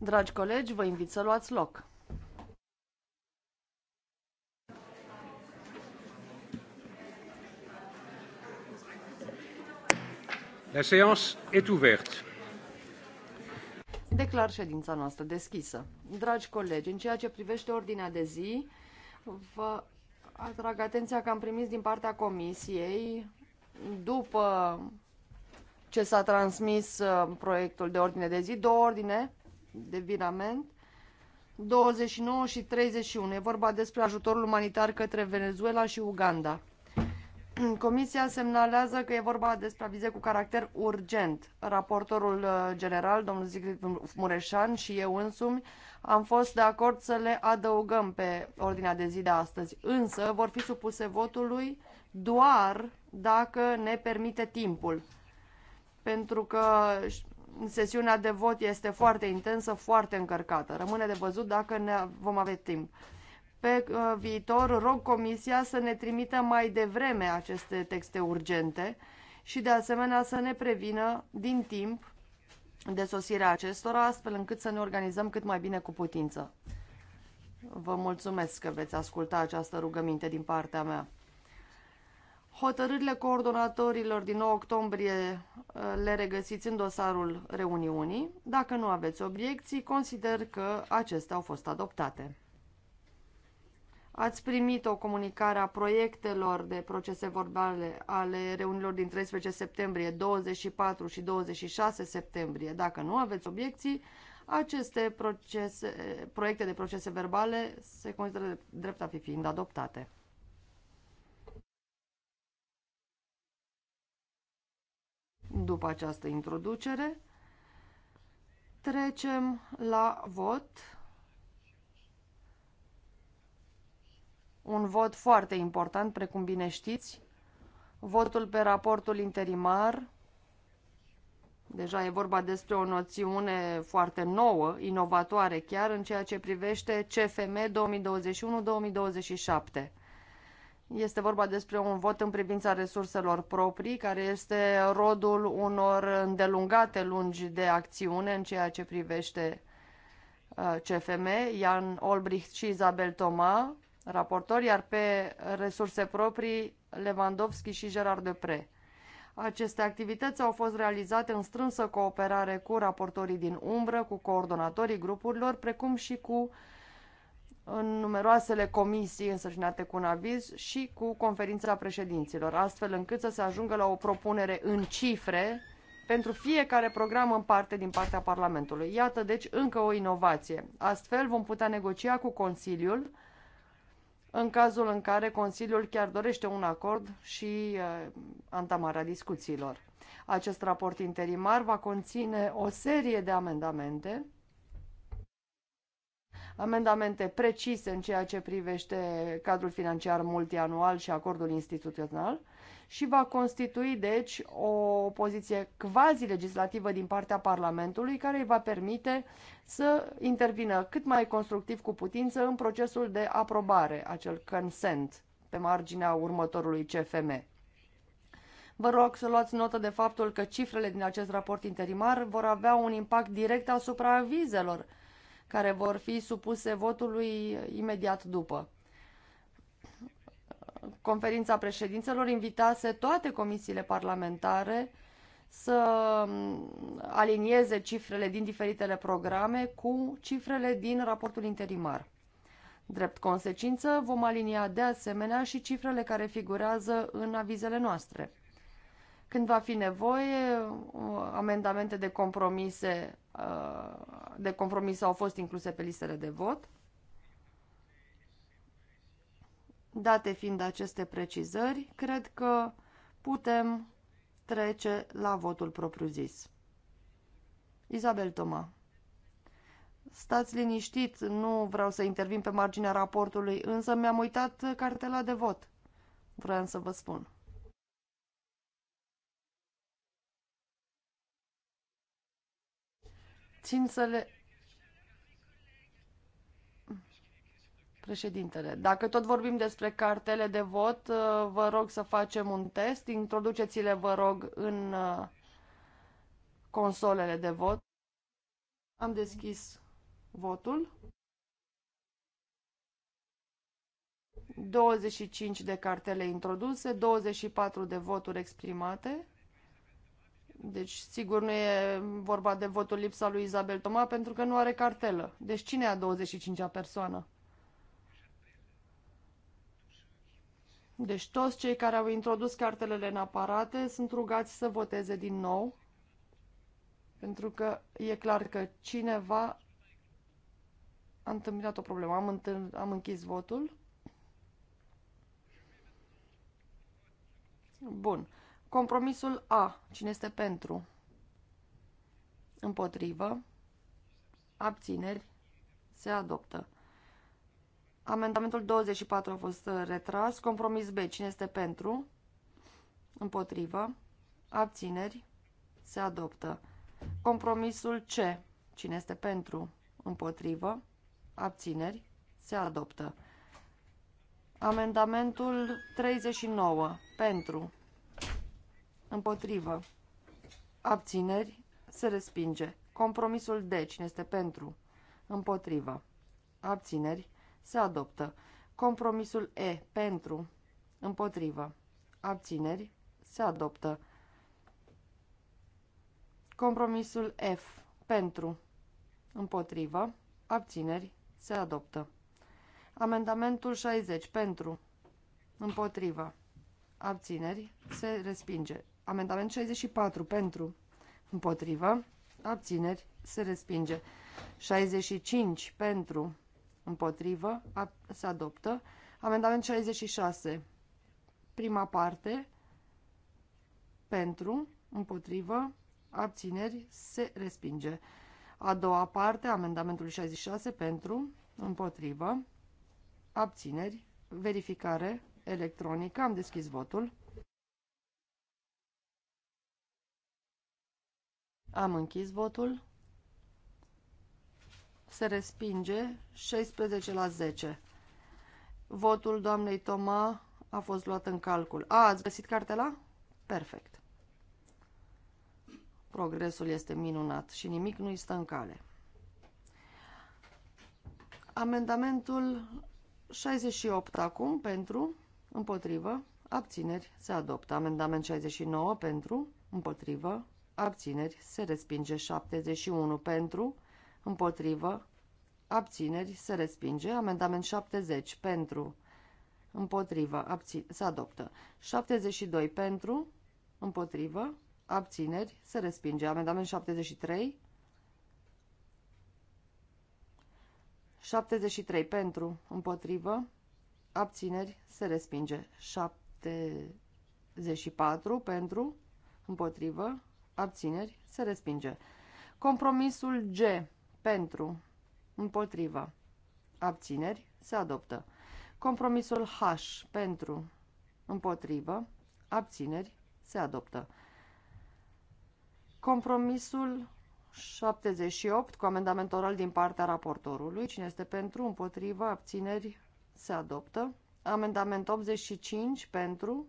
Dragi colegi, vă invit să luați loc. La séance est ouverte. Declar ședința noastră deschisă. Dragi colegi, în ceea ce privește ordinea de zi, vă atrag atenția că am primit din partea comisiei, după ce s-a transmis în uh, proiectul de ordine de zi, două ordine de virament, 29 și 31. E vorba despre ajutorul umanitar către Venezuela și Uganda. Mm, Comisia semnalează că e vorba despre avize cu caracter urgent. Raportorul uh, general, domnul Zicrit Mureșan și eu însumi am fost de acord să le adăugăm pe ordinea de zi de astăzi, însă vor fi supuse votului doar dacă ne permite timpul pentru că sesiunea de vot este foarte intensă, foarte încărcată. Rămâne de văzut dacă ne vom avea timp. Pe uh, viitor rog Comisia să ne trimită mai devreme aceste texte urgente și de asemenea să ne prevină din timp de sosirea acestora, astfel încât să ne organizăm cât mai bine cu putință. Vă mulțumesc că veți asculta această rugăminte din partea mea. Hotărârile coordonatorilor din 9 octombrie uh, le regăsiți în dosarul reuniunii. Dacă nu aveți obiecții, consider că acestea au fost adoptate. Ați primit o comunicare a proiectelor de procese verbale ale reunilor din 13 septembrie, 24 și 26 septembrie. Dacă nu aveți obiecții, aceste procese, proiecte de procese verbale se consideră drept a fi fiind adoptate. După această introducere, trecem la vot. Un vot foarte important, precum bine știți. Votul pe raportul interimar. Deja e vorba despre o noțiune foarte nouă, inovatoare chiar, în ceea ce privește CFM 2021-2027. Este vorba despre un vot în privința resurselor proprii, care este rodul unor îndelungate lungi de acțiune în ceea ce privește uh, CFM, Jan Olbricht și Isabel Toma, raportori, iar pe resurse proprii Lewandowski și Gerard Depre. Aceste activități au fost realizate în strânsă cooperare cu raportorii din umbră, cu coordonatorii grupurilor, precum și cu în numeroasele comisii însărcinate cu un aviz și cu conferința președinților, astfel încât să se ajungă la o propunere în cifre pentru fiecare program în parte din partea Parlamentului. Iată, deci, încă o inovație. Astfel vom putea negocia cu Consiliul în cazul în care Consiliul chiar dorește un acord și uh, antamarea discuțiilor. Acest raport interimar va conține o serie de amendamente amendamente precise în ceea ce privește cadrul financiar multianual și acordul instituțional și va constitui, deci, o poziție quasi-legislativă din partea Parlamentului care îi va permite să intervină cât mai constructiv cu putință în procesul de aprobare, acel consent, pe marginea următorului CFM. Vă rog să luați notă de faptul că cifrele din acest raport interimar vor avea un impact direct asupra vizelor care vor fi supuse votului imediat după. Conferința președințelor invitase toate comisiile parlamentare să alinieze cifrele din diferitele programe cu cifrele din raportul interimar. Drept consecință, vom alinia de asemenea și cifrele care figurează în avizele noastre. Când va fi nevoie, amendamente de compromise Uh, de compromis au fost incluse pe listele de vot. Date fiind aceste precizări, cred că putem trece la votul propriu-zis. Isabel Toma Stați liniștit, nu vreau să intervin pe marginea raportului, însă mi-am uitat cartela de vot. Vreau să vă spun. țin să le... Președintele, dacă tot vorbim despre cartele de vot, uh, vă rog să facem un test. Introduceți-le, vă rog, în uh, consolele de vot. Am deschis votul. 25 de cartele introduse, 24 de voturi exprimate. Deci, sigur, nu e vorba de votul lipsa lui Isabel Toma pentru că nu are cartelă. Deci cine e a 25-a persoană? Deci toți cei care au introdus cartelele în aparate sunt rugați să voteze din nou, pentru că e clar că cineva a întâmplat o problemă. Am, am închis votul. Bun. Compromisul A. Cine este pentru? Împotrivă. Abțineri. Se adoptă. Amendamentul 24 a fost uh, retras. Compromis B. Cine este pentru? Împotrivă. Abțineri. Se adoptă. Compromisul C. Cine este pentru? Împotrivă. Abțineri. Se adoptă. Amendamentul 39. Pentru. Împotrivă. Abțineri. Se respinge. Compromisul D. Cine este pentru? Împotrivă. Abțineri. Se adoptă. Compromisul E. Pentru. Împotrivă. Abțineri. Se adoptă. Compromisul F. Pentru. Împotrivă. Abțineri. Se adoptă. Amendamentul 60. Pentru. Împotrivă. Abțineri. Se respinge. Amendament 64 pentru, împotrivă, abțineri, se respinge. 65 pentru, împotrivă, se adoptă. Amendament 66, prima parte, pentru, împotrivă, abțineri, se respinge. A doua parte, amendamentul 66, pentru, împotrivă, abțineri, verificare electronică, am deschis votul. Am închis votul. Se respinge 16 la 10. Votul doamnei Toma a fost luat în calcul. A, ați găsit cartela? Perfect. Progresul este minunat și nimic nu-i stă în cale. Amendamentul 68 acum pentru, împotrivă, abțineri, se adoptă. Amendament 69 pentru, împotrivă, abțineri, se respinge 71 pentru, împotrivă, abțineri, se respinge, amendament 70 pentru, împotrivă, abțin se adoptă, 72 pentru, împotrivă, abțineri, se respinge, amendament 73, 73 pentru, împotrivă, abțineri, se respinge, 74 pentru, împotrivă, abțineri, se respinge. Compromisul G, pentru, împotrivă, abțineri, se adoptă. Compromisul H, pentru, împotrivă, abțineri, se adoptă. Compromisul 78, cu amendament oral din partea raportorului. Cine este pentru, împotrivă, abțineri, se adoptă. Amendament 85, pentru,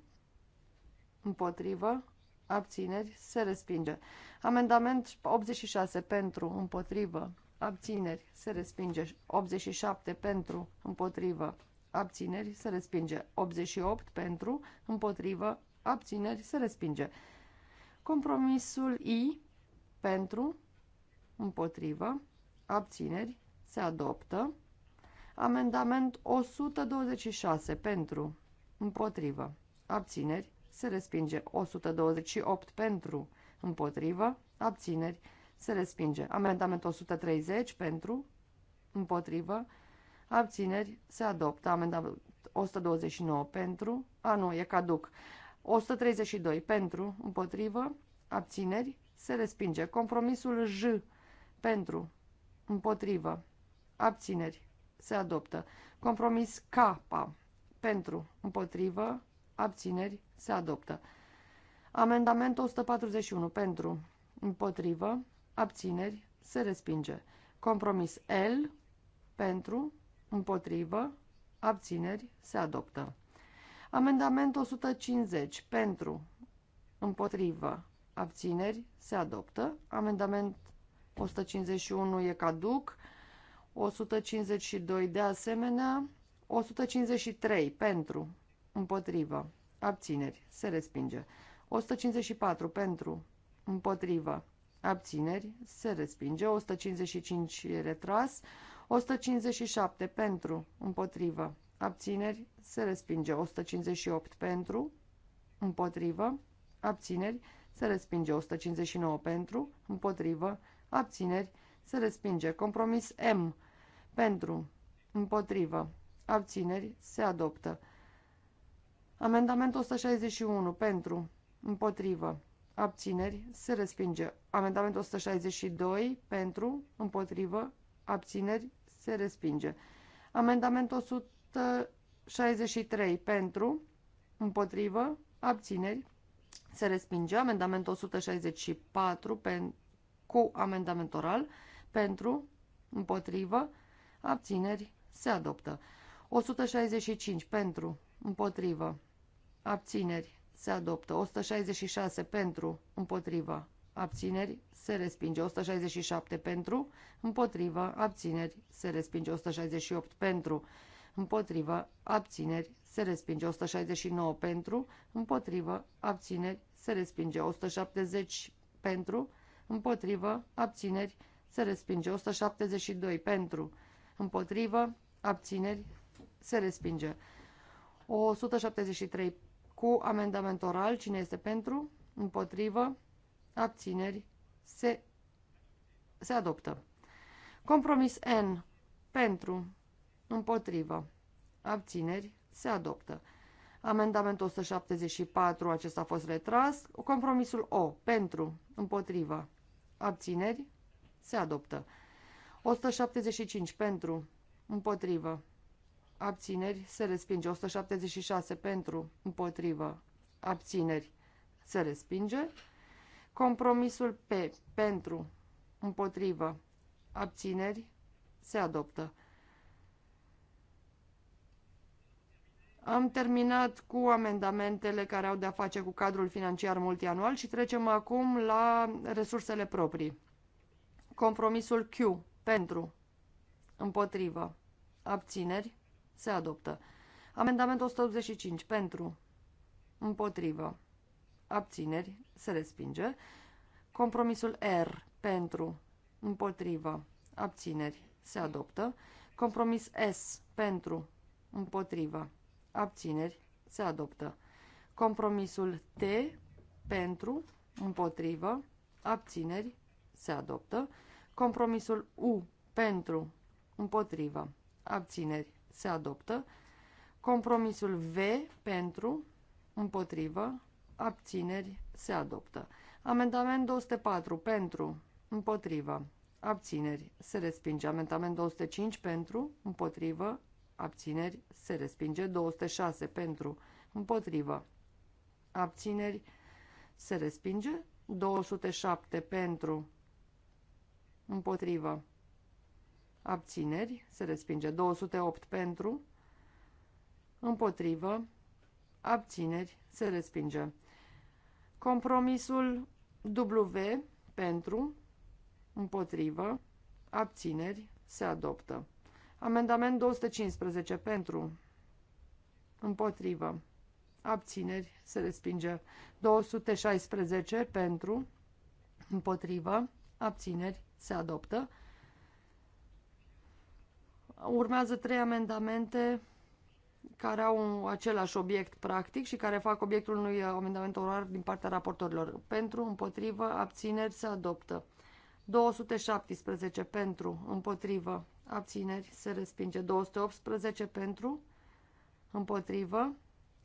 împotrivă, abțineri, se respinge. Amendament 86 pentru, împotrivă, abțineri, se respinge. 87 pentru, împotrivă, abțineri, se respinge. 88 pentru, împotrivă, abțineri, se respinge. Compromisul I pentru, împotrivă, abțineri, se adoptă. Amendament 126 pentru, împotrivă, abțineri, se respinge. 128 pentru, împotrivă, abțineri, se respinge. Amendamentul 130 pentru, împotrivă, abțineri, se adoptă. Amendamentul 129 pentru, a nu, e caduc. 132 pentru, împotrivă, abțineri, se respinge. Compromisul J pentru, împotrivă, abțineri, se adoptă. Compromis K pentru, împotrivă, abțineri, se adoptă. Amendamentul 141 pentru, împotrivă, abțineri, se respinge. Compromis L pentru, împotrivă, abțineri, se adoptă. Amendamentul 150 pentru, împotrivă, abțineri, se adoptă. Amendament 151 e caduc, 152 de asemenea, 153 pentru, Împotrivă. Abțineri. Se respinge. 154 pentru. Împotrivă. Abțineri. Se respinge. 155 retras. 157 pentru. Împotrivă. Abțineri. Se respinge. 158 pentru. Împotrivă. Abțineri. Se respinge. 159 pentru. Împotrivă. Abțineri. Se respinge. Compromis M. Pentru. Împotrivă. Abțineri. Se adoptă. Amendamentul 161 pentru, împotrivă, abțineri, se respinge. Amendamentul 162 pentru, împotrivă, abțineri, se respinge. Amendamentul 163 pentru, împotrivă, abțineri, se respinge. Amendamentul 164 pen, cu amendament oral pentru, împotrivă, abțineri, se adoptă. 165 pentru, împotrivă, Abțineri. Se adoptă. 166 pentru. Împotrivă. Abțineri. Se respinge. 167 pentru. Împotrivă. Abțineri. Se respinge. 168 pentru. Împotrivă. Abțineri. Se respinge. 169 pentru. Împotrivă. Abțineri. Se respinge. 170 pentru. Împotrivă. Abțineri. Se respinge. 172 pentru. Împotrivă. Abțineri. Se respinge. 173 cu amendament oral. Cine este pentru? Împotrivă? Abțineri? Se, se adoptă. Compromis N. Pentru? Împotrivă? Abțineri? Se adoptă. Amendamentul 174, acesta a fost retras. Compromisul O. Pentru? Împotrivă? Abțineri? Se adoptă. 175 pentru, împotrivă, abțineri, se respinge. 176 pentru, împotrivă, abțineri, se respinge. Compromisul P, pentru, împotrivă, abțineri, se adoptă. Am terminat cu amendamentele care au de-a face cu cadrul financiar multianual și trecem acum la resursele proprii. Compromisul Q, pentru, împotrivă, abțineri, se adoptă. Amendamentul 185. Pentru. Împotrivă. Abțineri. Se respinge. Compromisul R. Pentru. Împotrivă. Abțineri. Se adoptă. Compromis S. Pentru. Împotrivă. Abțineri. Se adoptă. Compromisul T. Pentru. Împotrivă. Abțineri. Se adoptă. Compromisul U. Pentru. Împotrivă. Abțineri se adoptă. Compromisul V pentru, împotrivă, abțineri, se adoptă. Amendament 204 pentru, împotrivă, abțineri, se respinge. Amendament 205 pentru, împotrivă, abțineri, se respinge. 206 pentru, împotrivă, abțineri, se respinge. 207 pentru, împotrivă, abțineri, se respinge. 208 pentru, împotrivă, abțineri, se respinge. Compromisul W pentru, împotrivă, abțineri, se adoptă. Amendament 215 pentru, împotrivă, abțineri, se respinge. 216 pentru, împotrivă, abțineri, se adoptă. Urmează trei amendamente care au același obiect practic și care fac obiectul unui amendament orar din partea raportorilor. Pentru, împotrivă, abțineri se adoptă. 217 pentru, împotrivă, abțineri se respinge. 218 pentru, împotrivă,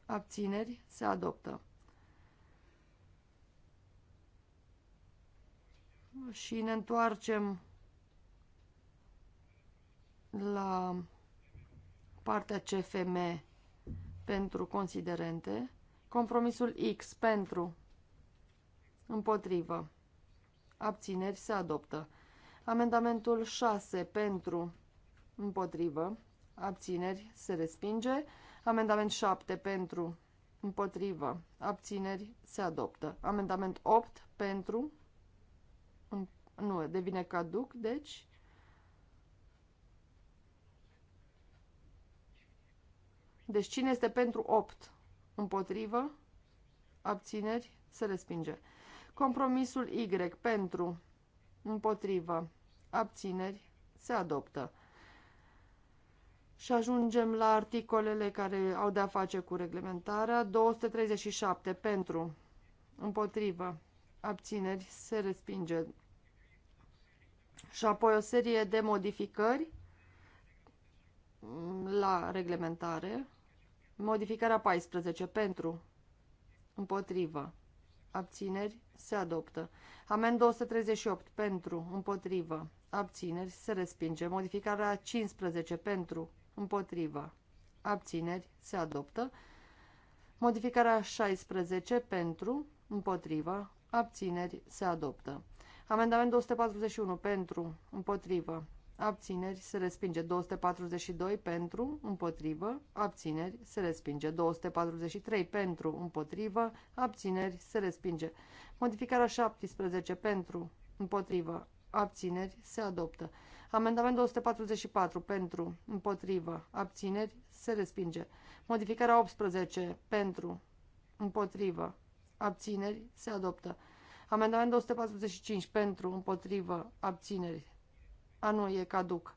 abțineri se adoptă. Și ne întoarcem la partea CFM pentru considerente, compromisul X pentru împotrivă, abțineri se adoptă, amendamentul 6 pentru împotrivă, abțineri se respinge, amendament 7 pentru împotrivă, abțineri se adoptă, amendament 8 pentru nu, devine caduc, deci Deci cine este pentru 8? Împotrivă? Abțineri? Se respinge. Compromisul Y pentru, împotrivă, abțineri, se adoptă. Și ajungem la articolele care au de-a face cu reglementarea. 237 pentru, împotrivă, abțineri, se respinge. Și apoi o serie de modificări la reglementare. Modificarea 14. Pentru. Împotrivă. Abțineri. Se adoptă. Amend 238. Pentru. Împotrivă. Abțineri. Se respinge. Modificarea 15. Pentru. Împotrivă. Abțineri. Se adoptă. Modificarea 16. Pentru. Împotrivă. Abțineri. Se adoptă. Amendament 241. Pentru. Împotrivă abțineri, se respinge 242 pentru, împotrivă, abțineri, se respinge 243 pentru, împotrivă, abțineri, se respinge. Modificarea 17 pentru, împotrivă, abțineri, se adoptă. Amendament 244 pentru, împotrivă, abțineri, se respinge. Modificarea 18 pentru, împotrivă, abțineri, se adoptă. Amendament 245 pentru, împotrivă, abțineri, a, nu, e caduc.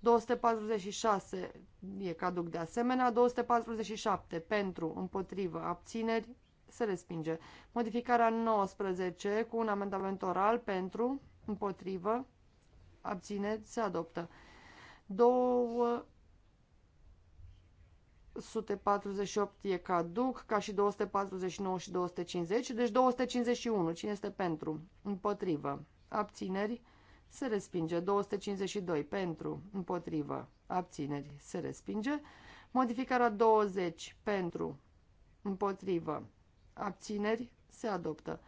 246 e caduc de asemenea. 247 pentru, împotrivă, abțineri, se respinge. Modificarea 19 cu un amendament oral pentru, împotrivă, abțineri, se adoptă. 248 e caduc, ca și 249 și 250, deci 251. Cine este pentru? Împotrivă. Abțineri, se respinge. 252 pentru, împotrivă, abțineri, se respinge. Modificarea 20 pentru, împotrivă, abțineri, se adoptă.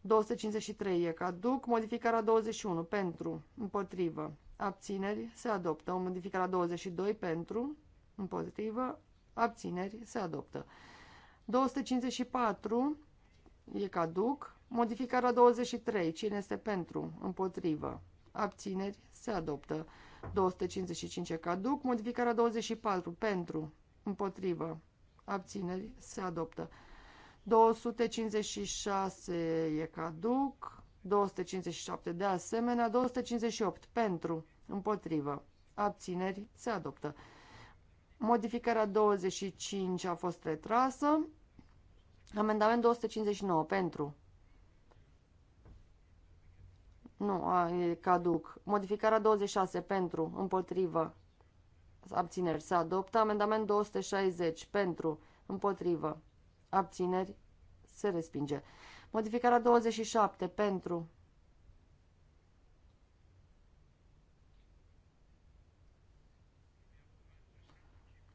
253 e caduc, modificarea 21 pentru, împotrivă, abțineri, se adoptă. Modificarea 22 pentru, împotrivă, abțineri, se adoptă. 254 e caduc, modificarea 23, cine este pentru, împotrivă, abțineri, se adoptă. 255 caduc, modificarea 24 pentru, împotrivă, abțineri, se adoptă. 256 e caduc, 257 de asemenea, 258 pentru, împotrivă, abțineri, se adoptă. Modificarea 25 a fost retrasă. Amendament 259 pentru, nu, a, e caduc. Modificarea 26 pentru, împotrivă, abțineri. Se adoptă amendament 260 pentru, împotrivă, abțineri. Se respinge. Modificarea 27 pentru,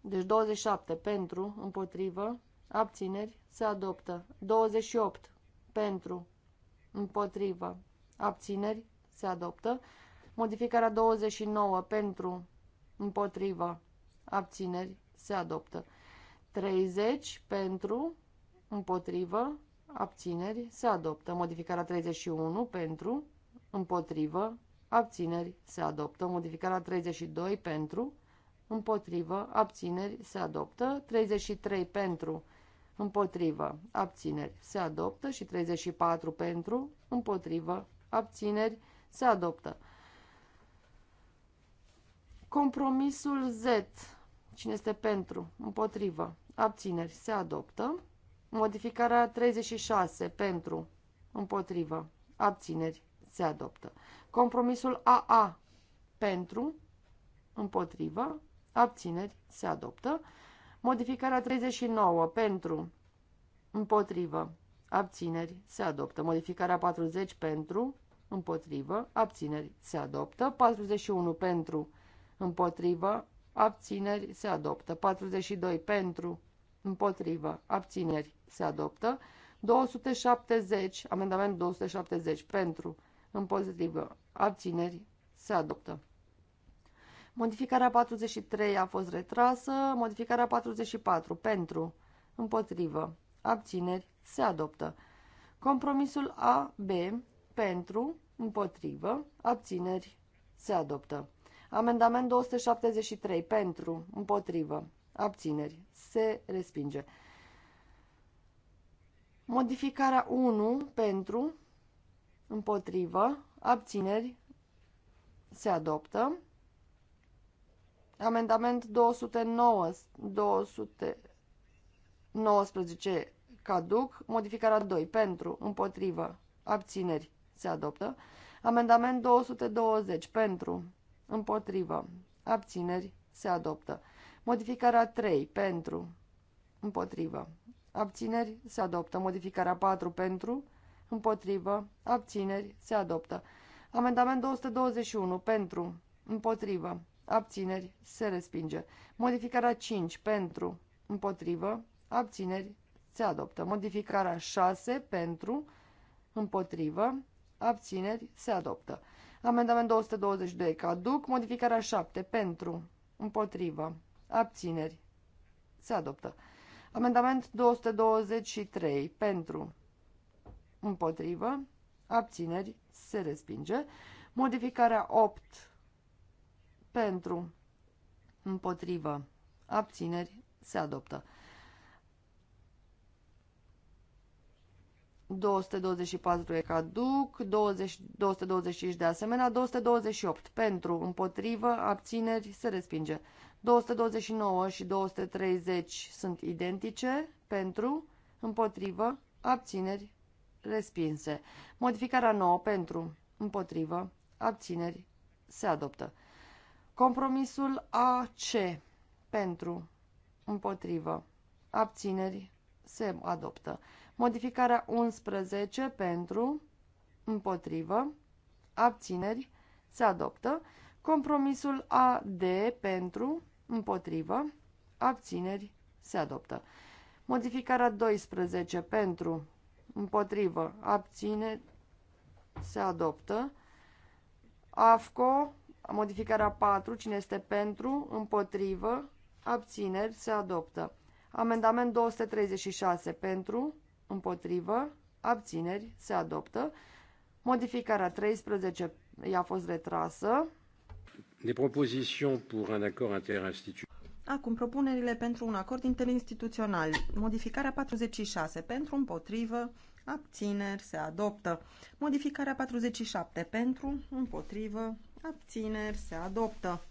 Deci 27 pentru, împotrivă, abțineri, se adoptă. 28 pentru, împotrivă, abțineri, se adoptă. Modificarea 29 pentru, împotrivă, abțineri, se adoptă. 30 pentru, împotrivă, abțineri, se adoptă. Modificarea 31 pentru, împotrivă, abțineri, se adoptă. Modificarea 32 pentru, împotrivă, abțineri, se adoptă. 33 pentru, împotrivă, abțineri, se adoptă. Și 34 pentru, împotrivă, abțineri, se adoptă. Compromisul Z, cine este pentru, împotrivă, abțineri, se adoptă. Modificarea 36, pentru, împotrivă, abțineri, se adoptă. Compromisul AA, pentru, împotrivă, abțineri, se adoptă. Modificarea 39, pentru, împotrivă, abțineri, se adoptă. Modificarea 40, pentru, împotrivă, abțineri se adoptă, 41 pentru, împotrivă, abțineri se adoptă, 42 pentru, împotrivă, abțineri se adoptă, 270, amendament 270 pentru, împotrivă, abțineri se adoptă. Modificarea 43 a fost retrasă, modificarea 44 pentru, împotrivă, abțineri se adoptă. Compromisul AB pentru, împotrivă, abțineri, se adoptă. Amendament 273, pentru, împotrivă, abțineri, se respinge. Modificarea 1, pentru, împotrivă, abțineri, se adoptă. Amendament 209, 219, caduc, modificarea 2, pentru, împotrivă, abțineri, se adoptă. Amendament 220 pentru. Împotrivă. Abțineri. Se adoptă. Modificarea 3 pentru. Împotrivă. Abțineri. Se adoptă. Modificarea 4 pentru. Împotrivă. Abțineri. Se adoptă. Amendament 221 pentru. Împotrivă. Abțineri. Se respinge. Modificarea 5 pentru. Împotrivă. Abțineri. Se adoptă. Modificarea 6 pentru. Împotrivă abțineri, se adoptă. Amendament 222 caduc, modificarea 7 pentru, împotrivă, abțineri, se adoptă. Amendament 223 pentru, împotrivă, abțineri, se respinge. Modificarea 8 pentru, împotrivă, abțineri, se adoptă. 224 e caduc, 20, 225 de asemenea, 228 pentru, împotrivă, abțineri, se respinge. 229 și 230 sunt identice, pentru, împotrivă, abțineri, respinse. Modificarea nouă pentru, împotrivă, abțineri, se adoptă. Compromisul AC pentru, împotrivă, abțineri, se adoptă. Modificarea 11 pentru, împotrivă, abțineri, se adoptă. Compromisul AD pentru, împotrivă, abțineri, se adoptă. Modificarea 12 pentru, împotrivă, abțineri, se adoptă. AFCO, modificarea 4, cine este pentru, împotrivă, abțineri, se adoptă. Amendament 236 pentru, împotrivă, abțineri, se adoptă. Modificarea 13 i-a fost retrasă. De propositions pour un accord interinstitutionnel. Acum propunerile pentru un acord interinstituțional. Modificarea 46 pentru împotrivă, abțineri, se adoptă. Modificarea 47 pentru împotrivă, abțineri, se adoptă.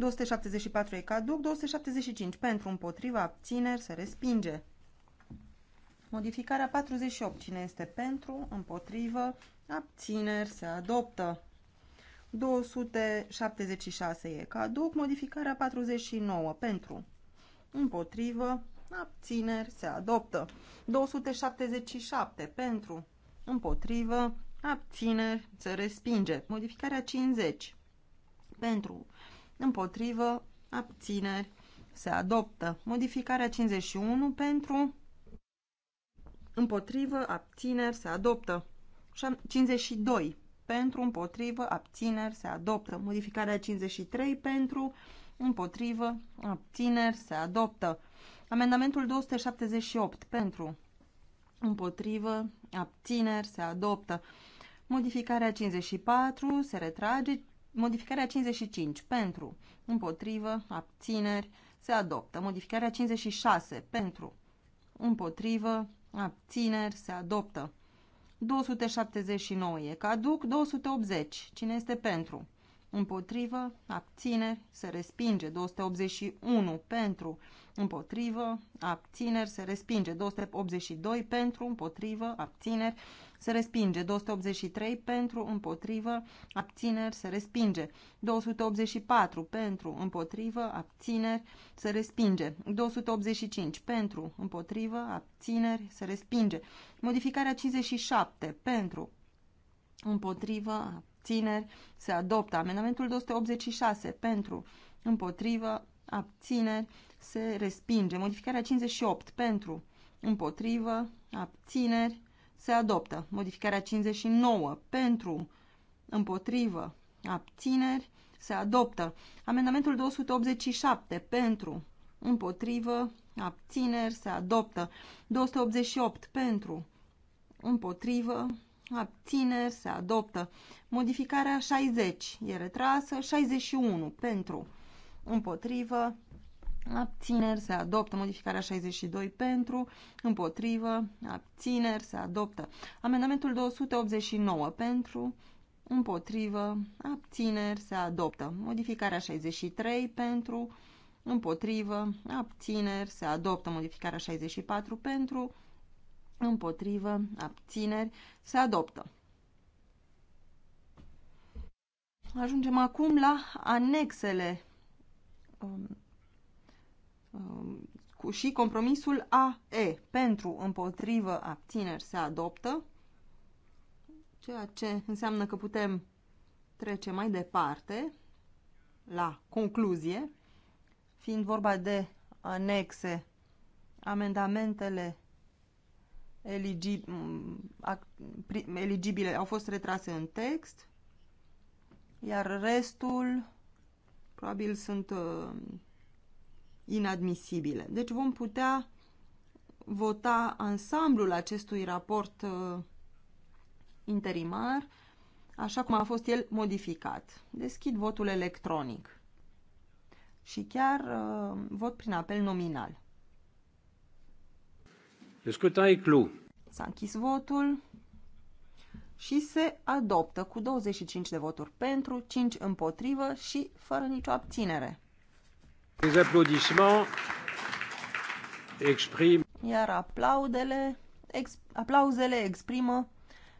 274 e caduc, 275 pentru, împotriva, abțineri, se respinge. Modificarea 48, cine este pentru, împotrivă, abțineri, se adoptă. 276 e caduc, modificarea 49 pentru, împotrivă, abțineri, se adoptă. 277 pentru, împotrivă, abțineri, se respinge. Modificarea 50 pentru, împotrivă, abțineri, se adoptă. Modificarea 51 pentru, împotrivă, abțineri, se adoptă. 52 pentru, împotrivă, abțineri, se adoptă. Modificarea 53 pentru, împotrivă, abțineri, se adoptă. Amendamentul 278 pentru, împotrivă, abțineri, se adoptă. Modificarea 54 se retrage, Modificarea 55 pentru, împotrivă, abțineri, se adoptă. Modificarea 56 pentru, împotrivă, abțineri, se adoptă. 279 e caduc, 280. Cine este pentru? Împotrivă, abțineri, se respinge. 281 pentru, împotrivă, abțineri, se respinge. 282 pentru, împotrivă, abțineri, se respinge. 283 pentru, împotrivă, abțineri, se respinge. 284 pentru, împotrivă, abțineri, se respinge. 285 pentru, împotrivă, abțineri, se respinge. Modificarea 57 pentru, împotrivă, abțineri, se adoptă. Amendamentul 286 pentru, împotrivă, abțineri, se respinge. Modificarea 58 pentru, împotrivă, abțineri, se adoptă. Modificarea 59 pentru, împotrivă, abțineri, se adoptă. Amendamentul 287 pentru, împotrivă, abțineri, se adoptă. 288 pentru, împotrivă, abțineri, se adoptă. Modificarea 60 e retrasă, 61 pentru, împotrivă, Abțineri se adoptă. Modificarea 62 pentru, împotrivă, abțineri se adoptă. Amendamentul 289 pentru, împotrivă, abțineri se adoptă. Modificarea 63 pentru, împotrivă, abțineri se adoptă. Modificarea 64 pentru, împotrivă, abțineri se adoptă. Ajungem acum la anexele um, Um, și compromisul AE pentru împotrivă abțineri se adoptă, ceea ce înseamnă că putem trece mai departe la concluzie, fiind vorba de anexe, amendamentele eligibile au fost retrase în text, iar restul probabil sunt uh, inadmisibile. Deci vom putea vota ansamblul acestui raport uh, interimar, așa cum a fost el modificat. Deschid votul electronic și chiar uh, vot prin apel nominal. Discutai clu. S-a închis votul și se adoptă cu 25 de voturi pentru, 5 împotrivă și fără nicio abținere. Iar aplaudele, ex, aplauzele exprimă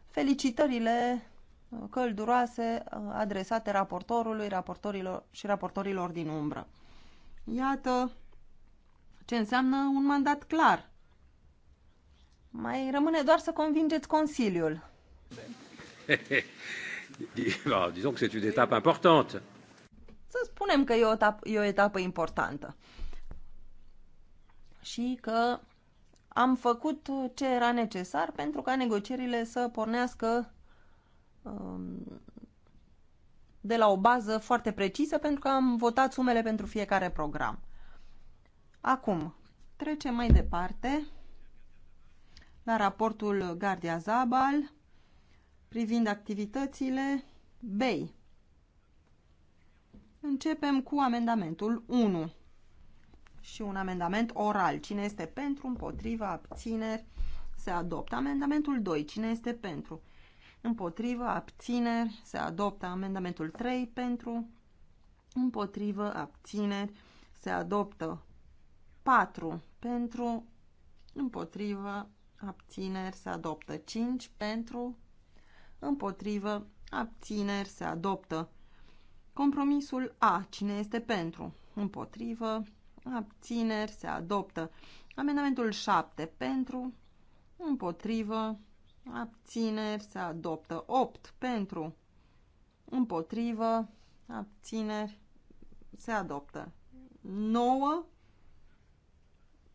felicitările uh, călduroase uh, adresate raportorului, raportorilor și raportorilor din umbră. Iată ce înseamnă un mandat clar. Mai rămâne doar să convingeți Consiliul. Disons că este o etapă importantă. Să spunem că e o, etapă, e o etapă importantă. Și că am făcut ce era necesar pentru ca negocierile să pornească um, de la o bază foarte precisă pentru că am votat sumele pentru fiecare program. Acum, trecem mai departe la raportul Gardia Zabal privind activitățile BEI. Începem cu amendamentul 1 și un amendament oral. Cine este pentru, împotriva, abțineri, se adoptă. Amendamentul 2. Cine este pentru? Împotrivă, abțineri, se adoptă. Amendamentul 3. Pentru, împotrivă, abțineri, se adoptă. 4. Pentru, împotrivă, abțineri, se adoptă. 5. Pentru, împotrivă, abțineri, se adoptă. Compromisul A. Cine este pentru? Împotrivă. Abțineri. Se adoptă. Amendamentul 7. Pentru. Împotrivă. Abțineri. Se adoptă. 8. Pentru. Împotrivă. Abțineri. Se adoptă. 9.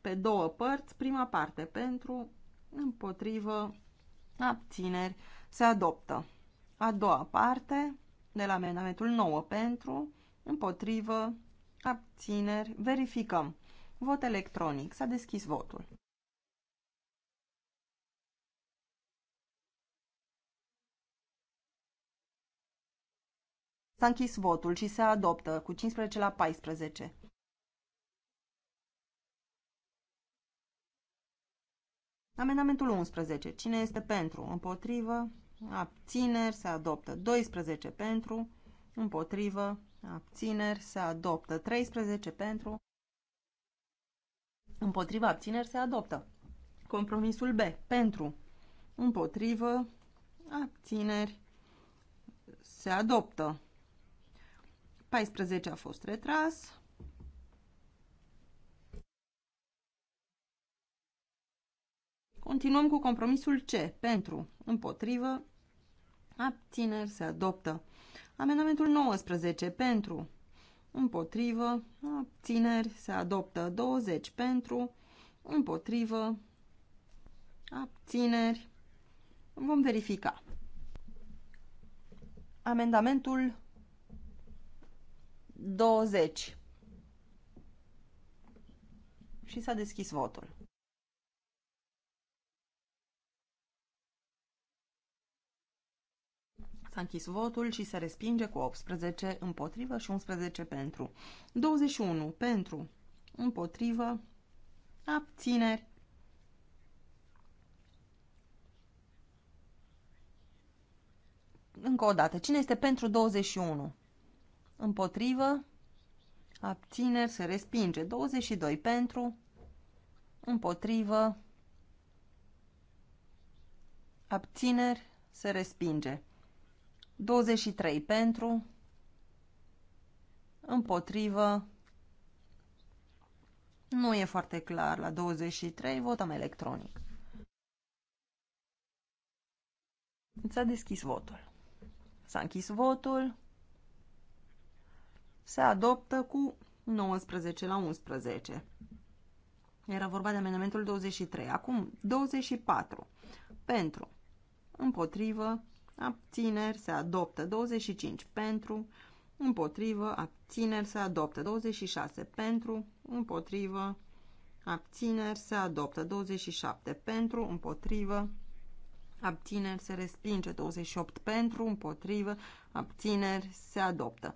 Pe două părți. Prima parte. Pentru. Împotrivă. Abțineri. Se adoptă. A doua parte de la amendamentul 9 pentru, împotrivă, abțineri, verificăm. Vot electronic. S-a deschis votul. S-a închis votul și se adoptă cu 15 la 14. Amendamentul 11. Cine este pentru? Împotrivă? abțineri se adoptă 12 pentru, împotrivă, abțineri se adoptă 13 pentru, împotrivă, abțineri se adoptă. Compromisul B, pentru, împotrivă, abțineri se adoptă. 14 a fost retras, Continuăm cu compromisul C. Pentru, împotrivă, abțineri se adoptă. Amendamentul 19. Pentru, împotrivă, abțineri se adoptă. 20. Pentru, împotrivă, abțineri. Vom verifica. Amendamentul 20. Și s-a deschis votul. S-a închis votul și se respinge cu 18 împotrivă și 11 pentru. 21 pentru, împotrivă, abțineri. Încă o dată, cine este pentru 21? Împotrivă, abțineri, se respinge. 22 pentru, împotrivă, abțineri, se respinge. 23 pentru, împotrivă, nu e foarte clar, la 23 votăm electronic. S-a deschis votul. S-a închis votul. Se adoptă cu 19 la 11. Era vorba de amendamentul 23. Acum 24. Pentru. Împotrivă abțineri se adoptă 25 pentru, împotrivă, abțineri se adoptă 26 pentru, împotrivă, abțineri se adoptă 27 pentru, împotrivă, abțineri se respinge 28 pentru, împotrivă, abțineri se adoptă.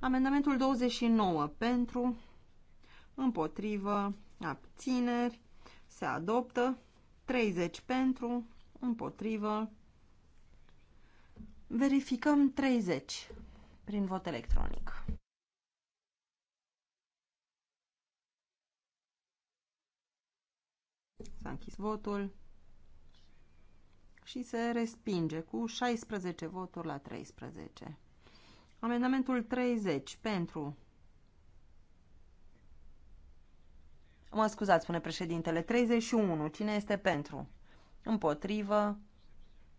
Amendamentul 29 pentru, împotrivă, abțineri se adoptă, 30 pentru, împotrivă. Verificăm 30 prin vot electronic. S-a închis votul și se respinge cu 16 voturi la 13. Amendamentul 30 pentru Mă scuzați, spune președintele. 31. Cine este pentru? Împotrivă.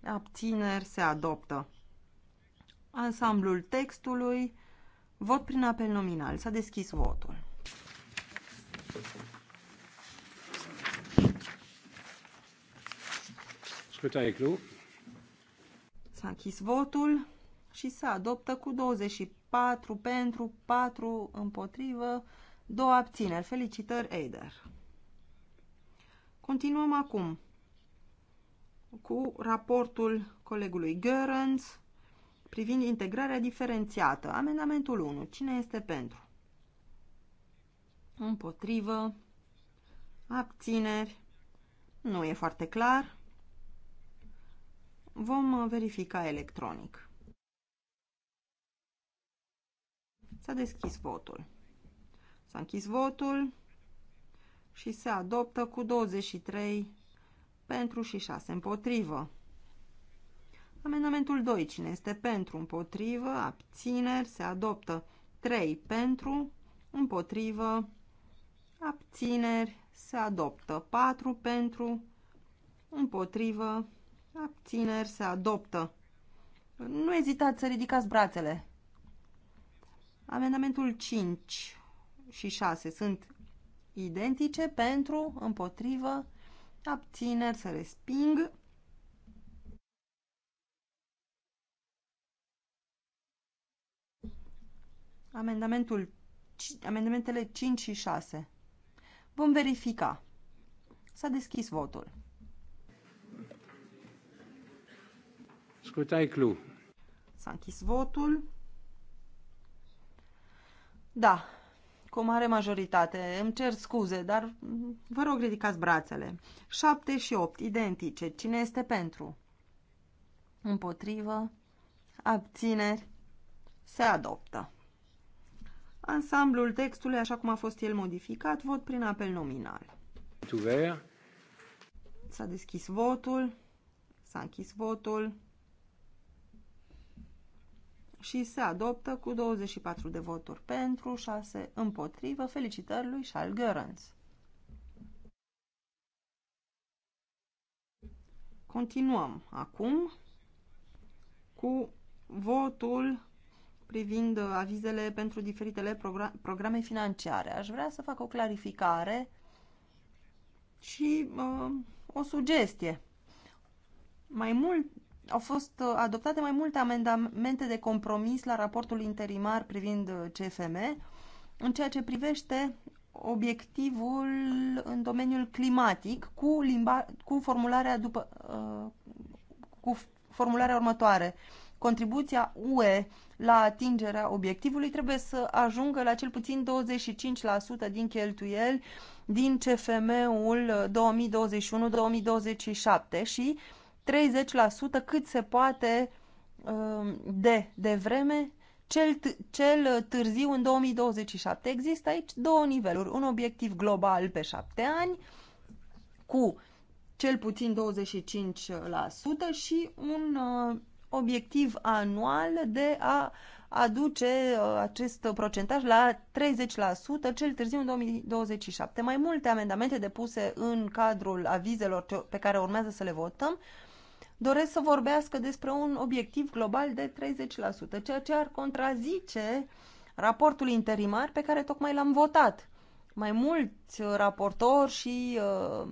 Abțineri se adoptă. Ansamblul textului. Vot prin apel nominal. S-a deschis votul. S-a închis votul și se adoptă cu 24 pentru, 4 împotrivă, Două abțineri. Felicitări, Eider. Continuăm acum cu raportul colegului Görens privind integrarea diferențiată. Amendamentul 1. Cine este pentru? Împotrivă. Abțineri. Nu e foarte clar. Vom verifica electronic. S-a deschis votul. S-a închis votul și se adoptă cu 23 pentru și 6 împotrivă. Amendamentul 2. Cine este pentru, împotrivă, abțineri, se adoptă 3 pentru, împotrivă, abțineri, se adoptă 4 pentru, împotrivă, abțineri, se adoptă. Nu ezitați să ridicați brațele. Amendamentul 5 și 6 sunt identice pentru, împotrivă, abțineri, să resping. Amendamentul, amendamentele 5 și 6. Vom verifica. S-a deschis votul. Scutai clu. S-a închis votul. Da, cu o mare majoritate. Îmi cer scuze, dar vă rog ridicați brațele. 7 și 8, identice. Cine este pentru? Împotrivă. Abțineri. Se adoptă. Ansamblul textului, așa cum a fost el modificat, vot prin apel nominal. S-a deschis votul. S-a închis votul și se adoptă cu 24 de voturi pentru, 6 împotrivă. Felicitări lui Charles Görans. Continuăm acum cu votul privind avizele pentru diferitele programe financiare. Aș vrea să fac o clarificare și uh, o sugestie. Mai mult au fost uh, adoptate mai multe amendamente de compromis la raportul interimar privind uh, CFM în ceea ce privește obiectivul în domeniul climatic cu, limba, cu formularea după uh, cu formularea următoare. Contribuția UE la atingerea obiectivului trebuie să ajungă la cel puțin 25% din cheltuieli din CFM-ul 2021-2027 și 30% cât se poate um, de, de vreme, cel, cel târziu în 2027. Există aici două niveluri. Un obiectiv global pe șapte ani cu cel puțin 25% și un uh, obiectiv anual de a aduce uh, acest procentaj la 30% cel târziu în 2027. Mai multe amendamente depuse în cadrul avizelor pe care urmează să le votăm doresc să vorbească despre un obiectiv global de 30%, ceea ce ar contrazice raportul interimar pe care tocmai l-am votat. Mai mulți raportori și uh,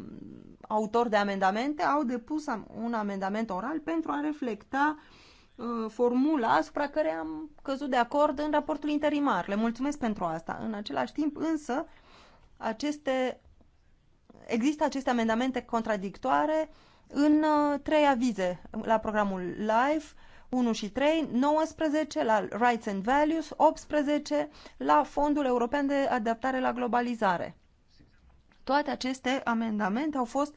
autori de amendamente au depus un amendament oral pentru a reflecta uh, formula asupra care am căzut de acord în raportul interimar. Le mulțumesc pentru asta. În același timp, însă, aceste, există aceste amendamente contradictoare uh, în uh, trei avize uh, la programul live, 1 și 3, 19 la Rights and Values, 18 la Fondul European de Adaptare la Globalizare. Toate aceste amendamente au fost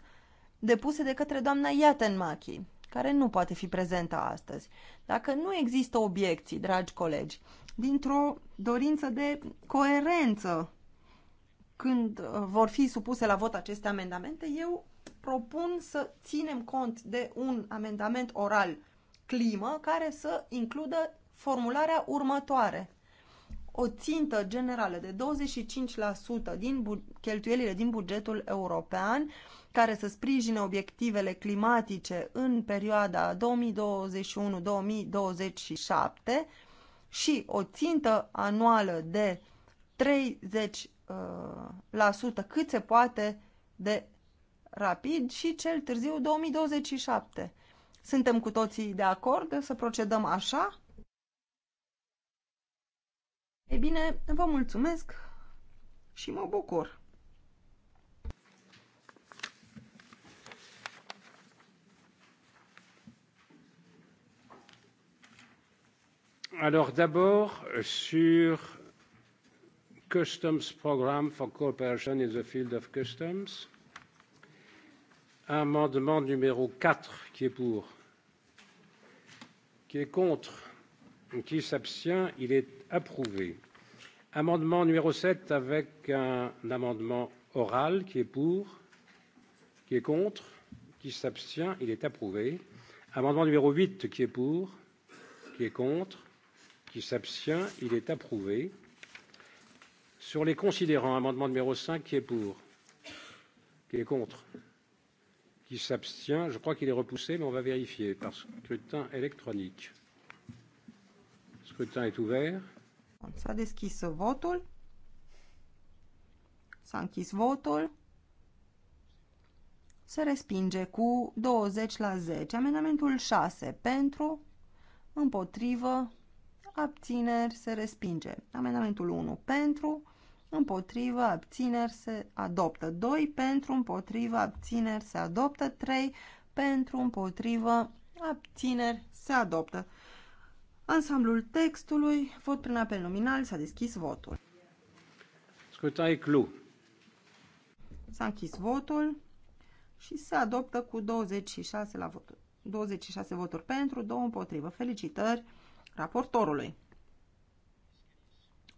depuse de către doamna Iatenmachi, care nu poate fi prezentă astăzi. Dacă nu există obiecții, dragi colegi, dintr-o dorință de coerență când uh, vor fi supuse la vot aceste amendamente, eu propun să ținem cont de un amendament oral climă care să includă formularea următoare. O țintă generală de 25% din cheltuielile din bugetul european care să sprijine obiectivele climatice în perioada 2021-2027 și o țintă anuală de 30% uh, cât se poate de rapid și cel târziu 2027. Suntem cu toții de acord să procedăm așa? Ei bine, vă mulțumesc și mă bucur. Alors d'abord sur Customs Program for Cooperation in the Field of Customs. Amendement numéro 4, qui est pour Qui est contre Qui s'abstient Il est approuvé. Amendement numéro 7 avec un amendement oral qui est pour, qui est contre, qui s'abstient, il est approuvé. Amendement numéro 8 qui est pour, qui est contre, qui s'abstient, il est approuvé. Sur les considérants, amendement numéro 5 qui est pour, qui est contre, qui s'abstient. Je crois qu'il est repoussé, mais on va vérifier par scrutin electronic. Scrutin est ouvert. S-a deschis votul. S-a închis votul. Se respinge cu 20 la 10. Amendamentul 6 pentru, împotrivă, abțineri, se respinge. Amendamentul 1 pentru, împotrivă, abțineri, se adoptă. 2 pentru, împotrivă, abțineri, se adoptă. 3 pentru, împotrivă, abțineri, se adoptă. Ansamblul textului, vot prin apel nominal, s-a deschis votul. Scutai clu. S-a închis votul și se adoptă cu 26, la voturi. 26 voturi pentru, 2 împotrivă. Felicitări raportorului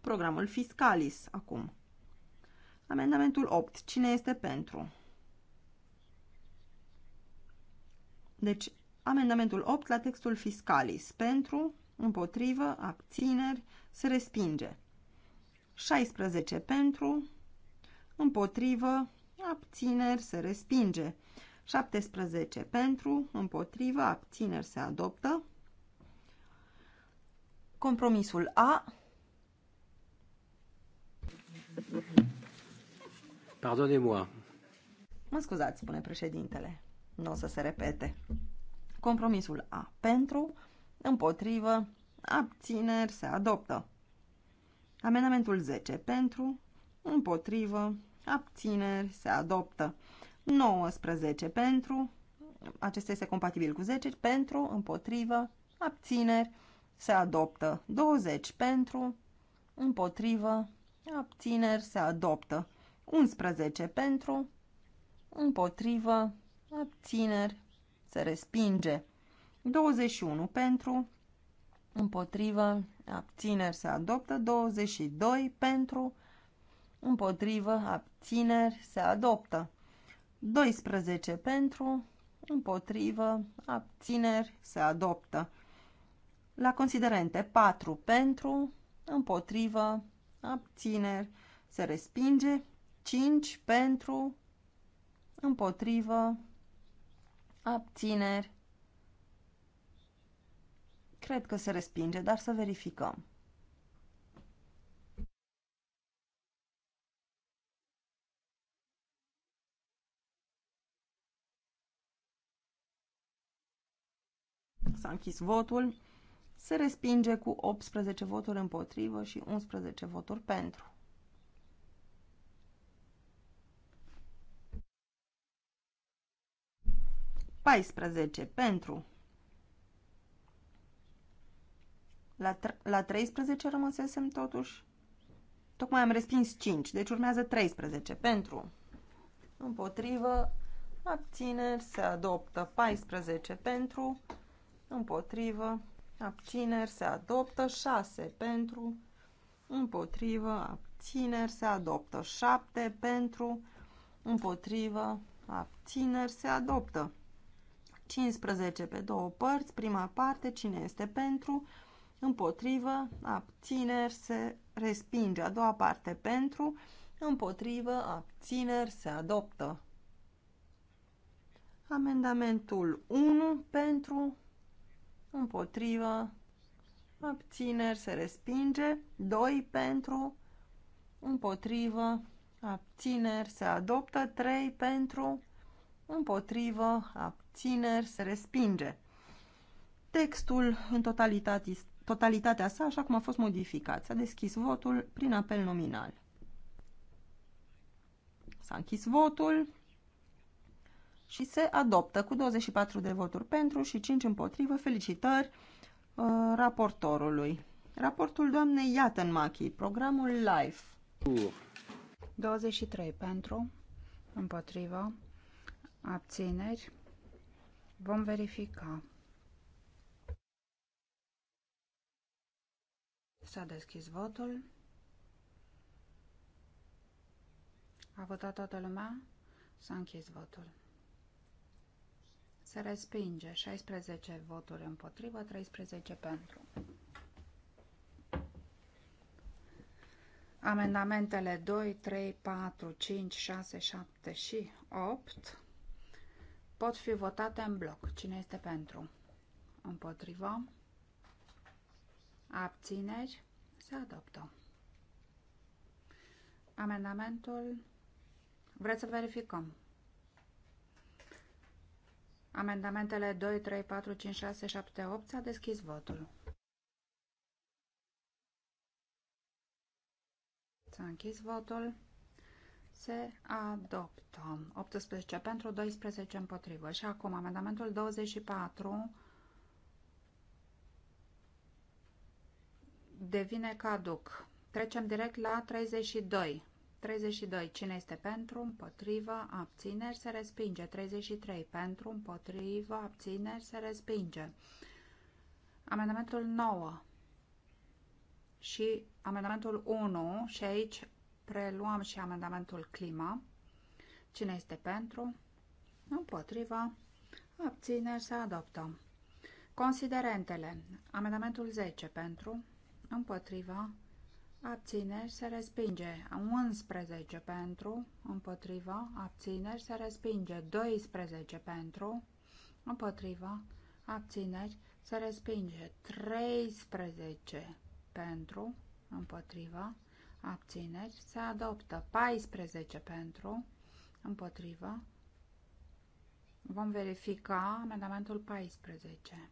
programul Fiscalis acum. Amendamentul 8. Cine este pentru? Deci, amendamentul 8 la textul Fiscalis. Pentru, împotrivă, abțineri, se respinge. 16 pentru, împotrivă, abțineri, se respinge. 17 pentru, împotrivă, abțineri, se adoptă. Compromisul A Pardonez-moi. Mă scuzați, spune președintele. Nu o să se repete. Compromisul A. Pentru, împotrivă, abțineri, se adoptă. Amendamentul 10. Pentru, împotrivă, abțineri, se adoptă. 19. Pentru, acesta este compatibil cu 10, pentru, împotrivă, abțineri, se adoptă. 20. Pentru, împotrivă, abțineri se adoptă. 11 pentru, împotrivă, abțineri se respinge. 21 pentru, împotrivă, abțineri se adoptă. 22 pentru, împotrivă, abțineri se adoptă. 12 pentru, împotrivă, abțineri se adoptă. La considerente 4 pentru, împotrivă, abțineri, se respinge, 5 pentru, împotrivă, abțineri, cred că se respinge, dar să verificăm. S-a închis votul se respinge cu 18 voturi împotrivă și 11 voturi pentru. Paisprezece pentru. La, la 13 rămăsesem totuși. Tocmai am respins 5, deci urmează 13 pentru. Împotrivă, abțineri, se adoptă 14 pentru, împotrivă, abțineri se adoptă, 6 pentru, împotrivă, abțineri se adoptă, 7 pentru, împotrivă, abțineri se adoptă. 15 pe două părți, prima parte, cine este pentru, împotrivă, abțineri se respinge, a doua parte pentru, împotrivă, abțineri se adoptă. Amendamentul 1 pentru împotrivă, abțineri, se respinge, 2 pentru, împotrivă, abțineri, se adoptă, 3 pentru, împotrivă, abțineri, se respinge. Textul în totalitatea sa, așa cum a fost modificat, s-a deschis votul prin apel nominal. S-a închis votul și se adoptă cu 24 de voturi pentru și 5 împotrivă. Felicitări uh, raportorului. Raportul doamnei Machi, programul LIFE. 23 pentru, împotrivă, abțineri. Vom verifica. S-a deschis votul. A votat toată lumea? S-a închis votul. Se respinge 16 voturi împotrivă, 13 pentru. Amendamentele 2, 3, 4, 5, 6, 7 și 8 pot fi votate în bloc. Cine este pentru? Împotrivă. Abțineri. Se adoptă. Amendamentul. Vreți să verificăm? Amendamentele 2, 3, 4, 5, 6, 7, 8 s-a deschis votul. S-a închis votul. Se adoptă. 18 pentru, 12 împotrivă. Și acum amendamentul 24 devine caduc. Trecem direct la 32. 32. Cine este pentru, împotriva, abțineri, se respinge. 33. Pentru, împotriva, abțineri, se respinge. Amendamentul 9 și amendamentul 1 și aici preluăm și amendamentul clima. Cine este pentru? Împotriva. Abțineri se adoptă. Considerentele. Amendamentul 10 pentru. Împotriva. Abțineri se respinge. 11 pentru, împotriva, abțineri se respinge. 12 pentru, împotriva, abțineri se respinge. 13 pentru, împotriva, abțineri se adoptă. 14 pentru, împotriva. Vom verifica amendamentul 14.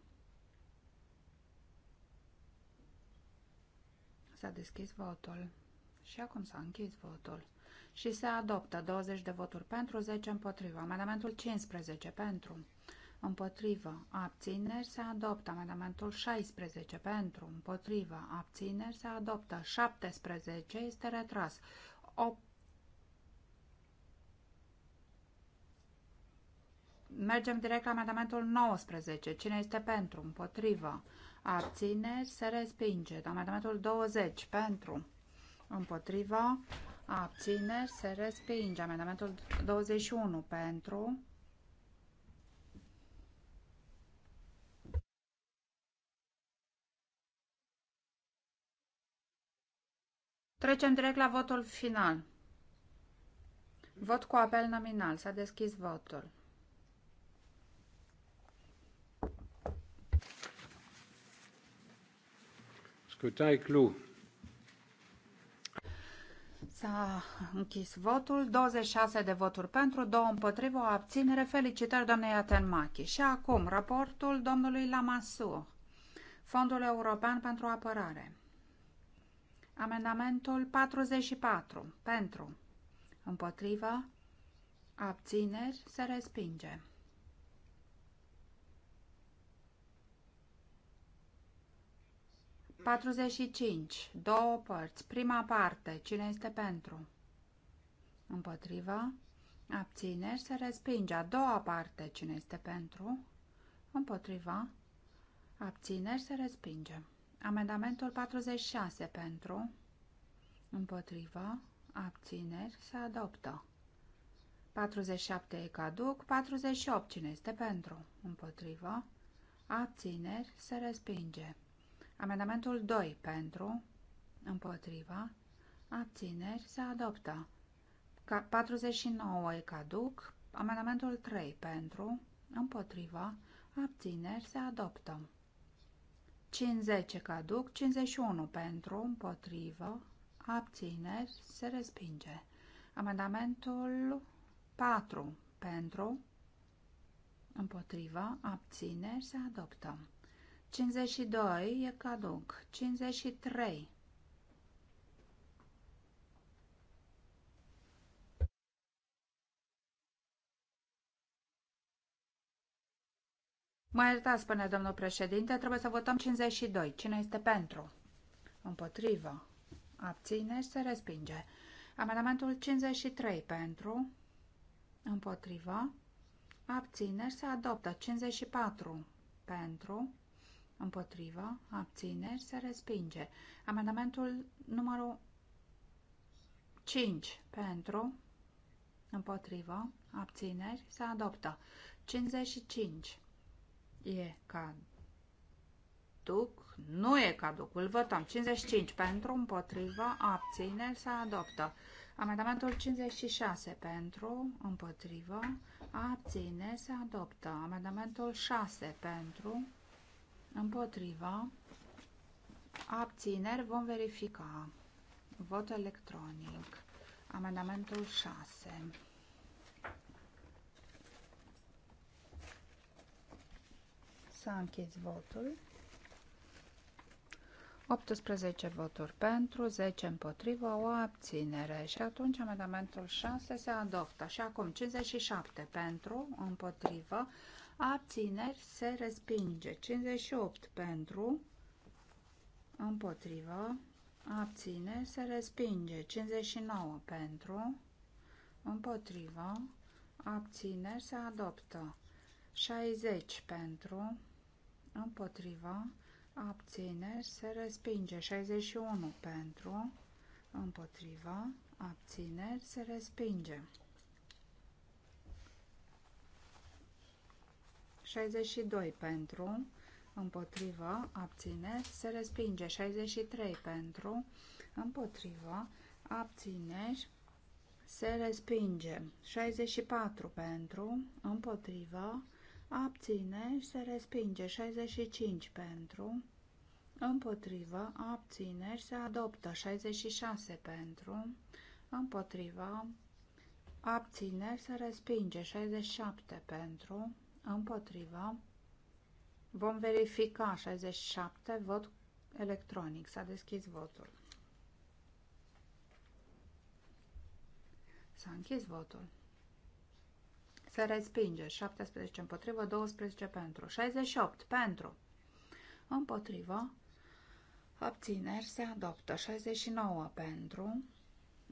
S-a deschis votul. Și acum s-a închis votul. Și se adoptă 20 de voturi pentru, 10 împotriva. Amendamentul 15 pentru, împotrivă, abțineri, se adoptă. Amendamentul 16 pentru, împotrivă, abțineri, se adoptă. 17 este retras. 8 Mergem direct la amendamentul 19. Cine este pentru? Împotrivă abțineri, se respinge. Amendamentul 20 pentru, împotriva, abțineri, se respinge. Amendamentul 21 pentru, Trecem direct la votul final. Vot cu apel nominal. S-a deschis votul. Scrutin e clos. S-a închis votul, 26 de voturi pentru, 2 împotrivă, o abținere. Felicitări doamnei Atenmachi. Și acum, raportul domnului Lamassu, Fondul European pentru Apărare. Amendamentul 44. Pentru. Împotrivă. Abțineri. Se respinge. 45. Două părți. Prima parte. Cine este pentru? Împotriva. Abțineri. Se respinge. A doua parte. Cine este pentru? Împotriva. Abțineri. Se respinge. Amendamentul 46. Pentru. Împotriva. Abțineri. Se adoptă. 47 e caduc. 48. Cine este pentru? Împotriva. Abțineri. Se respinge. Amendamentul 2 pentru, împotriva, abțineri se adoptă. 49 îi caduc. Amendamentul 3 pentru, împotriva, abțineri se adoptă. 50 caduc, 51 pentru, împotrivă, abțineri se respinge. Amendamentul 4 pentru, împotriva, abțineri se adoptă. 52 e caduc. 53. Mă iertați, spune domnul președinte, trebuie să votăm 52. Cine este pentru? Împotrivă. Abține și se respinge. Amendamentul 53 pentru. Împotrivă. Abține și se adoptă. 54 pentru împotrivă, abțineri, se respinge. Amendamentul numărul 5 pentru, împotrivă, abțineri, se adoptă. 55 e caduc, nu e caduc, îl votăm. 55 pentru, împotrivă, abțineri, se adoptă. Amendamentul 56 pentru, împotrivă, abțineri, se adoptă. Amendamentul 6 pentru, împotriva, abțineri, vom verifica. Vot electronic. Amendamentul 6. S-a închis votul. 18 voturi pentru, 10 împotrivă, o abținere. Și atunci amendamentul 6 se adoptă. Și acum 57 pentru, împotrivă, abțineri se respinge. 58 pentru, împotrivă, abțineri se respinge. 59 pentru, împotrivă, abțineri se adoptă. 60 pentru, împotrivă, abțineri se respinge. 61 pentru, împotrivă, abțineri se respinge. 62 pentru, împotrivă, abțineri, se respinge. 63 pentru, împotrivă, abțineri, se respinge. 64 pentru, împotrivă, abțineri, se respinge. 65 pentru, împotrivă, abțineri, se adoptă. 66 pentru, împotrivă, abțineri, se respinge. 67 pentru, împotriva. Vom verifica 67, vot electronic. S-a deschis votul. S-a închis votul. Se respinge 17 împotrivă, 12 pentru, 68 pentru, împotrivă, abțineri se adoptă, 69 pentru,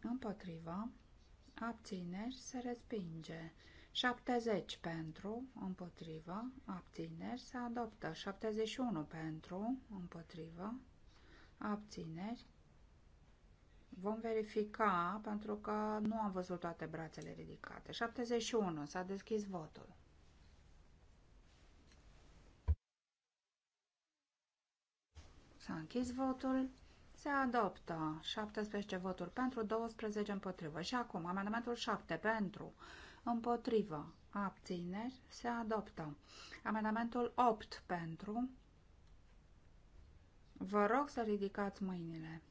împotrivă, abțineri se respinge, 70 pentru, împotrivă, abțineri, se adoptă. 71 pentru, împotrivă, abțineri. Vom verifica, pentru că nu am văzut toate brațele ridicate. 71, s-a deschis votul. S-a închis votul. Se adoptă 17 voturi pentru, 12 împotrivă. Și acum, amendamentul 7 pentru, împotrivă, abțineri, se adoptă. Amendamentul 8 pentru, vă rog să ridicați mâinile.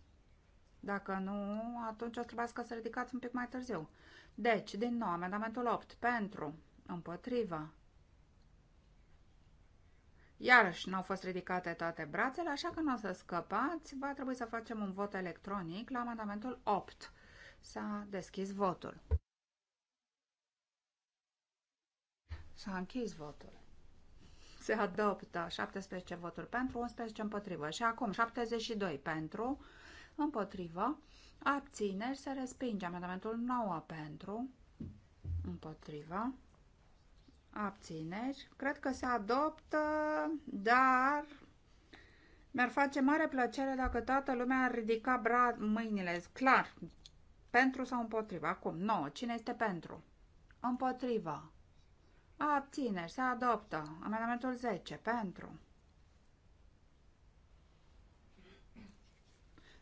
Dacă nu, atunci o trebuie să ridicați un pic mai târziu. Deci, din nou, amendamentul 8 pentru, împotrivă, Iarăși n-au fost ridicate toate brațele, așa că nu o să scăpați. Va trebui să facem un vot electronic la amendamentul 8. S-a deschis votul. S-a închis votul. Se adoptă 17 voturi pentru, 11 împotrivă. Și acum 72 pentru, împotrivă. Abțineri se respinge. Amendamentul 9 pentru, împotrivă. Abțineri. Cred că se adoptă, dar mi-ar face mare plăcere dacă toată lumea ar ridica bra mâinile. Clar, pentru sau împotriva. Acum, 9. Cine este pentru? Împotriva. Abțineri. Se adoptă. Amendamentul 10. Pentru.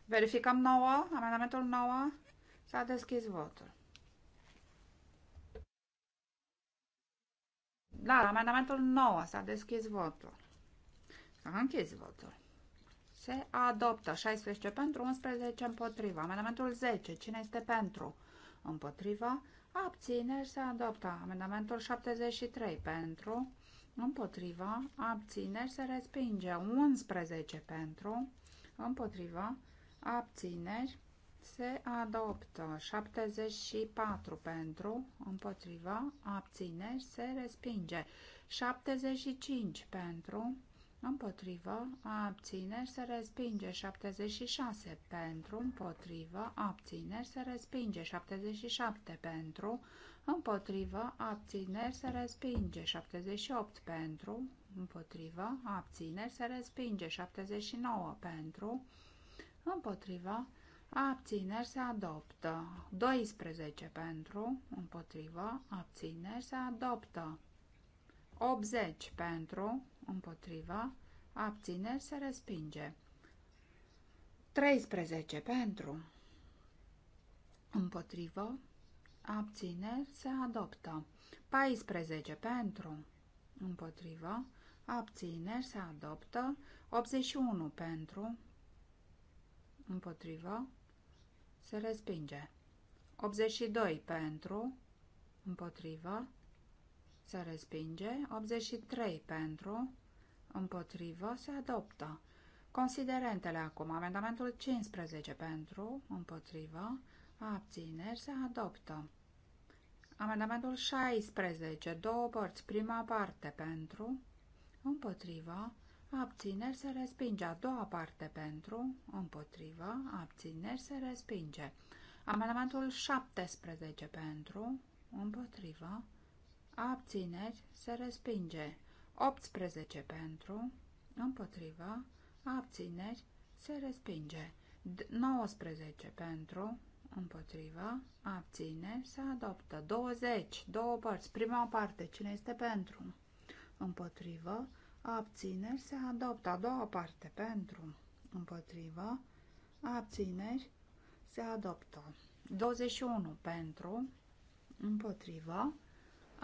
Verificăm nouă. Amendamentul 9. S-a deschis votul. Da, amendamentul 9. S-a deschis votul. S-a închis votul. Se adoptă 16 pentru, 11 împotriva. Amendamentul 10. Cine este pentru? Împotriva. Abțineri se adoptă. Amendamentul 73 pentru. Împotriva. Abțineri se respinge. 11 pentru. Împotriva. Abțineri se adoptă. 74 pentru. Împotriva. Abțineri se respinge. 75 pentru împotrivă, abțineri, se respinge 76 pentru, împotrivă, abțineri, se respinge 77 pentru, împotrivă, abțineri, se respinge 78 pentru, împotrivă, abțineri, se respinge 79 pentru, împotrivă, abțineri, se adoptă 12 pentru, împotrivă, abțineri, se adoptă 80 pentru, împotriva, abțineri se respinge. 13 pentru, împotrivă, abțineri se adoptă. 14 pentru, împotrivă, abțineri se adoptă. 81 pentru, împotrivă, se respinge. 82 pentru, împotrivă, se respinge. 83 pentru, împotrivă, se adoptă. Considerentele acum. Amendamentul 15 pentru, împotrivă, abțineri, se adoptă. Amendamentul 16, două părți, prima parte pentru, împotrivă, abțineri se respinge, a doua parte pentru, împotrivă, abțineri se respinge. Amendamentul 17 pentru, împotriva, abțineri, se respinge. 18 pentru, împotriva, abțineri, se respinge. 19 pentru, împotriva, abțineri, se adoptă. 20, două părți, prima parte, cine este pentru? Împotrivă, abțineri, se adoptă. A doua parte, pentru, împotrivă, abțineri, se adoptă. 21 pentru, împotriva,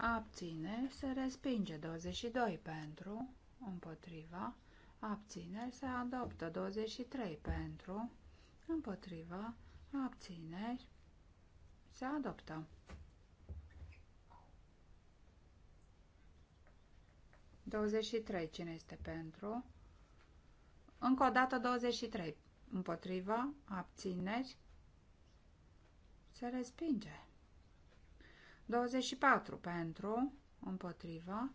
Abține, se respinge. 22 pentru, împotriva, Abține, se adoptă. 23 pentru, împotriva, Abține, se adoptă. 23. Cine este pentru? Încă o dată 23. Împotriva, abțineri, se respinge. 24 pentru, împotrivă,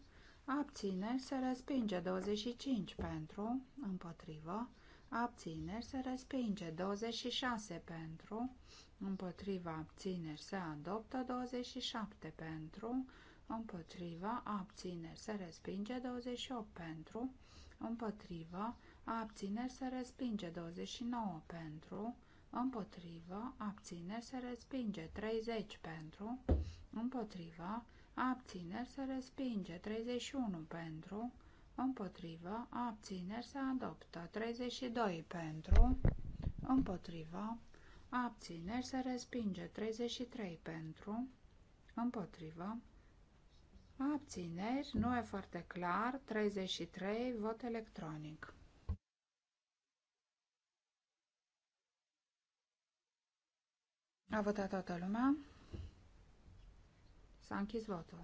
abțineri se respinge. 25 pentru, împotrivă, abțineri se respinge. 26 pentru, împotrivă, abțineri se adoptă. 27 pentru, împotrivă, abțineri se respinge. 28 pentru, împotrivă, abțineri se respinge. 29 pentru, împotrivă, abțineri se respinge, 30 pentru, împotriva, abțineri se respinge. 31 pentru, împotriva, abțineri se adoptă. 32 pentru, împotriva, abțineri se respinge. 33 pentru, împotriva, abțineri, nu e foarte clar, 33, vot electronic. A votat toată lumea. S-a închis votul.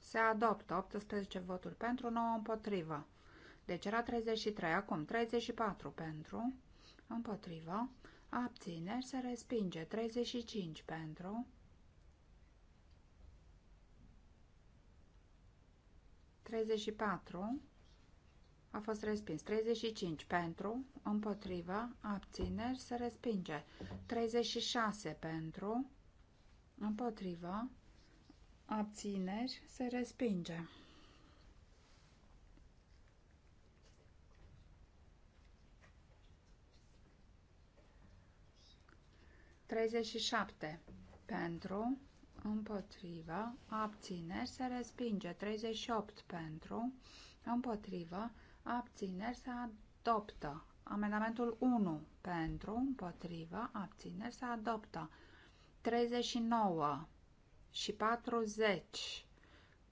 Se adoptă 18 voturi pentru, 9 împotrivă. Deci era 33, acum 34 pentru, împotrivă, abțineri, se respinge, 35 pentru, 34 a fost respins. 35 pentru, împotrivă, abțineri, se respinge. 36 pentru, împotriva, abțineri, se respinge. Treizeci și șapte pentru, împotriva, abțineri, se respinge. Treizeci și opt. pentru, împotriva, abțineri, se adoptă. Amendamentul 1 pentru, împotriva, abțineri, se adoptă. 39 și 40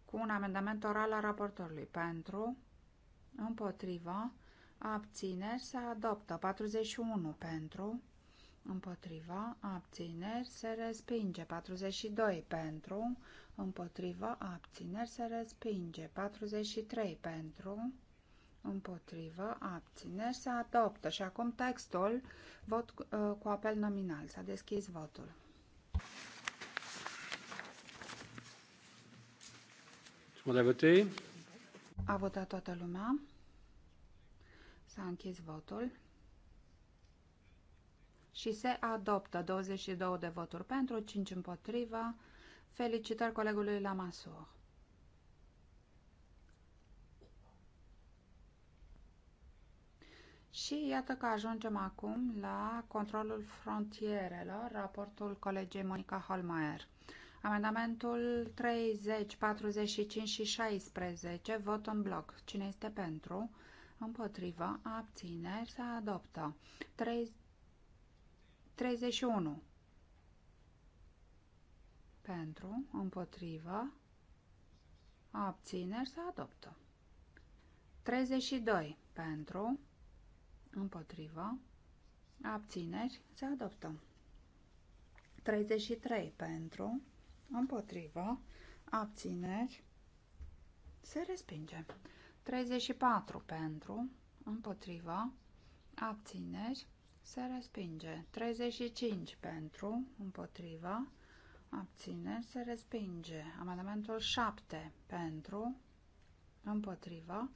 cu un amendament oral al raportorului pentru, împotriva, abțineri se adoptă 41 pentru, împotriva, abțineri se respinge 42 pentru, împotriva, abțineri se respinge 43 pentru, împotrivă, abțineri, se adoptă. Și acum textul, vot uh, cu apel nominal. S-a deschis votul. a voté. A votat toată lumea. S-a închis votul. Și se adoptă 22 de voturi pentru, 5 împotriva. Felicitări colegului Lamassoure. Și iată că ajungem acum la controlul frontierelor, raportul colegei Monica Holmaier. Amendamentul 30, 45 și 16, vot în bloc. Cine este pentru? Împotrivă, abțineri, se adoptă. 3, 31. Pentru, împotrivă, abțineri, se adoptă. 32. Pentru, împotrivă, abțineri, se adoptă. 33. Pentru, împotrivă, abțineri, se respinge. 34 pentru, împotrivă, abțineri, se respinge. 35 pentru, împotrivă, abțineri, se respinge. Amendamentul 7 pentru, împotrivă,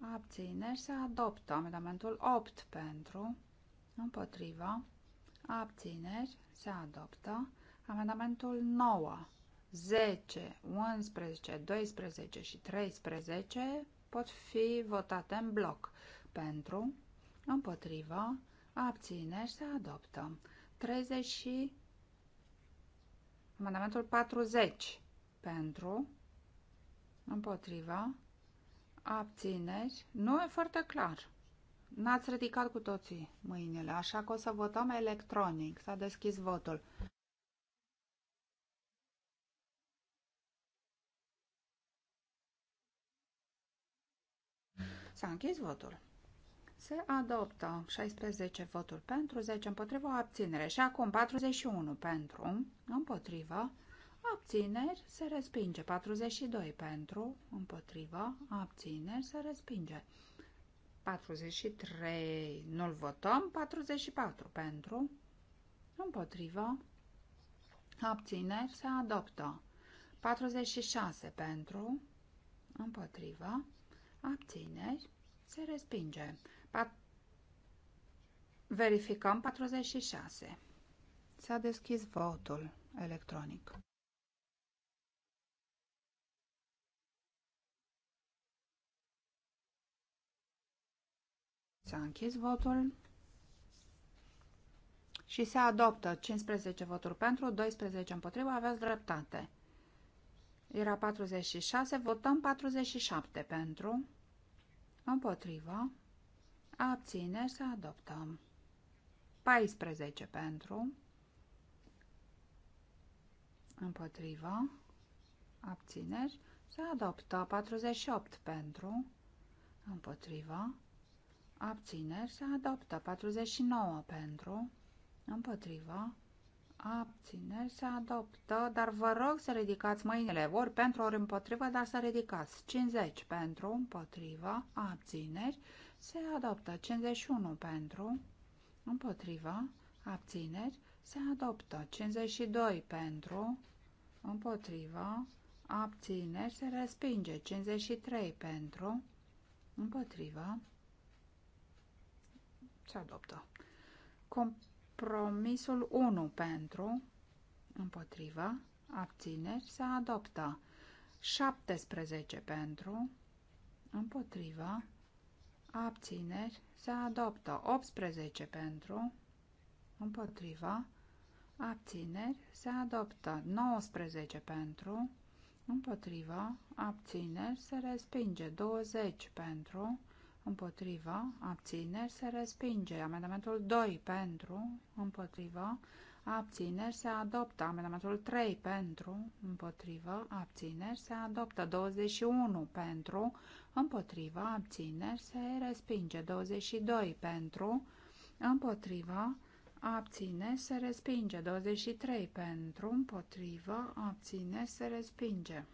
abțineri, se adoptă. Amendamentul 8 pentru, împotrivă, abțineri, se adoptă. Amendamentul 9, 10, 11, 12 și 13 pot fi votate în bloc. Pentru, împotriva, abțineri se adoptă. 30 și amendamentul 40 pentru, împotriva, abțineri, nu e foarte clar. N-ați ridicat cu toții mâinile, așa că o să votăm electronic. S-a deschis votul. S-a închis votul. Se adoptă 16 voturi pentru, 10 împotriva, abținere. Și acum 41 pentru, împotriva, abțineri, se respinge. 42 pentru, împotriva, abțineri, se respinge. 43 nu-l votăm, 44 pentru, împotriva, abțineri, se adoptă. 46 pentru, împotriva, abțineri, se respinge. Pat Verificăm 46. S-a deschis votul electronic. S-a închis votul și se adoptă 15 voturi pentru, 12 împotriva, aveți dreptate. Era 46, votăm 47 pentru, împotrivă, abține să adoptăm. 14 pentru, împotrivă, abțineri, se adoptă 48 pentru, împotrivă, abțineri, se adoptă 49 pentru, împotrivă, abțineri se adoptă, dar vă rog să ridicați mâinile, ori pentru, ori împotrivă, dar să ridicați. 50 pentru, împotrivă, abțineri se adoptă. 51 pentru, împotrivă, abțineri se adoptă. 52 pentru, împotrivă, abțineri se respinge. 53 pentru, împotrivă, se adoptă. Com Compromisul 1 pentru, împotriva, abțineri, se adoptă. 17 pentru, împotriva, abțineri, se adoptă. 18 pentru, împotriva, abțineri, se adoptă. 19 pentru, împotriva, abțineri, se respinge. 20 pentru, împotriva, abțineri, se respinge. Amendamentul 2 pentru, împotriva, abțineri, se adoptă. Amendamentul 3 pentru, împotriva, abțineri, se adoptă. 21 pentru, împotriva, abțineri, se respinge. 22 pentru, împotriva, abține, se respinge. 23 pentru, împotriva, abține, se respinge.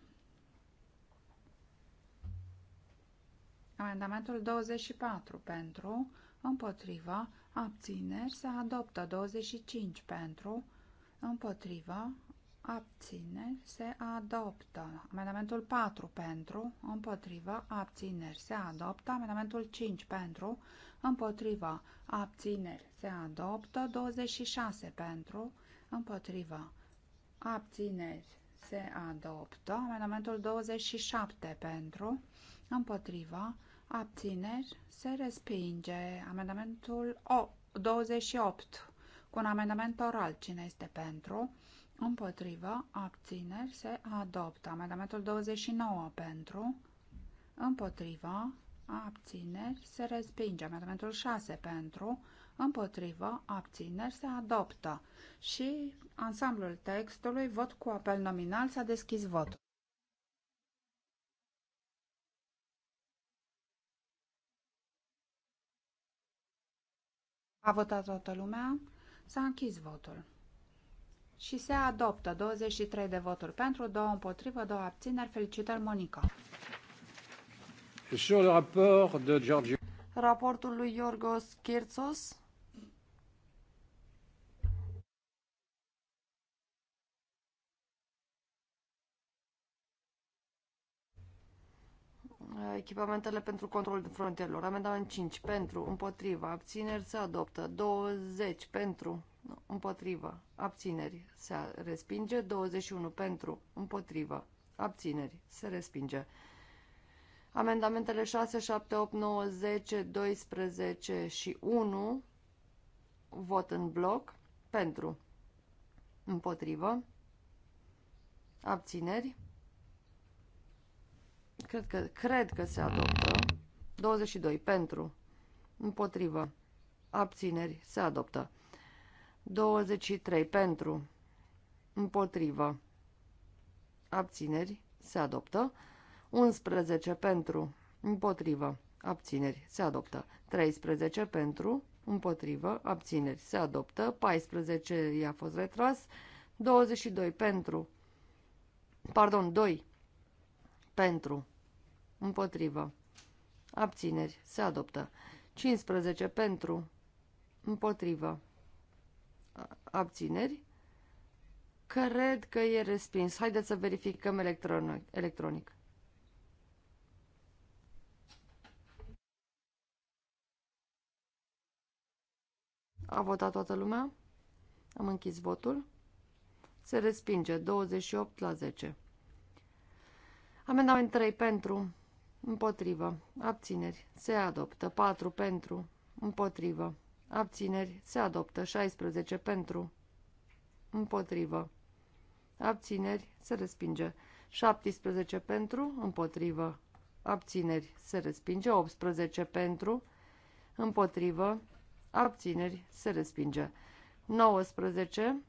Amendamentul 24 pentru, împotriva, abțineri se adoptă. 25 pentru, împotriva, abțineri se adoptă. Amendamentul 4 pentru, împotriva, abțineri se adoptă. Amendamentul 5 pentru, împotriva, abțineri se adoptă. 26 pentru, împotriva, abțineri se adoptă. Amendamentul 27 pentru, împotriva, abțineri, se respinge. Amendamentul 28 cu un amendament oral. Cine este pentru? Împotriva, abțineri, se adoptă. Amendamentul 29 pentru, Împotriva, abțineri, se respinge. Amendamentul 6 pentru, Împotriva, abțineri, se adoptă. Și ansamblul textului, vot cu apel nominal, s-a deschis votul. A votat toată lumea. S-a închis votul. Și se adoptă 23 de voturi pentru, 2 împotrivă, 2 abțineri. Felicitări, Monica. Sur le rapport de George... Raportul lui Yorgos Kirtsos Uh, echipamentele pentru controlul frontierelor. Amendament 5 pentru, împotriva, abțineri se adoptă. 20 pentru, împotriva, abțineri se respinge. 21 pentru, împotriva, abțineri se respinge. Amendamentele 6, 7, 8, 9, 10, 12 și 1 vot în bloc pentru, împotrivă, abțineri Cred că, cred că se adoptă. 22. Pentru. Împotrivă. Abțineri. Se adoptă. 23. Pentru. Împotrivă. Abțineri. Se adoptă. 11. Pentru. Împotrivă. Abțineri. Se adoptă. 13. Pentru. Împotrivă. Abțineri. Se adoptă. 14. I-a fost retras. 22. Pentru. Pardon. 2. Pentru Împotrivă. Abțineri. Se adoptă. 15 pentru. Împotrivă. Abțineri. Cred că e respins. Haideți să verificăm electronic. A votat toată lumea? Am închis votul. Se respinge 28 la 10. Amendament 3 pentru, Împotrivă. Abțineri. Se adoptă. 4 pentru. Împotrivă. Abțineri. Se adoptă. 16 pentru. Împotrivă. Abțineri. Se respinge. 17 pentru. Împotrivă. Abțineri. Se respinge. 18 pentru. Împotrivă. Abțineri. Se respinge. 19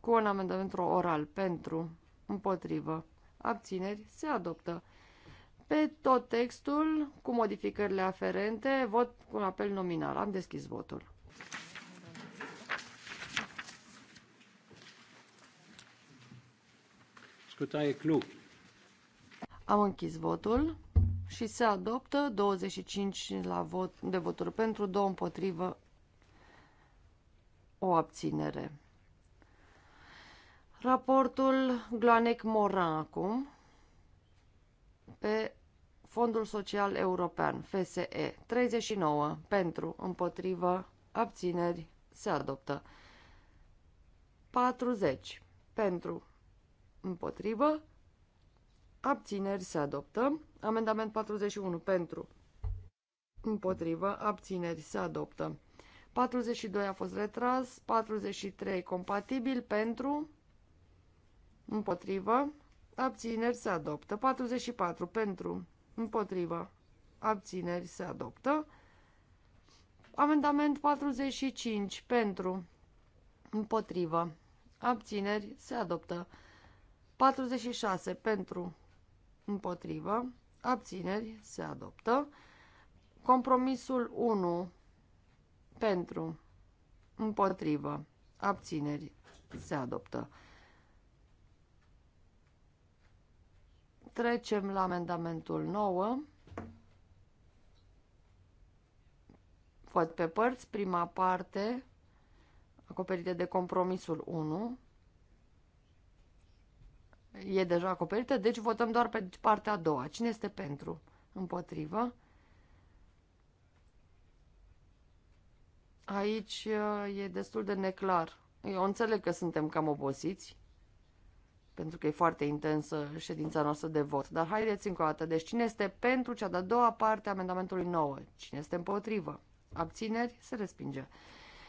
cu un amendament oral pentru. Împotrivă. Abțineri. Se adoptă pe tot textul, cu modificările aferente, vot cu un apel nominal. Am deschis votul. Scutaie clu. Am închis votul și se adoptă 25 la vot, de voturi pentru, 2 împotrivă, o abținere. Raportul Gloanec Moran acum pe Fondul Social European, FSE, 39 pentru, împotrivă, abțineri, se adoptă. 40 pentru, împotrivă, abțineri, se adoptă. Amendament 41 pentru, împotrivă, abțineri, se adoptă. 42 a fost retras, 43 compatibil pentru, împotrivă, abțineri, se adoptă. 44 pentru, Împotrivă. Abțineri se adoptă. Amendament 45. Pentru. Împotrivă. Abțineri se adoptă. 46. Pentru. Împotrivă. Abțineri se adoptă. Compromisul 1. Pentru. Împotrivă. Abțineri se adoptă. Trecem la amendamentul 9. Văd pe părți prima parte acoperită de compromisul 1. E deja acoperită, deci votăm doar pe partea a doua. Cine este pentru? Împotrivă. Aici uh, e destul de neclar. Eu înțeleg că suntem cam obosiți pentru că e foarte intensă ședința noastră de vot. Dar haideți încă o dată. Deci cine este pentru cea de-a doua parte a amendamentului 9? Cine este împotrivă? Abțineri? Se respinge.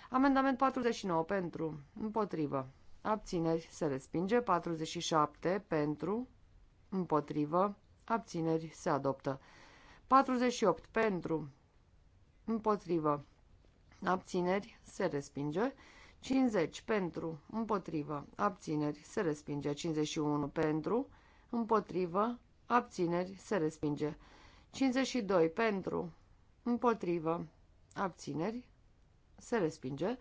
Amendament 49 pentru, împotrivă. Abțineri? Se respinge. 47 pentru, împotrivă. Abțineri? Se adoptă. 48 pentru, împotrivă. Abțineri? Se respinge. 50 pentru, împotrivă, abțineri, se respinge. 51 pentru, împotrivă, abțineri, se respinge. 52 pentru, împotrivă, abțineri, se respinge,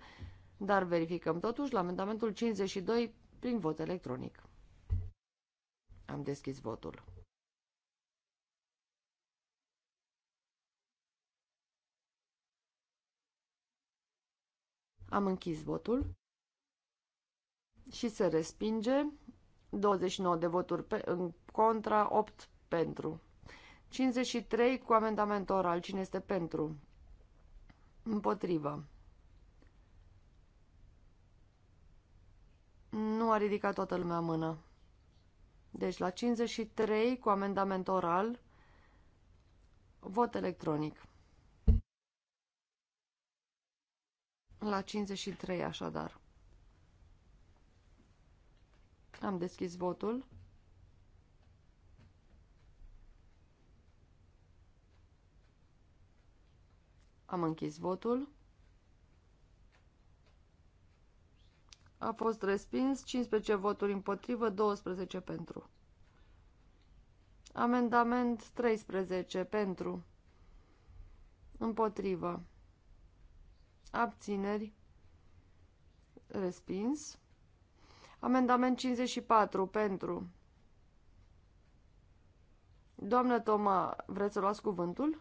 dar verificăm totuși la amendamentul 52 prin vot electronic. Am deschis votul. Am închis votul și se respinge 29 de voturi pe, în contra, 8 pentru. 53 cu amendament oral. Cine este pentru? Împotrivă. Nu a ridicat toată lumea mână. Deci la 53 cu amendament oral, vot electronic. La 53, așadar. Am deschis votul. Am închis votul. A fost respins 15 voturi împotrivă, 12 pentru. Amendament 13 pentru. Împotrivă abțineri, respins. Amendament 54 pentru. Doamnă Toma, vreți să luați cuvântul?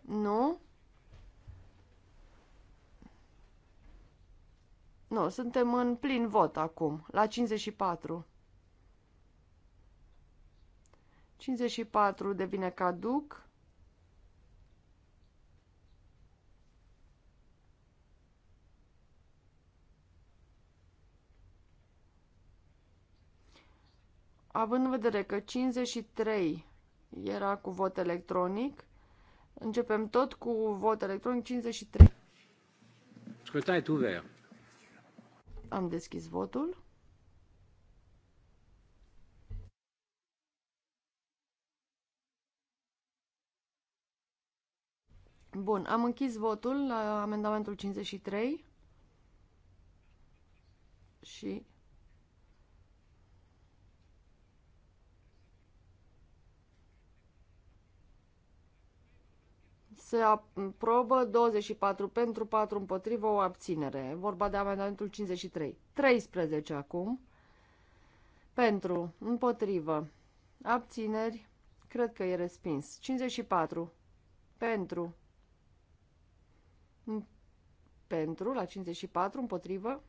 Nu? Nu, suntem în plin vot acum, la 54. 54 devine caduc. Având în vedere că 53 era cu vot electronic, începem tot cu vot electronic 53. Am deschis votul. Bun, am închis votul la amendamentul 53 și se aprobă 24 pentru, 4 împotrivă, o abținere. Vorba de amendamentul 53. 13 acum. Pentru, împotrivă, abțineri, cred că e respins. 54. Pentru, pentru, la 54, împotrivă,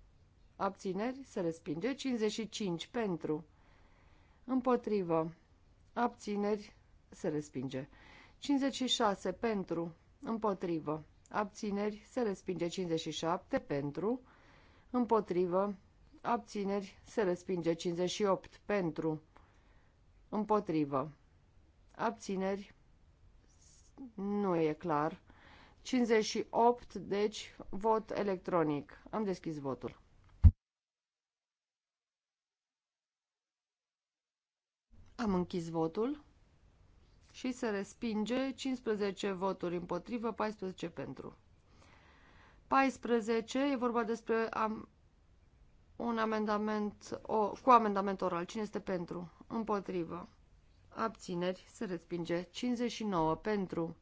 abțineri, se respinge. 55, pentru, împotrivă, abțineri, se respinge. 56 pentru, împotrivă, abțineri, se respinge 57 pentru, împotrivă, abțineri, se respinge 58 pentru, împotrivă, abțineri, nu e clar, 58, deci vot electronic. Am deschis votul. Am închis votul și se respinge 15 voturi împotrivă, 14 pentru. 14. E vorba despre am, un amendament o, cu amendament oral. Cine este pentru? Împotrivă. Abțineri. Se respinge. 59 pentru.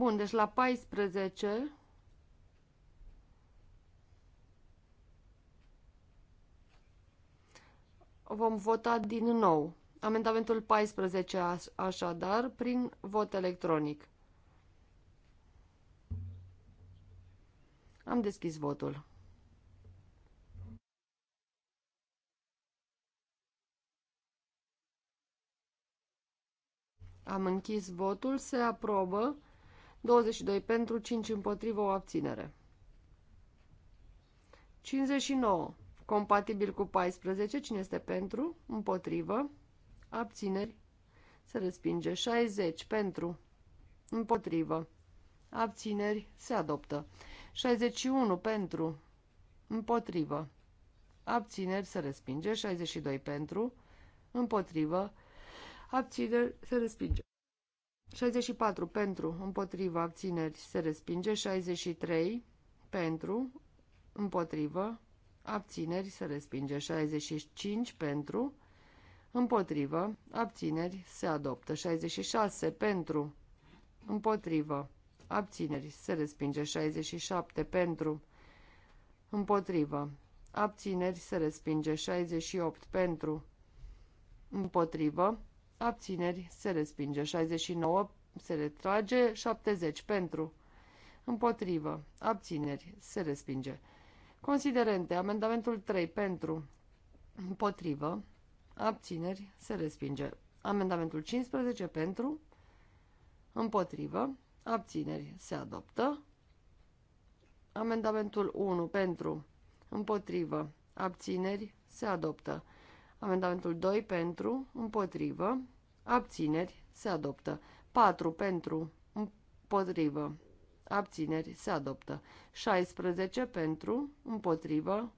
Bun, deci la 14 vom vota din nou amendamentul 14 așadar prin vot electronic. Am deschis votul. Am închis votul, se aprobă 22 pentru, 5 împotrivă, o abținere. 59. Compatibil cu 14. Cine este pentru? Împotrivă. Abțineri. Se respinge. 60. Pentru. Împotrivă. Abțineri. Se adoptă. 61. Pentru. Împotrivă. Abțineri. Se respinge. 62. Pentru. Împotrivă. Abțineri. Se respinge. 64 pentru, împotrivă, abțineri, se respinge. 63 pentru, împotrivă, abțineri, se respinge. 65 pentru, împotrivă, abțineri, se adoptă. 66 pentru, împotrivă, abțineri, se respinge. 67 pentru, împotrivă, abțineri, se respinge. 68 pentru, împotrivă, abțineri, se respinge. 69 se retrage, 70 pentru, împotrivă, abțineri, se respinge. Considerente, amendamentul 3 pentru, împotrivă, abțineri, se respinge. Amendamentul 15 pentru, împotrivă, abțineri, se adoptă. Amendamentul 1 pentru, împotrivă, abțineri, se adoptă. Amendamentul 2 pentru, împotrivă, abțineri, se adoptă. 4 pentru, împotrivă, abțineri, se adoptă. 16 pentru, împotrivă,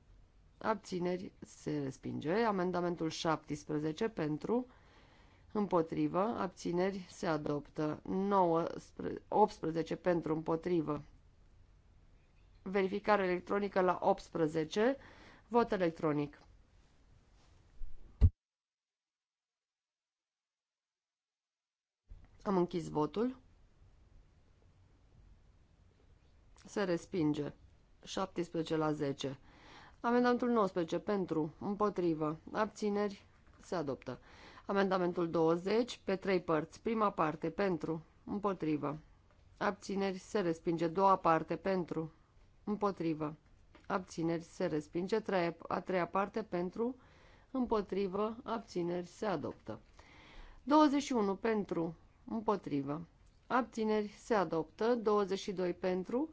abțineri, se respinge. Amendamentul 17 pentru, împotrivă, abțineri, se adoptă. 19, 18 pentru, împotrivă, verificare electronică la 18, vot electronic. Am închis votul. Se respinge. 17 la 10. Amendamentul 19 pentru, împotrivă, abțineri, se adoptă. Amendamentul 20 pe trei părți. Prima parte pentru, împotrivă, abțineri, se respinge. Doua parte pentru, împotrivă, abțineri, se respinge. Treia, a treia parte pentru, împotrivă, abțineri, se adoptă. 21 pentru, Împotrivă. Abțineri se adoptă. 22 pentru.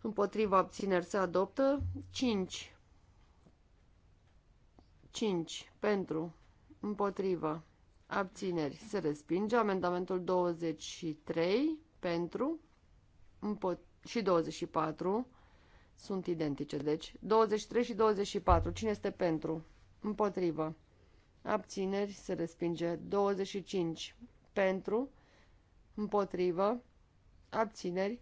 Împotrivă abțineri se adoptă. 5. 5 pentru. Împotrivă. Abțineri se respinge. Amendamentul 23 pentru. Și 24 sunt identice. Deci 23 și 24. Cine este pentru? Împotrivă abțineri, se respinge. 25 pentru, împotrivă, abțineri,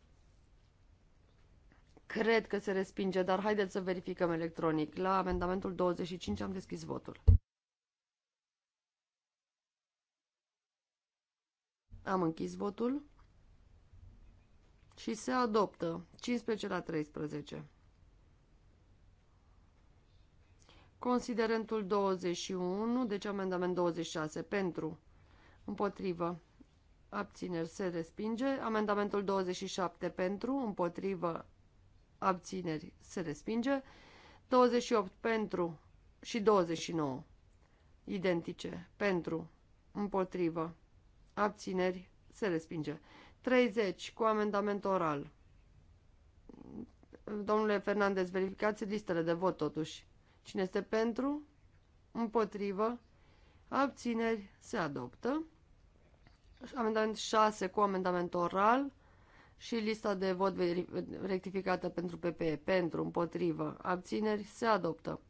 cred că se respinge, dar haideți să verificăm electronic. La amendamentul 25 am deschis votul. Am închis votul și se adoptă 15 la 13. Considerentul 21, deci amendament 26, pentru, împotrivă, abțineri se respinge. Amendamentul 27, pentru, împotrivă, abțineri se respinge. 28, pentru și 29, identice, pentru, împotrivă, abțineri se respinge. 30, cu amendament oral. Domnule Fernandez, verificați listele de vot totuși. Cine este pentru? Împotrivă. Abțineri. Se adoptă. Amendament 6 cu amendament oral și lista de vot rectificată pentru PPE. Pentru, împotrivă. Abțineri. Se adoptă.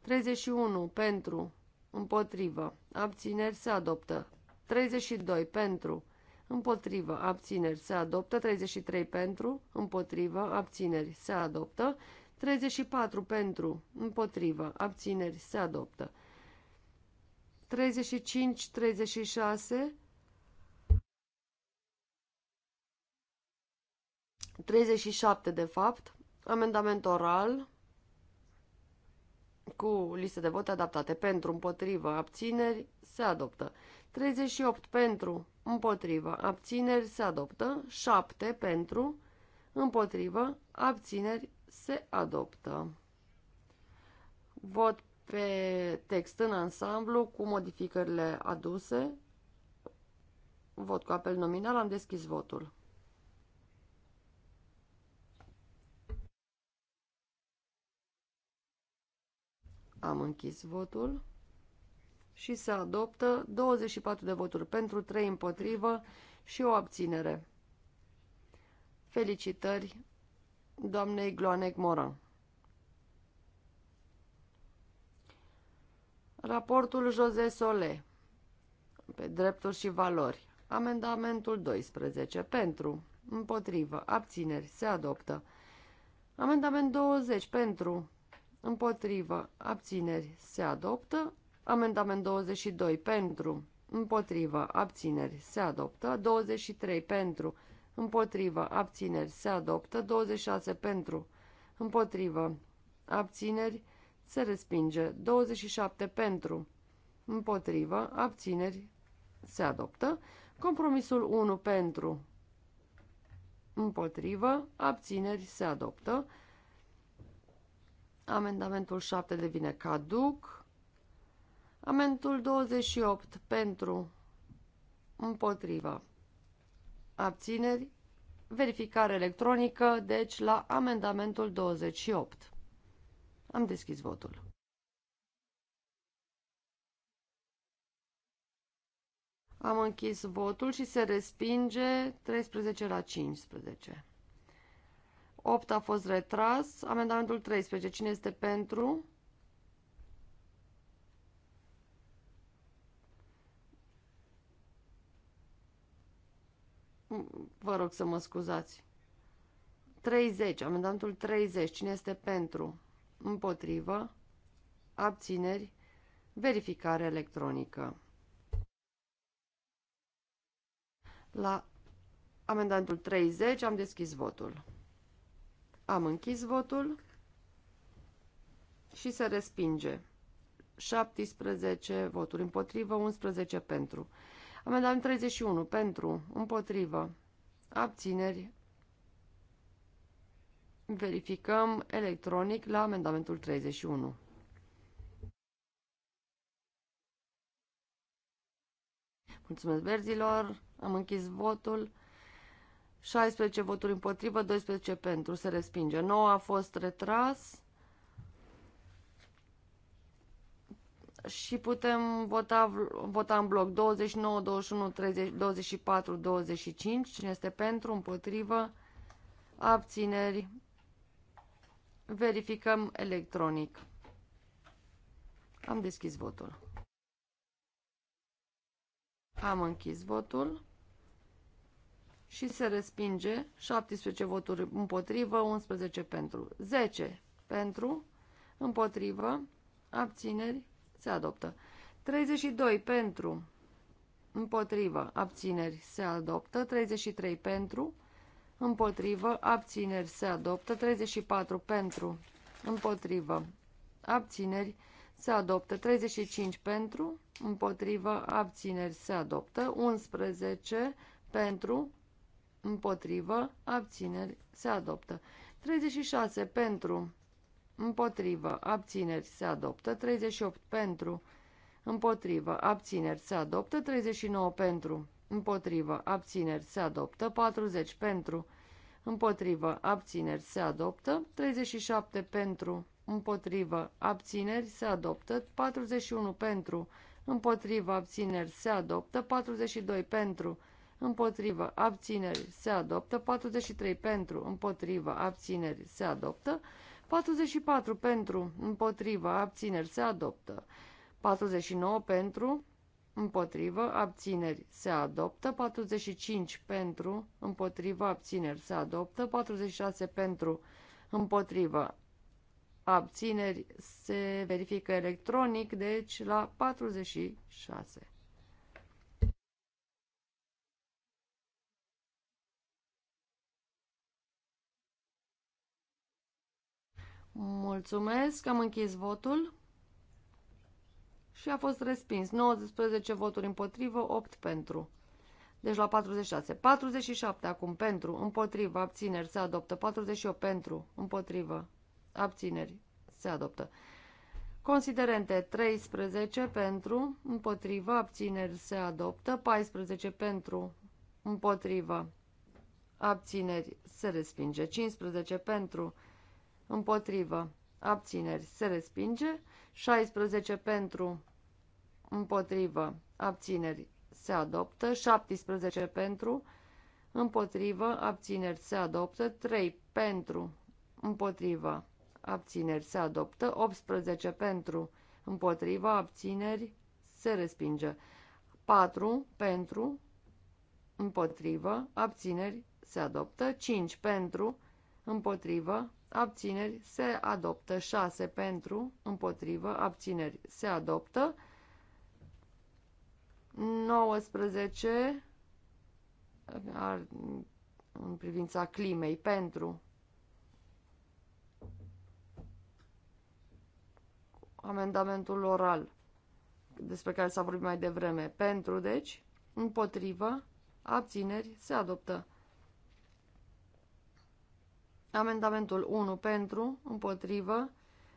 31 pentru, împotrivă. Abțineri. Se adoptă. 32 pentru, împotrivă, abțineri, se adoptă, 33 pentru, împotrivă, abțineri, se adoptă, 34 pentru, împotrivă, abțineri, se adoptă. 35, 36, 37 de fapt, amendament oral cu liste de vot adaptate pentru, împotrivă, abțineri, se adoptă. 38 pentru, împotrivă, abțineri, se adoptă. 7 pentru, împotrivă, abțineri, se adoptă. Vot pe text în ansamblu cu modificările aduse. Vot cu apel nominal. Am deschis votul. Am închis votul și se adoptă 24 de voturi pentru, 3 împotrivă și o abținere. Felicitări doamnei Gloanec Moran. Raportul José Sole pe drepturi și valori. Amendamentul 12 pentru, împotrivă, abțineri, se adoptă. Amendament 20 pentru, împotrivă, abțineri, se adoptă. Amendament 22 pentru, împotrivă, abțineri, se adoptă. 23 pentru, împotrivă, abțineri, se adoptă, 26 pentru, împotrivă, abțineri, se respinge, 27 pentru, împotrivă, abțineri, se adoptă, compromisul 1 pentru, împotrivă, abțineri, se adoptă, amendamentul 7 devine caduc, amendul 28 pentru, împotrivă, abțineri, verificare electronică, deci la amendamentul 28. Am deschis votul. Am închis votul și se respinge 13 la 15. 8 a fost retras. Amendamentul 13. Cine este pentru? Vă rog să mă scuzați. 30, amendamentul 30, cine este pentru? Împotrivă, abțineri, verificare electronică. La amendamentul 30 am deschis votul. Am închis votul și se respinge. 17 voturi împotrivă, 11 pentru. Amendament 31. Pentru. Împotrivă. Abțineri. Verificăm electronic la amendamentul 31. Mulțumesc verzilor. Am închis votul. 16 voturi împotrivă, 12 pentru. Se respinge. 9 a fost retras. și putem vota, vota în bloc 29, 21, 30, 24, 25. Cine este pentru, împotrivă, abțineri. Verificăm electronic. Am deschis votul. Am închis votul și se respinge 17 voturi împotrivă, 11 pentru, 10 pentru, împotrivă, abțineri, se adoptă. 32 pentru, împotrivă, abțineri, se adoptă. 33 pentru, împotrivă, abțineri, se adoptă. 34 pentru, împotrivă, abțineri, se adoptă. 35 pentru, împotrivă, abțineri, se adoptă. 11 pentru, împotrivă, abțineri, se adoptă. 36 pentru, împotrivă, abțineri, se adoptă. 38 pentru, împotrivă, abțineri, se adoptă. 39 pentru, împotrivă, abțineri, se adoptă. 40 pentru, împotrivă, abțineri, se adoptă. 37 pentru, împotrivă, abțineri, se adoptă. 41 pentru, împotrivă, abțineri, se adoptă. 42 pentru, împotrivă, abțineri, se adoptă, 43 pentru, împotrivă, abțineri, se adoptă, 44 pentru, împotrivă, abțineri, se adoptă. 49 pentru, împotrivă, abțineri, se adoptă. 45 pentru, împotrivă, abțineri, se adoptă. 46 pentru, împotrivă, abțineri, se verifică electronic, deci la 46. Mulțumesc, am închis votul și a fost respins. 19 voturi împotrivă, 8 pentru. Deci la 46. 47 acum pentru, împotrivă, abțineri, se adoptă. 48 pentru, împotrivă, abțineri, se adoptă. Considerente 13 pentru, împotrivă, abțineri, se adoptă. 14 pentru, împotrivă, abțineri, se respinge. 15 pentru, împotrivă, abțineri, se respinge. 16 pentru, împotrivă, abțineri, se adoptă. 17 pentru, împotrivă, abțineri, se adoptă. 3 pentru, împotrivă, abțineri, se adoptă. 18 pentru, împotrivă, abțineri, se respinge. 4 pentru, împotrivă, abțineri, se adoptă. 5 pentru, împotrivă, abțineri, se adoptă. 6 pentru, împotrivă, abțineri, se adoptă. 19 ar, în privința climei, pentru amendamentul oral despre care s-a vorbit mai devreme. Pentru, deci, împotrivă, abțineri, se adoptă. Amendamentul 1 pentru, împotrivă,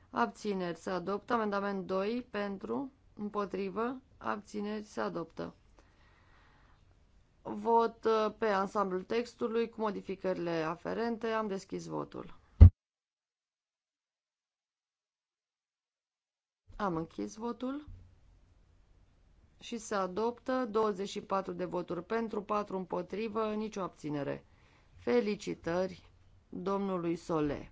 abțineri se adoptă. Amendament 2 pentru, împotrivă, abțineri se adoptă. Vot uh, pe ansamblul textului cu modificările aferente. Am deschis votul. Am închis votul și se adoptă 24 de voturi pentru, 4 împotrivă, nicio abținere. Felicitări domnului Sole.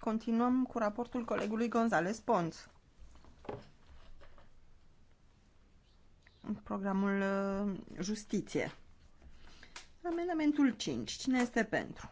Continuăm cu raportul colegului González Pons. Programul uh, Justiție. Amendamentul 5. Cine este pentru?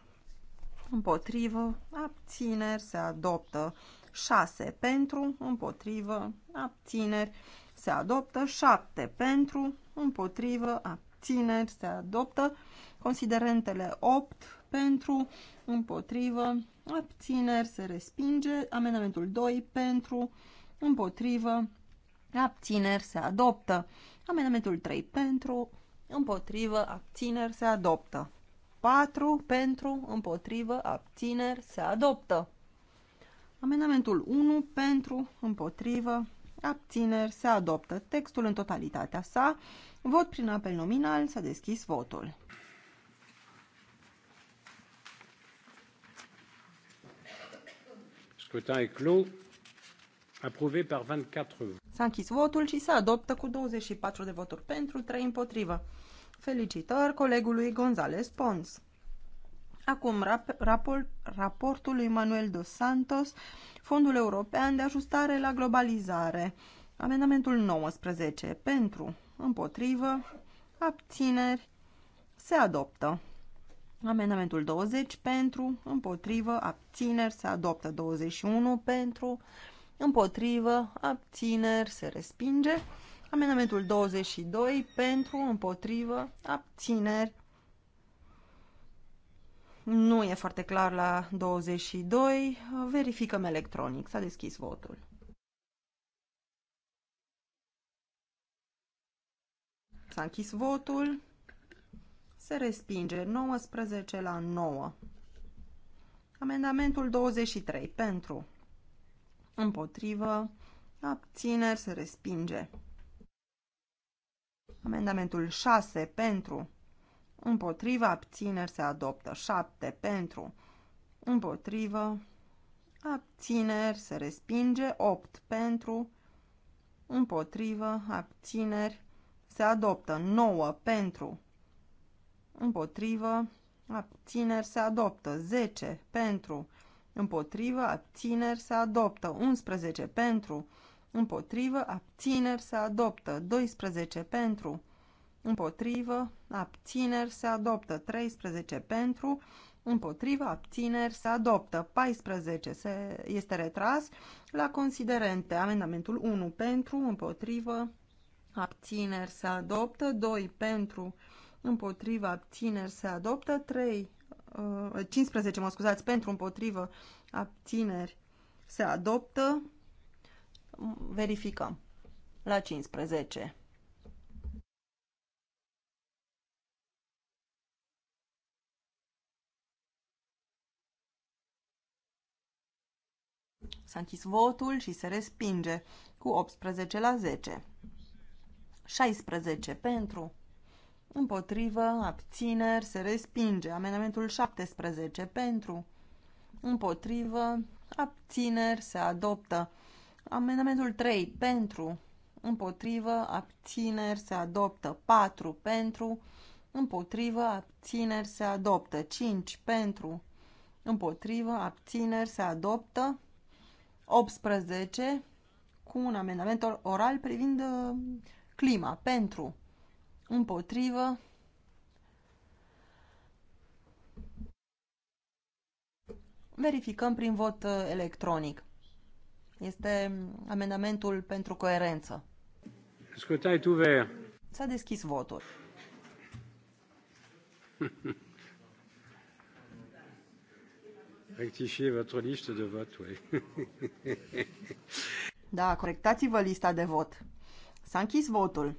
Împotrivă. Abțineri. Se adoptă. 6 pentru, împotrivă, abțineri, se adoptă 7 pentru, împotrivă, abțineri abțineri, se adoptă. Considerentele 8 pentru, împotrivă, abțineri, se respinge. Amendamentul 2 pentru, împotrivă, abțineri, se adoptă. Amendamentul 3 pentru, împotrivă, abțineri, se adoptă. 4 pentru, împotrivă, abțineri, se adoptă. Amendamentul 1 pentru, împotrivă, abțineri, se adoptă. Textul în totalitatea sa Vot prin apel nominal. S-a deschis votul. Scrutin e clos. Aprobé par 24 S-a închis votul și se adoptă cu 24 de voturi pentru, 3 împotrivă. Felicitări colegului González Pons. Acum, rap rapor raportul lui Manuel Dos Santos, Fondul European de Ajustare la Globalizare. Amendamentul 19 pentru, împotrivă, abțineri, se adoptă. Amendamentul 20 pentru, împotrivă, abțineri, se adoptă. 21 pentru, împotrivă, abțineri, se respinge. Amendamentul 22 pentru, împotrivă, abțineri. Nu e foarte clar la 22. Verificăm electronic. S-a deschis votul. S-a închis votul. Se respinge 19 la 9. Amendamentul 23 pentru. Împotrivă. Abțineri se respinge. Amendamentul 6 pentru. Împotrivă. Abțineri se adoptă. 7 pentru. Împotrivă. Abțineri se respinge. 8 pentru. Împotrivă. Abțineri se adoptă. 9 pentru, împotrivă, abțineri se adoptă. 10 pentru, împotrivă, abțineri se adoptă. 11 pentru, împotrivă, abțineri se adoptă. 12 pentru, împotrivă, abțineri se adoptă. 13 pentru, împotrivă, abțineri se adoptă 14 se, este retras la considerente amendamentul 1 pentru, împotrivă, abțineri se adoptă, 2 pentru, împotriva, abțineri se adoptă, 3, 15, uh, mă scuzați, pentru, împotrivă, abțineri se adoptă, verificăm la 15. S-a închis votul și se respinge cu 18 la 10. 16 pentru, împotrivă, abțineri, se respinge. Amendamentul 17 pentru, împotrivă, abțineri, se adoptă. Amendamentul 3 pentru, împotrivă, abțineri, se adoptă. 4 pentru, împotrivă, abțineri, se adoptă. 5 pentru, împotrivă, abțineri, se adoptă. 18 cu un amendament oral privind uh, clima, pentru, împotrivă, verificăm prin vot uh, electronic. Este mm, amendamentul pentru coerență. Scutai tu, S-a deschis votul. Rectifiez votre liste de vote, oui. da, corectați-vă lista de vot. S-a închis votul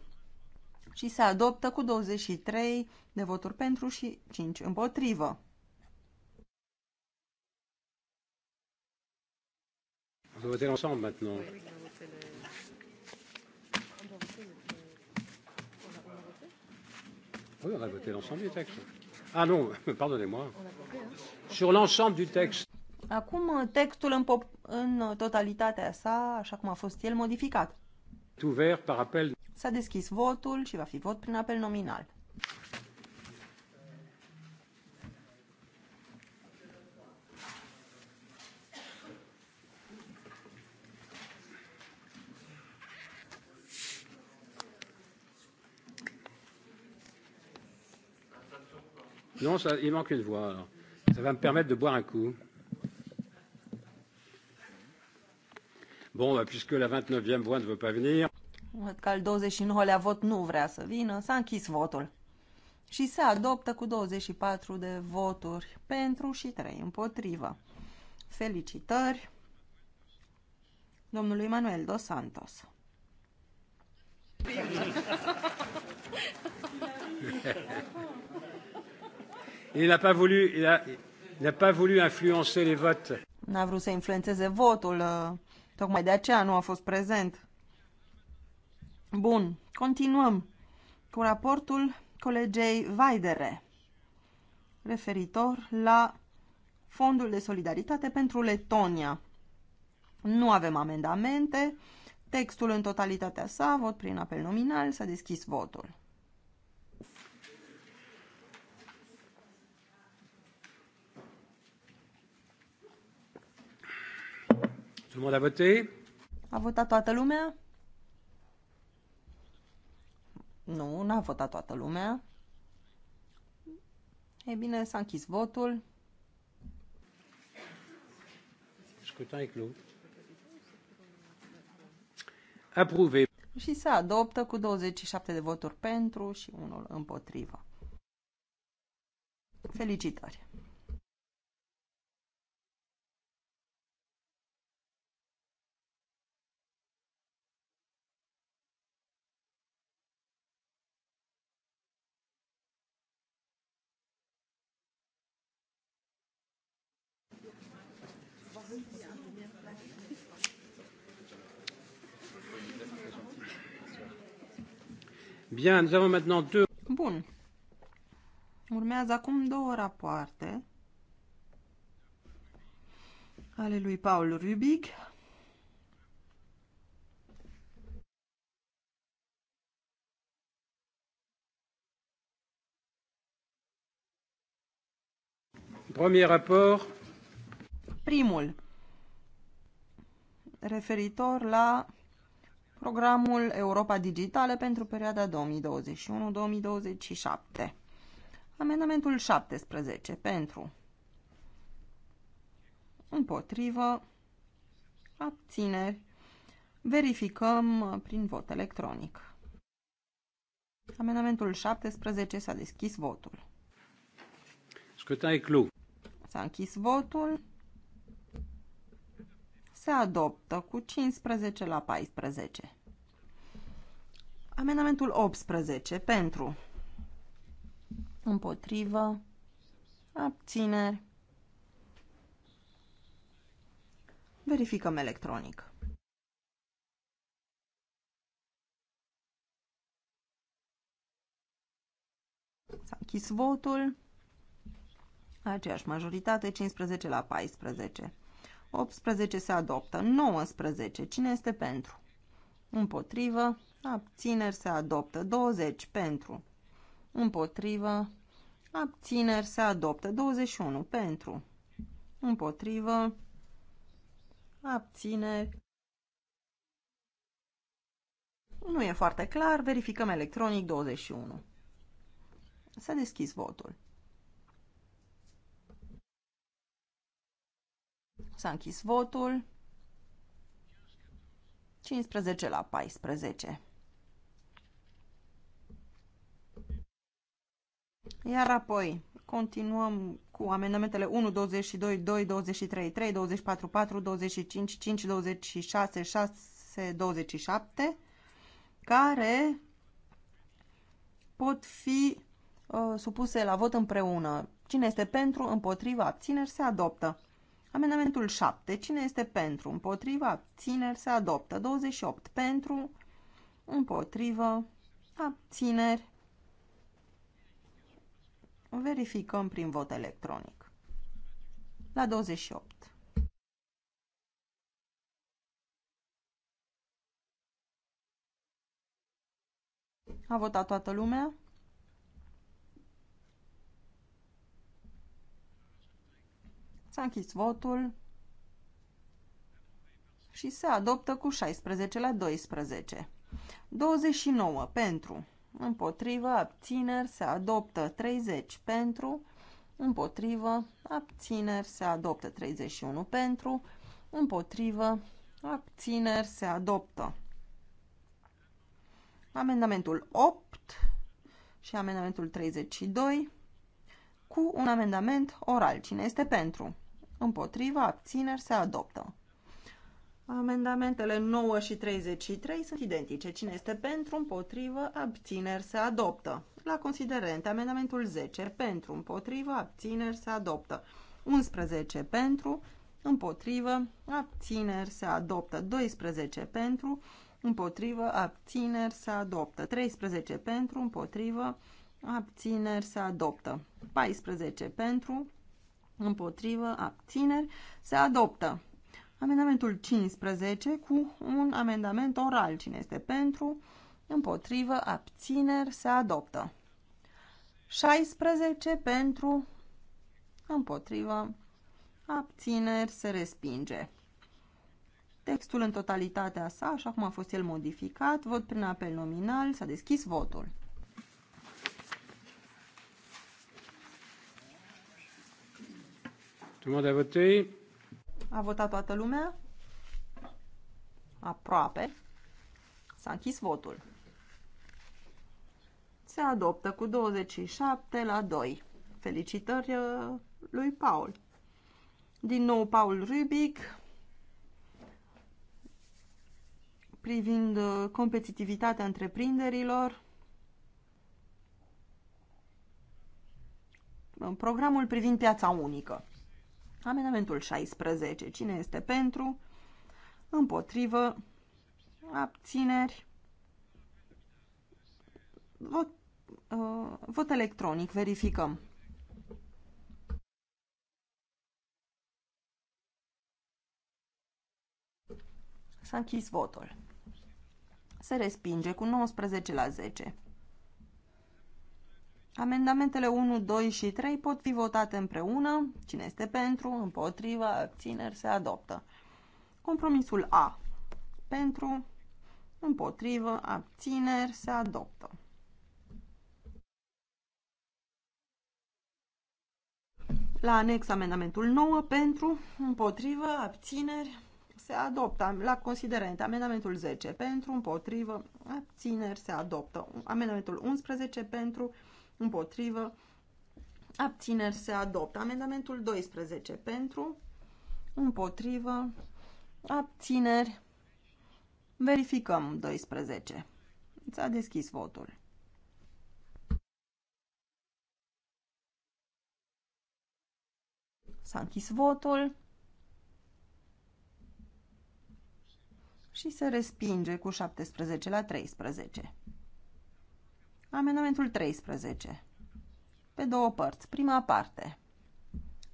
și se adoptă cu 23 de voturi pentru și 5 împotrivă. On peut voter l'ensemble maintenant. Oui, on va voter l'ensemble du texte. Ah non, pardonnez-moi. Sur l'ensemble du texte. Acum textul în, în totalitatea sa, așa cum a fost el modificat. S-a deschis votul și va fi vot prin apel nominal. Non, ça, il manque une voix. Alors. Ça va me permettre de boire un coup. Bon, puisque la 29e voie ne veut pas venir... Văd că al 29-lea vot nu vrea să vină, s-a închis votul. Și se adoptă cu 24 de voturi pentru și 3 împotrivă. Felicitări domnului Manuel Dos Santos. Il n'a pas voulu, il a, il a pas voulu influencer les votes. N-a vrut să influențeze votul. Uh, Tocmai de aceea nu a fost prezent. Bun, continuăm cu raportul colegei Vaidere referitor la Fondul de Solidaritate pentru Letonia. Nu avem amendamente. Textul în totalitatea sa, vot prin apel nominal, s-a deschis votul. Tout le monde a voté? A votat toată lumea? Nu, n-a votat toată lumea. E bine, s-a închis votul. Scrutin e clos. Aprove. Și se adoptă cu 27 de voturi pentru și unul împotrivă. Felicitări! Bien, nous avons maintenant deux... Bun. Urmează acum două rapoarte ale lui Paul Rubic. Premier raport. Primul, referitor la programul Europa Digitală pentru perioada 2021-2027. Amendamentul 17 pentru împotrivă abțineri. Verificăm prin vot electronic. Amendamentul 17 s-a deschis votul. S-a închis votul se adoptă cu 15 la 14. Amendamentul 18 pentru împotrivă abțineri verificăm electronic. S-a votul. Aceeași majoritate, 15 la 14. 18 se adoptă. 19. Cine este pentru? Împotrivă. Abțineri se adoptă. 20. Pentru. Împotrivă. Abțineri se adoptă. 21. Pentru. Împotrivă. Abțineri. Nu e foarte clar. Verificăm electronic 21. S-a deschis votul. S-a închis votul. 15 la 14. Iar apoi continuăm cu amendamentele 1, 22, 2, 23, 3, 24, 4, 25, 5, 26, 6, 27, care pot fi uh, supuse la vot împreună. Cine este pentru, împotriva, abțineri, se adoptă. Amendamentul 7. Cine este pentru? Împotriva? Abțineri? Se adoptă. 28. Pentru? Împotrivă? Abțineri? Verificăm prin vot electronic. La 28. A votat toată lumea? S-a închis votul și se adoptă cu 16 la 12. 29 pentru, împotrivă, abțineri, se adoptă 30 pentru, împotrivă, abțineri, se adoptă 31 pentru, împotrivă, abțineri, se adoptă. Amendamentul 8 și amendamentul 32 cu un amendament oral. Cine este pentru? împotriva, abțineri, se adoptă. Amendamentele 9 și 33 sunt identice. Cine este pentru, împotrivă, abțineri, se adoptă. La considerente, amendamentul 10 pentru, împotrivă, abțineri, se adoptă. 11 pentru, împotrivă, abțineri, se adoptă. 12 pentru, împotrivă, abțineri, se adoptă. 13 pentru, împotrivă, abțineri, se adoptă. 14 pentru, împotrivă, abțineri, se adoptă. Amendamentul 15 cu un amendament oral. Cine este pentru, împotrivă, abțineri, se adoptă. 16 pentru, împotrivă, abțineri, se respinge. Textul în totalitatea sa, așa cum a fost el modificat, vot prin apel nominal, s-a deschis votul. Tout le monde a A votat toată lumea? Aproape. S-a închis votul. Se adoptă cu 27 la 2. Felicitări uh, lui Paul. Din nou Paul Rubic privind uh, competitivitatea întreprinderilor. Programul privind piața unică. Amendamentul 16. Cine este pentru? Împotrivă? Abțineri? Vot, uh, vot electronic. Verificăm. S-a închis votul. Se respinge cu 19 la 10. Amendamentele 1, 2 și 3 pot fi votate împreună. Cine este pentru, împotriva, abțineri, se adoptă. Compromisul A. Pentru, împotrivă, abțineri, se adoptă. La anex amendamentul 9, pentru, împotrivă, abțineri, se adoptă. La considerent, amendamentul 10, pentru, împotrivă, abțineri, se adoptă. Amendamentul 11, pentru, împotrivă, împotrivă, abțineri se adoptă. Amendamentul 12 pentru, împotrivă, abțineri, verificăm 12. S-a deschis votul. S-a închis votul și se respinge cu 17 la 13. Amendamentul 13. Pe două părți. Prima parte.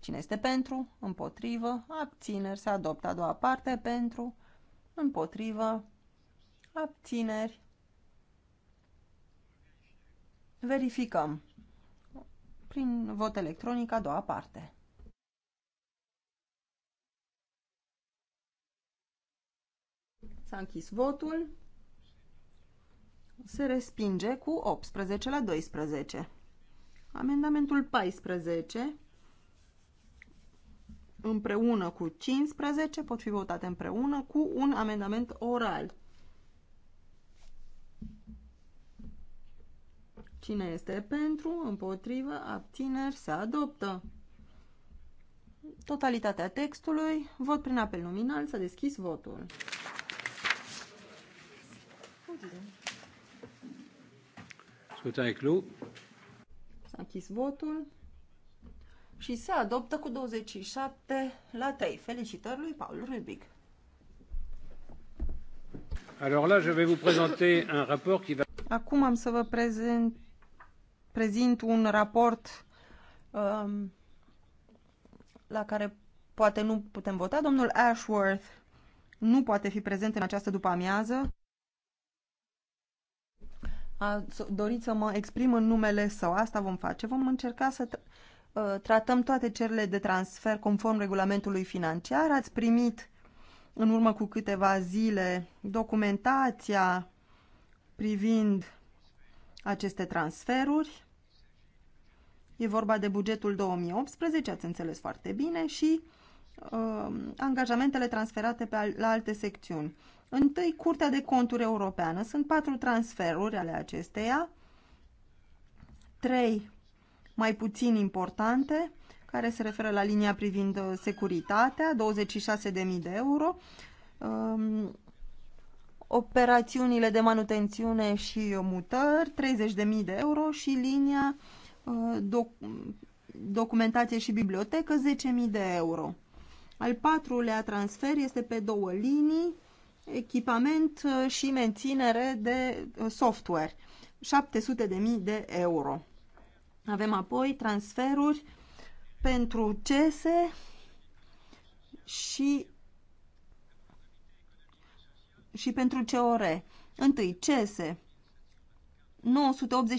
Cine este pentru? Împotrivă. Abțineri. Se adoptă a doua parte. Pentru. Împotrivă. Abțineri. Verificăm. Prin vot electronic a doua parte. S-a închis votul se respinge cu 18 la 12. Amendamentul 14 împreună cu 15 pot fi votate împreună cu un amendament oral. Cine este pentru, împotrivă, abțineri, se adoptă. Totalitatea textului, vot prin apel nominal, s-a deschis votul. Scrutin clos. S-a închis votul și se adoptă cu 27 la 3. Felicitări lui Paul Rubic. Alors là, je vais vous présenter un rapport qui va... Acum am să vă prezent, prezint un raport um, la care poate nu putem vota. Domnul Ashworth nu poate fi prezent în această după-amiază a dorit să mă exprim în numele sau Asta vom face. Vom încerca să ă, tratăm toate cererile de transfer conform regulamentului financiar. Ați primit în urmă cu câteva zile documentația privind aceste transferuri. E vorba de bugetul 2018, ați înțeles foarte bine, și uh, angajamentele transferate pe al, la alte secțiuni. Întâi, Curtea de Conturi Europeană. Sunt patru transferuri ale acesteia. Trei mai puțin importante, care se referă la linia privind uh, securitatea, 26.000 de euro, um, operațiunile de manutențiune și uh, mutări, 30.000 de euro și linia uh, doc documentație și bibliotecă, 10.000 de euro. Al patrulea transfer este pe două linii, echipament uh, și menținere de uh, software, 700.000 de euro. Avem apoi transferuri pentru CESE și, și pentru COR. Întâi, CESE,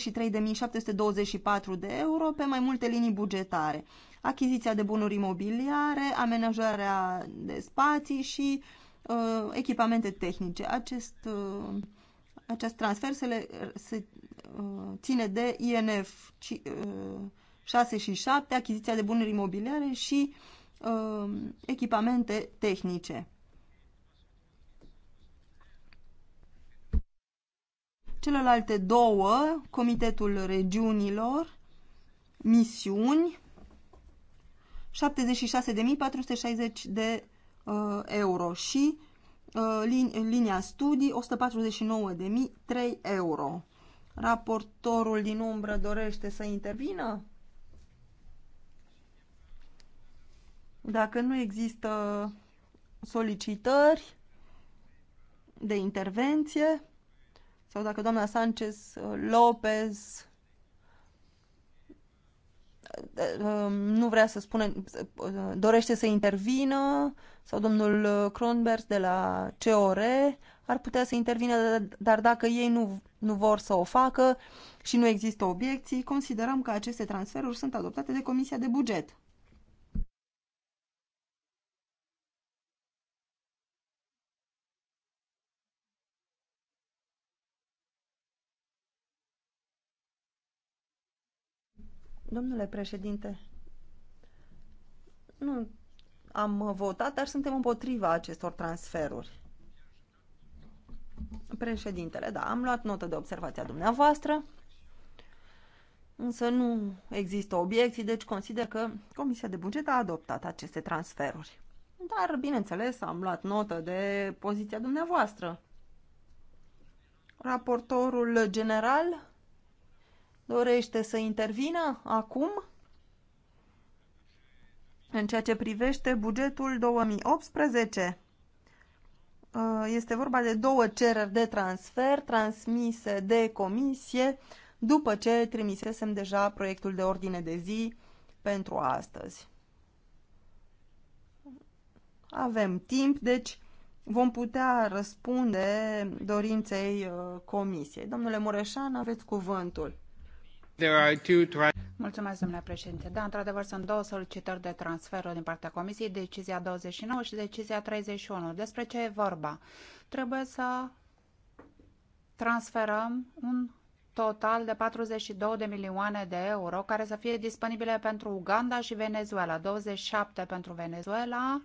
983.724 de euro pe mai multe linii bugetare. Achiziția de bunuri imobiliare, amenajarea de spații și uh, echipamente tehnice. Acest, uh, acest transfer se, le, se uh, ține de INF ci, uh, 6 și 7, achiziția de bunuri imobiliare și uh, echipamente tehnice. Celelalte două, Comitetul Regiunilor, misiuni, 76.460 de Uh, euro și uh, linia studii 149.003 euro. Raportorul din umbră dorește să intervină? Dacă nu există solicitări de intervenție sau dacă doamna Sanchez uh, Lopez nu vrea să spune, dorește să intervină, sau domnul uh, Kronberg de la COR ar putea să intervină, dar dacă ei nu, nu vor să o facă și nu există obiecții, considerăm că aceste transferuri sunt adoptate de Comisia de Buget. Domnule președinte, nu am votat, dar suntem împotriva acestor transferuri. Președintele, da, am luat notă de observația dumneavoastră, însă nu există obiecții, deci consider că Comisia de Buget a adoptat aceste transferuri. Dar, bineînțeles, am luat notă de poziția dumneavoastră. Raportorul general dorește să intervină acum? În ceea ce privește bugetul 2018, uh, este vorba de două cereri de transfer transmise de comisie după ce trimisesem deja proiectul de ordine de zi pentru astăzi. Avem timp, deci vom putea răspunde dorinței uh, comisiei. Domnule Mureșan, aveți cuvântul. Mulțumesc, domnule președinte. Da, într-adevăr, sunt două solicitări de transfer din partea Comisiei, decizia 29 și decizia 31. Despre ce e vorba? Trebuie să transferăm un total de 42 de milioane de euro care să fie disponibile pentru Uganda și Venezuela, 27 pentru Venezuela,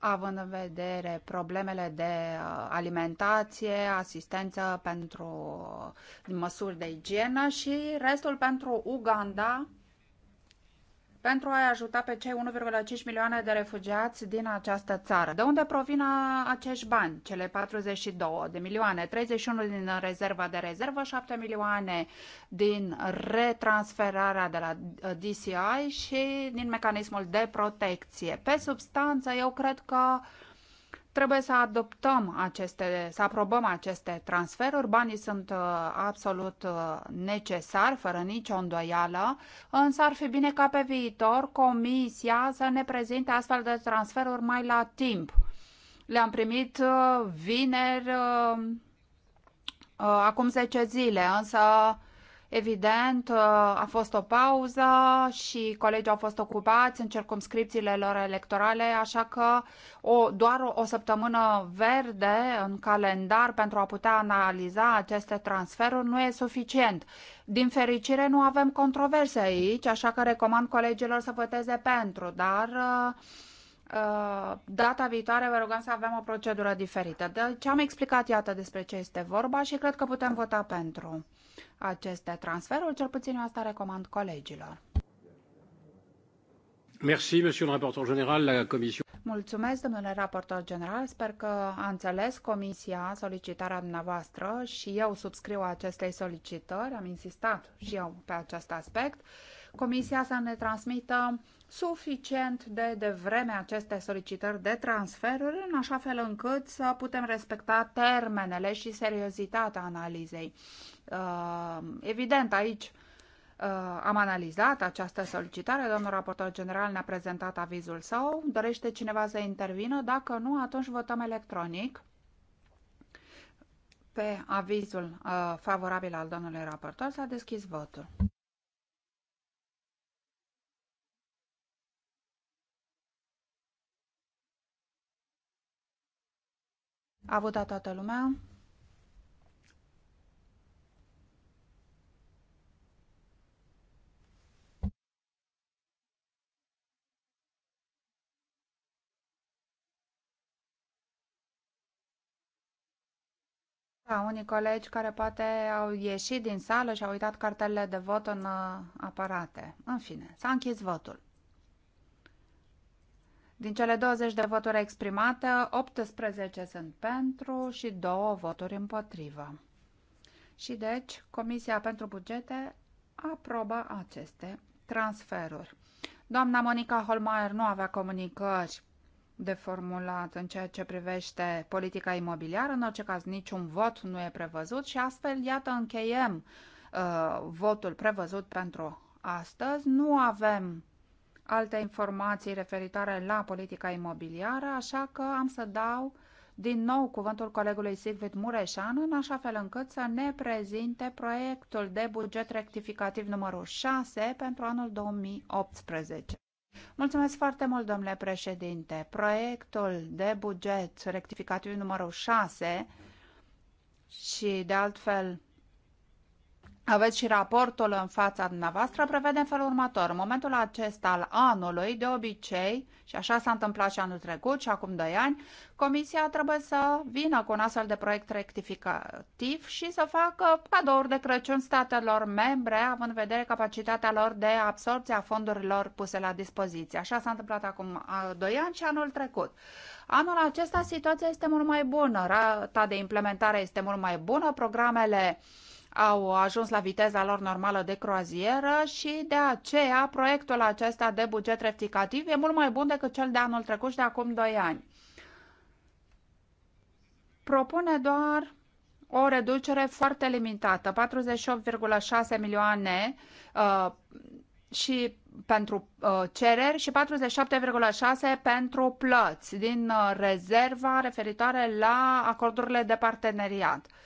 având în vedere problemele de uh, alimentație, asistență pentru uh, măsuri de igienă și restul pentru Uganda, pentru a-i ajuta pe cei 1,5 milioane de refugiați din această țară. De unde provin acești bani? Cele 42 de milioane, 31 din rezerva de rezervă, 7 milioane din retransferarea de la DCI și din mecanismul de protecție. Pe substanță, eu cred că Trebuie să adoptăm aceste, să aprobăm aceste transferuri. Banii sunt uh, absolut uh, necesari, fără nicio îndoială, însă ar fi bine ca pe viitor Comisia să ne prezinte astfel de transferuri mai la timp. Le-am primit uh, vineri acum 10 zile, însă Evident, uh, a fost o pauză și colegii au fost ocupați în circumscripțiile lor electorale, așa că o, doar o, săptămână verde în calendar pentru a putea analiza aceste transferuri nu e suficient. Din fericire, nu avem controverse aici, așa că recomand colegilor să voteze pentru, dar... Uh, uh, data viitoare vă rugăm să avem o procedură diferită. Deci am explicat, iată, despre ce este vorba și cred că putem vota pentru aceste transferuri, cel puțin eu asta recomand colegilor. Merci, monsieur le rapporteur général, la commission. Mulțumesc, domnule raportor general. Sper că a înțeles comisia solicitarea dumneavoastră și eu subscriu acestei solicitări. Am insistat și eu pe acest aspect. Comisia să ne transmită suficient de devreme aceste solicitări de transferuri, în așa fel încât să putem respecta termenele și seriozitatea analizei Uh, evident, aici uh, am analizat această solicitare, domnul raportor general ne-a prezentat avizul său. Dorește cineva să intervină? Dacă nu, atunci votăm electronic pe avizul uh, favorabil al domnului raportor s-a deschis votul. A votat toată lumea? Da, unii colegi care poate au ieșit din sală și au uitat cartelele de vot în uh, aparate. În fine, s-a închis votul. Din cele 20 de voturi exprimate, 18 sunt pentru și 2 voturi împotrivă. Și deci, Comisia pentru Bugete aprobă aceste transferuri. Doamna Monica Holmaier nu avea comunicări de formulat în ceea ce privește politica imobiliară. În orice caz, niciun vot nu e prevăzut și astfel, iată, încheiem uh, votul prevăzut pentru astăzi. Nu avem alte informații referitoare la politica imobiliară, așa că am să dau din nou cuvântul colegului Sigvit Mureșan, în așa fel încât să ne prezinte proiectul de buget rectificativ numărul 6 pentru anul 2018. Mulțumesc foarte mult, domnule președinte. Proiectul de buget rectificativ numărul 6 și, de altfel, aveți și raportul în fața dumneavoastră, prevede în felul următor. În momentul acesta al anului, de obicei, și așa s-a întâmplat și anul trecut și acum 2 ani, comisia trebuie să vină cu un astfel de proiect rectificativ și să facă cadouri de Crăciun statelor membre, având în vedere capacitatea lor de absorție a fondurilor puse la dispoziție. Așa s-a întâmplat acum 2 ani și anul trecut. Anul acesta situația este mult mai bună, rata de implementare este mult mai bună, programele au ajuns la viteza lor normală de croazieră și de aceea proiectul acesta de buget rectificativ e mult mai bun decât cel de anul trecut și de acum 2 ani. Propune doar o reducere foarte limitată, 48,6 milioane uh, și pentru uh, cereri și 47,6 pentru plăți din uh, rezerva referitoare la acordurile de parteneriat. Uh,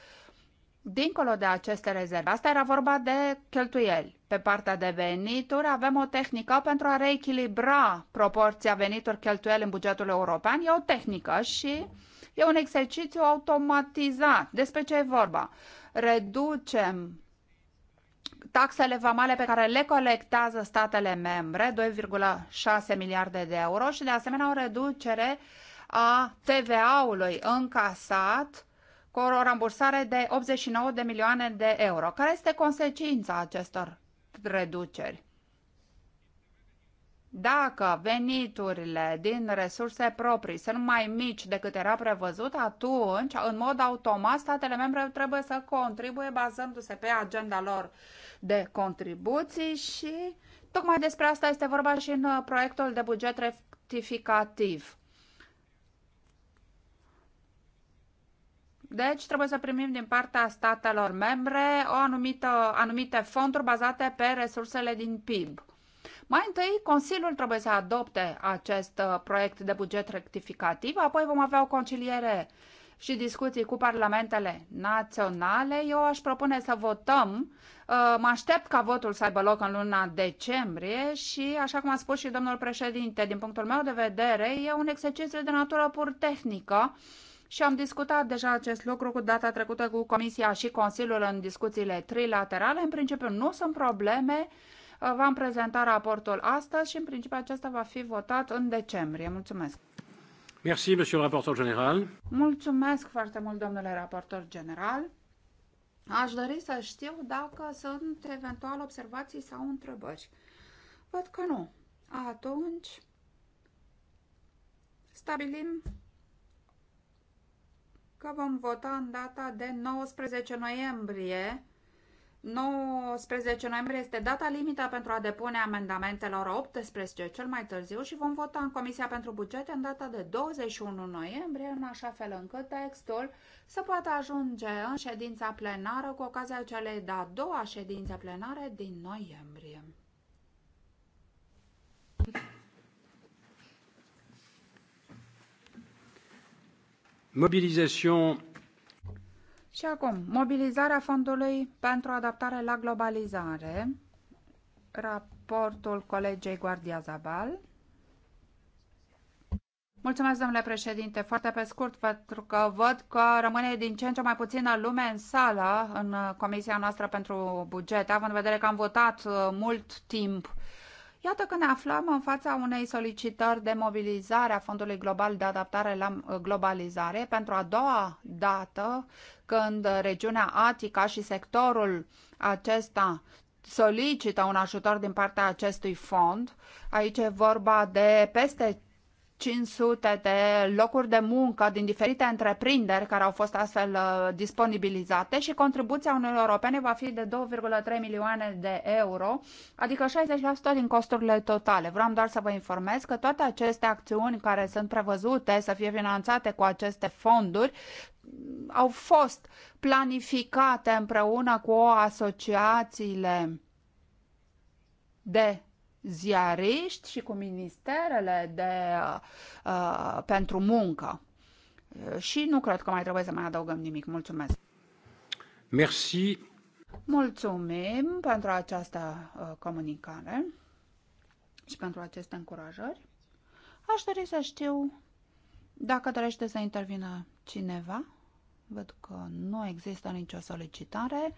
Dincolo de aceste rezerve, asta era vorba de cheltuieli. Pe partea de venituri avem o tehnică pentru a reechilibra proporția venituri-cheltuieli în bugetul european. E o tehnică și e un exercițiu automatizat. Despre ce e vorba? Reducem taxele vamale pe care le colectează statele membre, 2,6 miliarde de euro, și de asemenea o reducere a TVA-ului încasat cu o rambursare de 89 de milioane de euro. Care este consecința acestor reduceri? Dacă veniturile din resurse proprii sunt mai mici decât era prevăzut, atunci, în mod automat, statele membre trebuie să contribuie bazându-se pe agenda lor de contribuții și tocmai despre asta este vorba și în proiectul de buget rectificativ. Deci trebuie să primim din partea statelor membre o anumită, anumite fonduri bazate pe resursele din PIB. Mai întâi, Consiliul trebuie să adopte acest uh, proiect de buget rectificativ, apoi vom avea o conciliere și discuții cu parlamentele naționale. Eu aș propune să votăm. Uh, mă aștept ca votul să aibă loc în luna decembrie și, așa cum a spus și domnul președinte, din punctul meu de vedere, e un exercițiu de natură pur tehnică și am discutat deja acest lucru cu data trecută cu Comisia și Consiliul în discuțiile trilaterale. În principiu nu sunt probleme. V-am prezentat raportul astăzi și în principiu acesta va fi votat în decembrie. Mulțumesc! Merci, monsieur le rapporteur general. Mulțumesc foarte mult, domnule raportor general. Aș dori să știu dacă sunt eventual observații sau întrebări. Văd că nu. Atunci, stabilim că vom vota în data de 19 noiembrie. 19 noiembrie este data limită pentru a depune amendamente la ora 18 cel mai târziu și vom vota în Comisia pentru Bugete în data de 21 noiembrie, în așa fel încât textul să poată ajunge în ședința plenară cu ocazia celei de-a doua ședințe plenare din noiembrie. Mobilisation. Și acum, mobilizarea Fondului pentru Adaptare la Globalizare, raportul colegei Guardia Zabal. Mulțumesc, domnule președinte. Foarte pe scurt, pentru că văd că rămâne din ce în ce mai puțină lume în sală, în Comisia noastră pentru buget, având în vedere că am votat uh, mult timp Iată că ne aflăm în fața unei solicitări de mobilizare a Fondului Global de Adaptare la uh, Globalizare pentru a doua dată când regiunea Atica și sectorul acesta solicită un ajutor din partea acestui fond. Aici e vorba de peste 500 de locuri de muncă din diferite întreprinderi care au fost astfel uh, disponibilizate și contribuția Uniunii Europene va fi de 2,3 milioane de euro, adică 60% din costurile totale. Vreau doar să vă informez că toate aceste acțiuni care sunt prevăzute să fie finanțate cu aceste fonduri au fost planificate împreună cu asociațiile de ziariști și cu ministerele de, uh, pentru muncă. Și nu cred că mai trebuie să mai adăugăm nimic. Mulțumesc! Merci! Mulțumim pentru această uh, comunicare și pentru aceste încurajări. Aș dori să știu dacă dorește să intervină cineva. Văd că nu există nicio solicitare. Uh,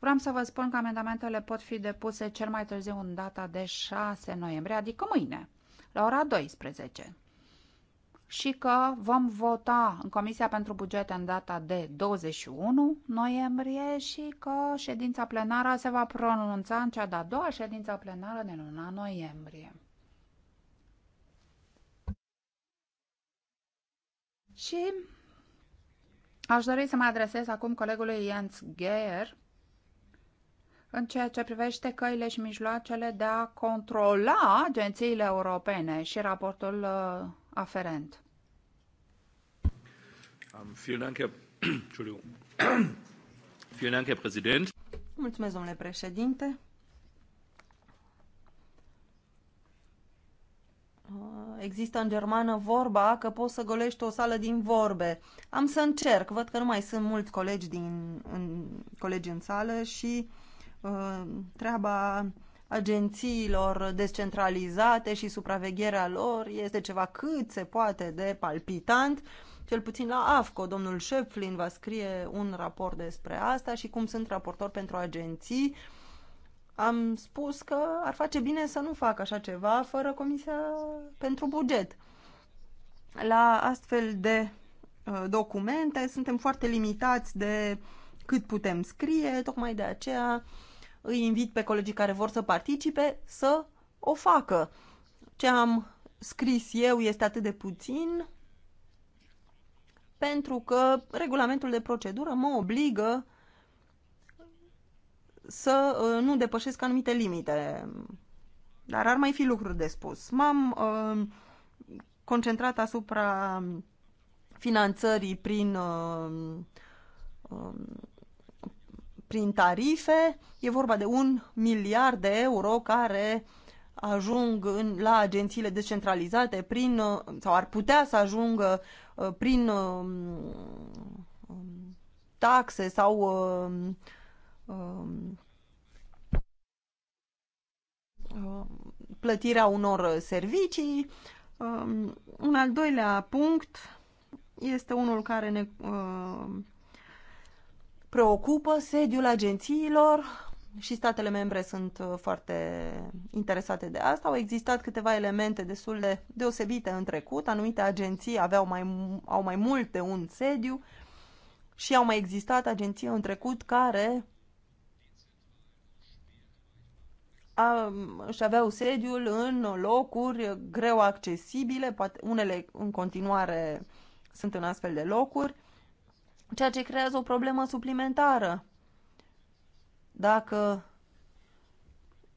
Vreau să vă spun că amendamentele pot fi depuse cel mai târziu în data de 6 noiembrie, adică mâine, la ora 12 și că vom vota în Comisia pentru Bugete în data de 21 noiembrie și că ședința plenară se va pronunța în cea de-a doua ședință plenară din luna noiembrie. Și aș dori să mă adresez acum colegului Jens Geier în ceea ce privește căile și mijloacele de a controla agențiile europene și raportul aferent. Mulțumesc, domnule președinte. Uh, există în germană vorba că poți să golești o sală din vorbe. Am să încerc. Văd că nu mai sunt mulți colegi, din, în, colegi în sală și uh, Uh, treaba agențiilor descentralizate și supravegherea lor este ceva cât se poate de palpitant. Cel puțin la AFCO, domnul Șeflin va scrie un raport despre asta și cum sunt raportor pentru agenții, am spus că ar face bine să nu fac așa ceva fără Comisia pentru Buget. La astfel de uh, documente suntem foarte limitați de cât putem scrie, tocmai de aceea îi invit pe colegii care vor să participe să o facă. Ce am scris eu este atât de puțin pentru că regulamentul de procedură mă obligă să uh, nu depășesc anumite limite. Dar ar mai fi lucruri de spus. M-am uh, concentrat asupra finanțării prin uh, um, prin tarife. E vorba de un miliard de euro care ajung în, la agențiile decentralizate prin, uh, sau ar putea să ajungă uh, prin uh, um, taxe sau um, plătirea unor servicii. Um, un al doilea punct este unul care ne preocupă sediul agențiilor și statele membre sunt uh, foarte interesate de asta. Au existat câteva elemente destul de deosebite în trecut. Anumite agenții aveau mai, au mai mult de un sediu și au mai existat agenții în trecut care a, își aveau sediul în locuri greu accesibile, poate unele în continuare sunt în astfel de locuri ceea ce creează o problemă suplimentară. Dacă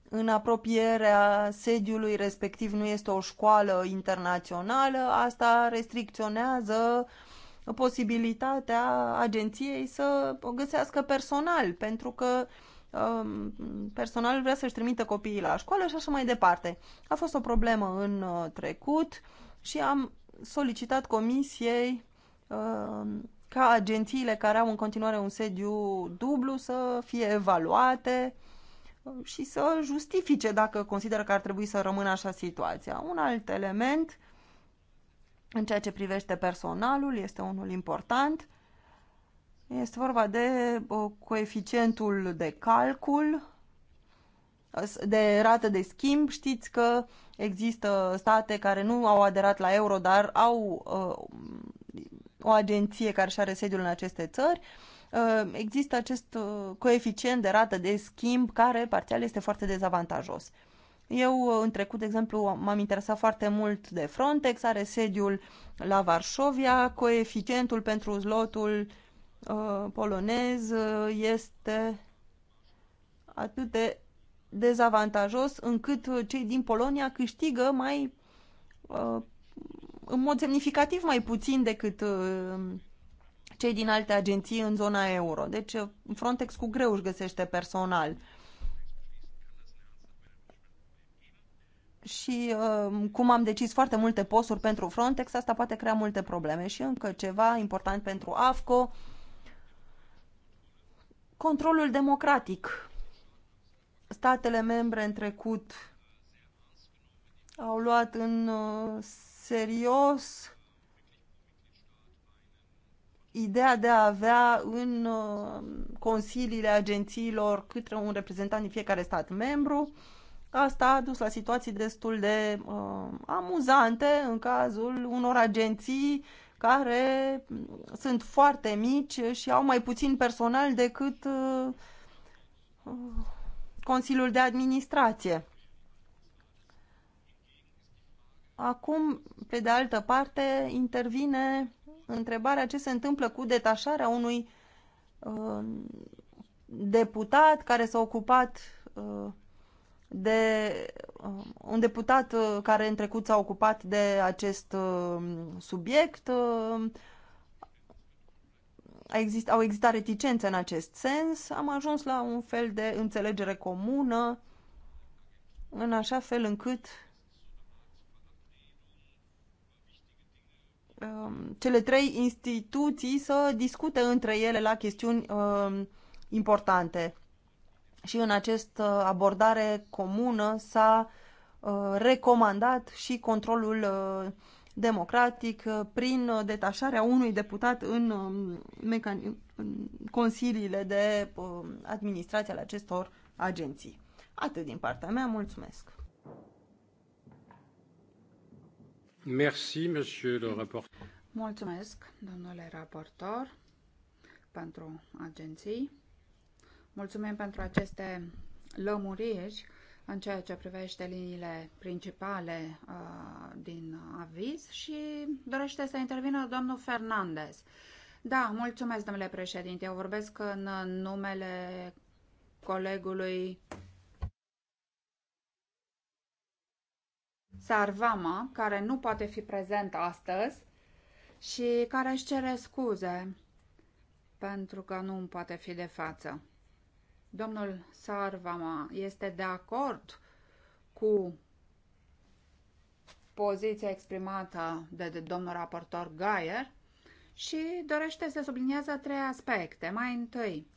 în apropierea sediului respectiv nu este o școală internațională, asta restricționează posibilitatea agenției să găsească personal, pentru că um, personalul vrea să-și trimită copiii la școală și așa mai departe. A fost o problemă în uh, trecut și am solicitat comisiei um, ca agențiile care au în continuare un sediu dublu să fie evaluate uh, și să justifice dacă consideră că ar trebui să rămână așa situația. Un alt element în ceea ce privește personalul este unul important. Este vorba de uh, coeficientul de calcul, de rată de schimb. Știți că există state care nu au aderat la euro, dar au uh, o agenție care și are sediul în aceste țări, uh, există acest uh, coeficient de rată de schimb care parțial este foarte dezavantajos. Eu uh, în trecut, de exemplu, m-am interesat foarte mult de Frontex, are sediul la Varșovia, coeficientul pentru zlotul uh, polonez este atât de dezavantajos încât cei din Polonia câștigă mai uh, în mod semnificativ mai puțin decât uh, cei din alte agenții în zona euro. Deci uh, Frontex cu greu își găsește personal. Și uh, cum am decis foarte multe posturi pentru Frontex, asta poate crea multe probleme. Și încă ceva important pentru AFCO, controlul democratic. Statele membre în trecut au luat în serios ideea de a avea în uh, consiliile agențiilor câte un reprezentant din fiecare stat membru. Asta a dus la situații destul de uh, amuzante în cazul unor agenții care sunt foarte mici și au mai puțin personal decât uh, uh Consiliul de Administrație. Acum, pe de altă parte, intervine întrebarea ce se întâmplă cu detașarea unui uh, deputat care s-a ocupat uh, de uh, un deputat uh, care în trecut s-a ocupat de acest uh, subiect. Uh, a exist, au existat reticențe în acest sens. Am ajuns la un fel de înțelegere comună în așa fel încât Um, cele trei instituții să discute între ele la chestiuni um, importante. Și în această abordare comună s-a uh, recomandat și controlul uh, democratic uh, prin detașarea unui deputat în, um, mecan... în consiliile de administrație ale acestor agenții. Atât din partea mea, mulțumesc! Merci, monsieur le rapporteur. Mulțumesc, domnule raportor, pentru agenții. Mulțumim pentru aceste lămuriri în ceea ce privește liniile principale uh, din aviz și dorește să intervină domnul Fernandez. Da, mulțumesc, domnule președinte. Eu vorbesc în numele colegului Sarvama, care nu poate fi prezent astăzi și care își cere scuze pentru că nu poate fi de față. Domnul Sarvama este de acord cu poziția exprimată de, domnul raportor Gaier și dorește să sublinieze trei aspecte. Mai întâi,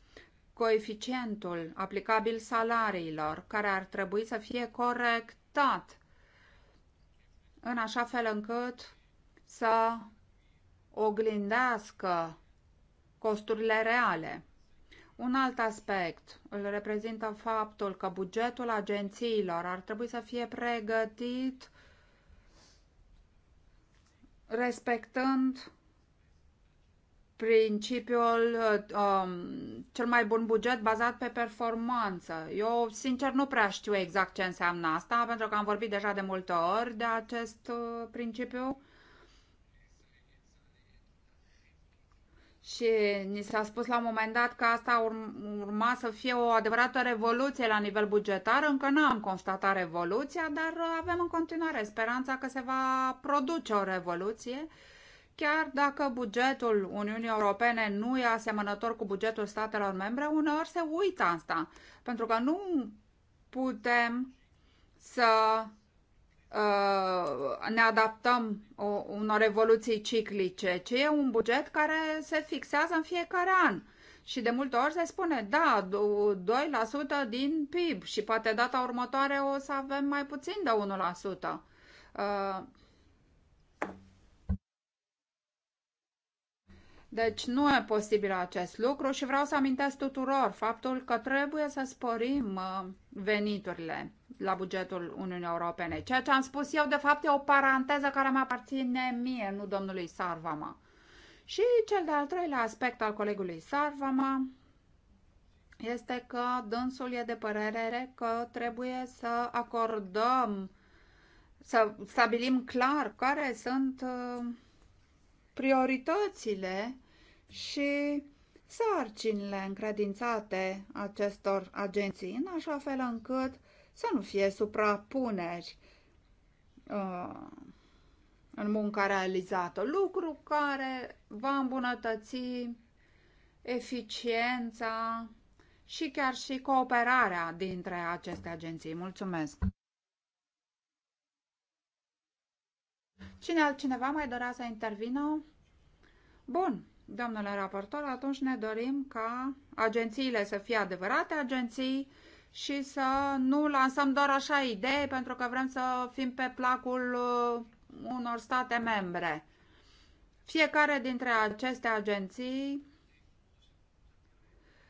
coeficientul aplicabil salariilor, care ar trebui să fie corectat în așa fel încât să oglindească costurile reale. Un alt aspect îl reprezintă faptul că bugetul agențiilor ar trebui să fie pregătit respectând principiul uh, um, cel mai bun buget bazat pe performanță. Eu, sincer, nu prea știu exact ce înseamnă asta, pentru că am vorbit deja de multe ori de acest uh, principiu. Și ni s-a spus la un moment dat că asta urma să fie o adevărată revoluție la nivel bugetar. Încă n-am constatat revoluția, dar avem în continuare speranța că se va produce o revoluție Chiar dacă bugetul Uniunii Europene nu e asemănător cu bugetul statelor membre, uneori se uită asta, pentru că nu putem să uh, ne adaptăm unor evoluții ciclice, ci e un buget care se fixează în fiecare an. Și de multe ori se spune, da, 2% din PIB și poate data următoare o să avem mai puțin de 1%. Deci nu e posibil acest lucru și vreau să amintesc tuturor faptul că trebuie să sporim uh, veniturile la bugetul Uniunii Europene. Ceea ce am spus eu, de fapt, e o paranteză care mă aparține mie, nu domnului Sarvama. Și cel de-al treilea aspect al colegului Sarvama este că dânsul e de părere că trebuie să acordăm, să stabilim clar care sunt uh, prioritățile și sarcinile încredințate acestor agenții în așa fel încât să nu fie suprapuneri uh, în munca realizată, lucru care va îmbunătăți eficiența și chiar și cooperarea dintre aceste agenții. Mulțumesc! Cine altcineva mai dorea să intervină? Bun. Domnule raportor, atunci ne dorim ca agențiile să fie adevărate agenții și să nu lansăm doar așa idei pentru că vrem să fim pe placul uh, unor state membre. Fiecare dintre aceste agenții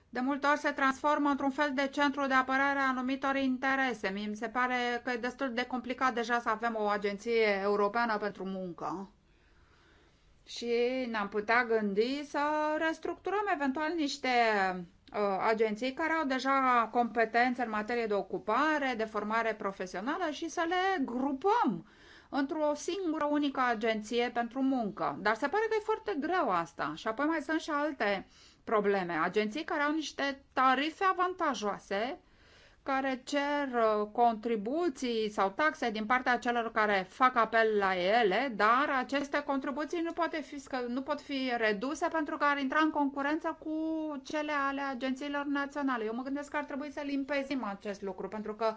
de multe ori se transformă într-un fel de centru de apărare a anumitor interese. Mi se pare că e destul de complicat deja să avem o agenție europeană pentru muncă și ne-am putea gândi să restructurăm eventual niște uh, agenții care au deja competențe în materie de ocupare, de formare profesională și să le grupăm într-o singură, unică agenție pentru muncă. Dar se pare că e foarte greu asta. Și apoi mai sunt și alte probleme. Agenții care au niște tarife avantajoase care cer uh, contribuții sau taxe din partea celor care fac apel la ele, dar aceste contribuții nu, poate fi, nu pot fi reduse pentru că ar intra în concurență cu cele ale agențiilor naționale. Eu mă gândesc că ar trebui să limpezim acest lucru, pentru că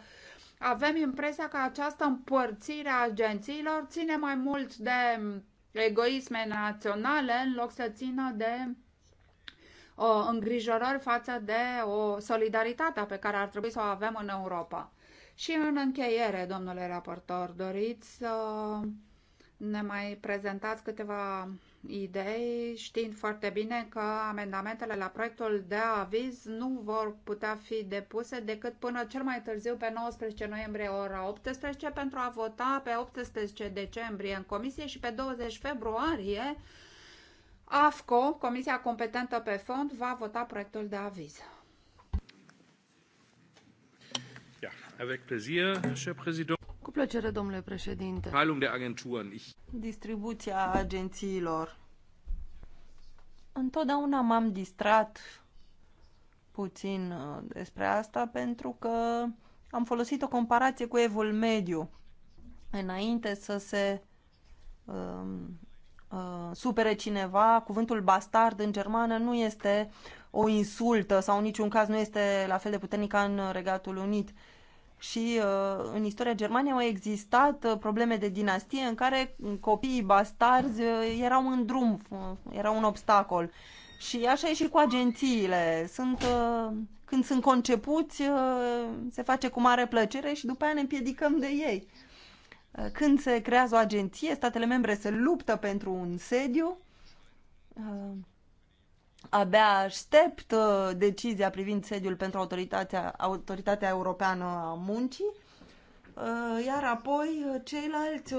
avem impresia că această împărțire a agențiilor ține mai mult de egoisme naționale în loc să țină de o îngrijorări față de o solidaritate pe care ar trebui să o avem în Europa. Și în încheiere, domnule raportor, doriți să ne mai prezentați câteva idei, știind foarte bine că amendamentele la proiectul de aviz nu vor putea fi depuse decât până cel mai târziu pe 19 noiembrie ora 18 pentru a vota pe 18 decembrie în comisie și pe 20 februarie AFCO, Comisia Competentă pe Fond, va vota proiectul de aviz. Cu plăcere, domnule președinte. Distribuția agențiilor. Întotdeauna m-am distrat puțin uh, despre asta pentru că am folosit o comparație cu evul mediu. Înainte să se um, Uh, supere cineva, cuvântul bastard în germană nu este o insultă sau în niciun caz nu este la fel de puternic ca în Regatul Unit. Și uh, în istoria Germaniei au existat uh, probleme de dinastie în care copiii bastarzi uh, erau în drum, uh, erau un obstacol. Și așa e și cu agențiile. Sunt, uh, când sunt concepuți, uh, se face cu mare plăcere și după aia ne împiedicăm de ei. Uh, Uh, când se creează o agenție, statele membre se luptă pentru un sediu. Uh, abia aștept uh, decizia privind sediul pentru Autoritatea, Autoritatea Europeană a Muncii iar apoi ceilalți,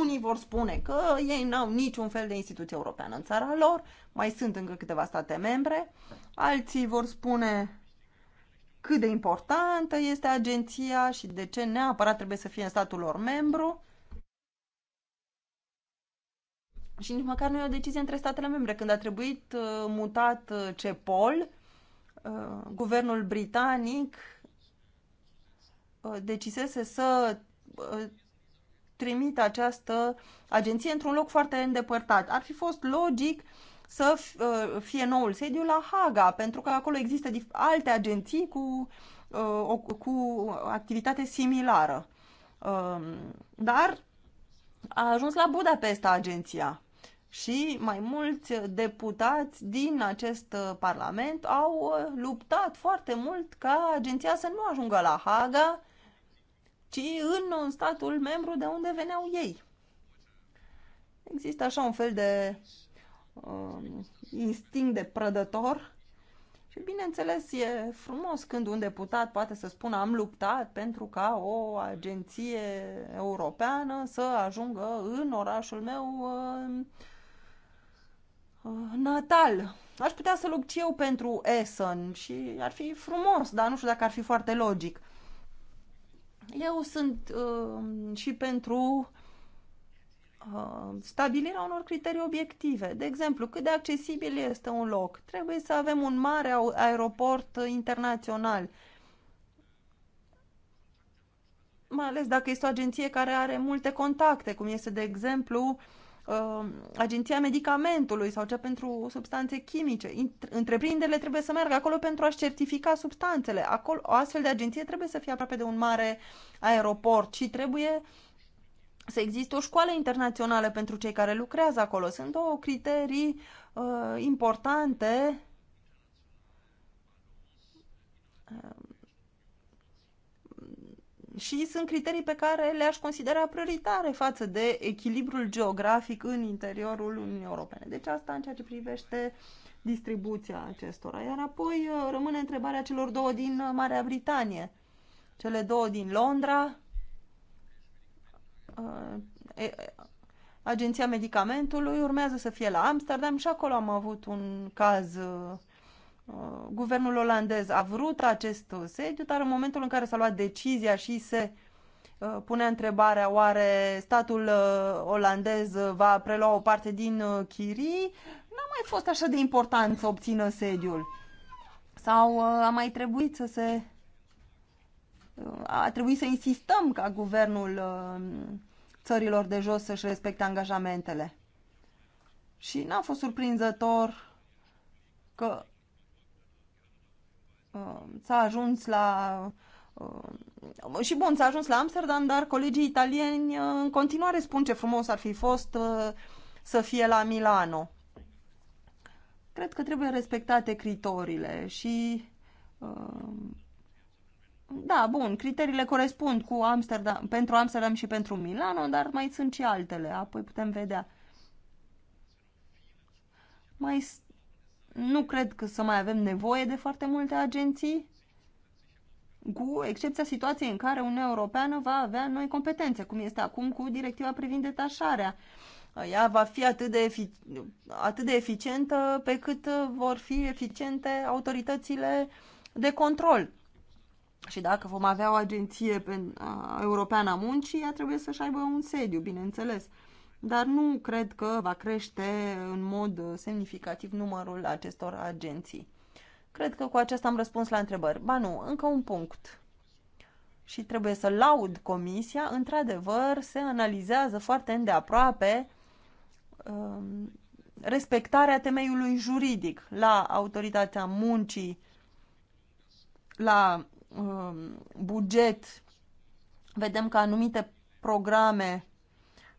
unii vor spune că ei n-au niciun fel de instituție europeană în țara lor, mai sunt încă câteva state membre, alții vor spune cât de importantă este agenția și de ce neapărat trebuie să fie în statul lor membru. Și nici măcar nu e o decizie între statele membre. Când a trebuit uh, mutat uh, CEPOL, uh, guvernul britanic decisese să trimit această agenție într-un loc foarte îndepărtat. Ar fi fost logic uh, să uh, fie noul sediu la Haga, pentru că acolo există alte agenții cu, uh, cu activitate similară. Um, dar a ajuns la Budapesta agenția și mai mulți deputați din acest uh, parlament au luptat foarte mult ca agenția să nu ajungă la Haga, ci în statul membru de unde veneau ei. Există așa un fel de um, instinct de prădător. Și bineînțeles, e frumos când un deputat poate să spună am luptat pentru ca o agenție europeană să ajungă în orașul meu um, uh, natal. Aș putea să lupt și eu pentru Essen și ar fi frumos, dar nu știu dacă ar fi foarte logic. Eu sunt uh, și pentru Uh, stabilirea unor criterii obiective. De exemplu, cât de accesibil este un loc. Trebuie să avem un mare aeroport internațional. Mai ales dacă este o agenție care are multe contacte, cum este, de exemplu, uh, Agenția Medicamentului sau cea pentru substanțe chimice. Întreprinderile trebuie să meargă acolo pentru a-și certifica substanțele. Acolo, o astfel de agenție trebuie să fie aproape de un mare aeroport și trebuie să existe o școală internațională pentru cei care lucrează acolo. Sunt două criterii uh, importante um, și sunt criterii pe care le-aș considera prioritare față de echilibrul geografic în interiorul Uniunii Europene. Deci asta în ceea ce privește distribuția acestora. Iar apoi uh, rămâne întrebarea celor două din uh, Marea Britanie. Cele două din Londra, Uh, Agenția Medicamentului urmează să fie la Amsterdam și acolo am avut un caz. Uh, uh, guvernul olandez a vrut acest sediu, dar în momentul în care s-a luat decizia și se pune întrebarea oare statul olandez va prelua o parte din chirii, n-a mai fost așa de important să obțină sediul. Sau a mai trebuit să se a trebuit să insistăm ca guvernul um, țărilor de jos să-și respecte angajamentele. Și n-a fost surprinzător că um, s-a ajuns la um, și bun, s-a ajuns la Amsterdam, dar colegii italieni uh, în continuare spun ce frumos ar fi fost uh, să fie la Milano. Cred că trebuie respectate criteriile și da, bun, criteriile corespund cu Amsterdam, pentru Amsterdam și pentru Milano, dar mai sunt și altele, apoi putem vedea. Mai nu cred că să mai avem nevoie de foarte multe agenții, cu excepția situației în care Uniunea Europeană va avea noi competențe, cum este acum cu directiva privind detașarea. Ea va fi atât de, efic- atât de eficientă pe cât vor fi eficiente autoritățile de control și dacă vom avea o agenție europeană a muncii, ea trebuie să-și aibă un sediu, bineînțeles. Dar nu cred că va crește în mod uh, semnificativ numărul acestor agenții. Cred că cu acesta am răspuns la întrebări. Ba nu, încă un punct. Și trebuie să laud comisia. Într-adevăr, se analizează foarte îndeaproape um, respectarea temeiului juridic la autoritatea muncii, la Um, buget vedem că anumite programe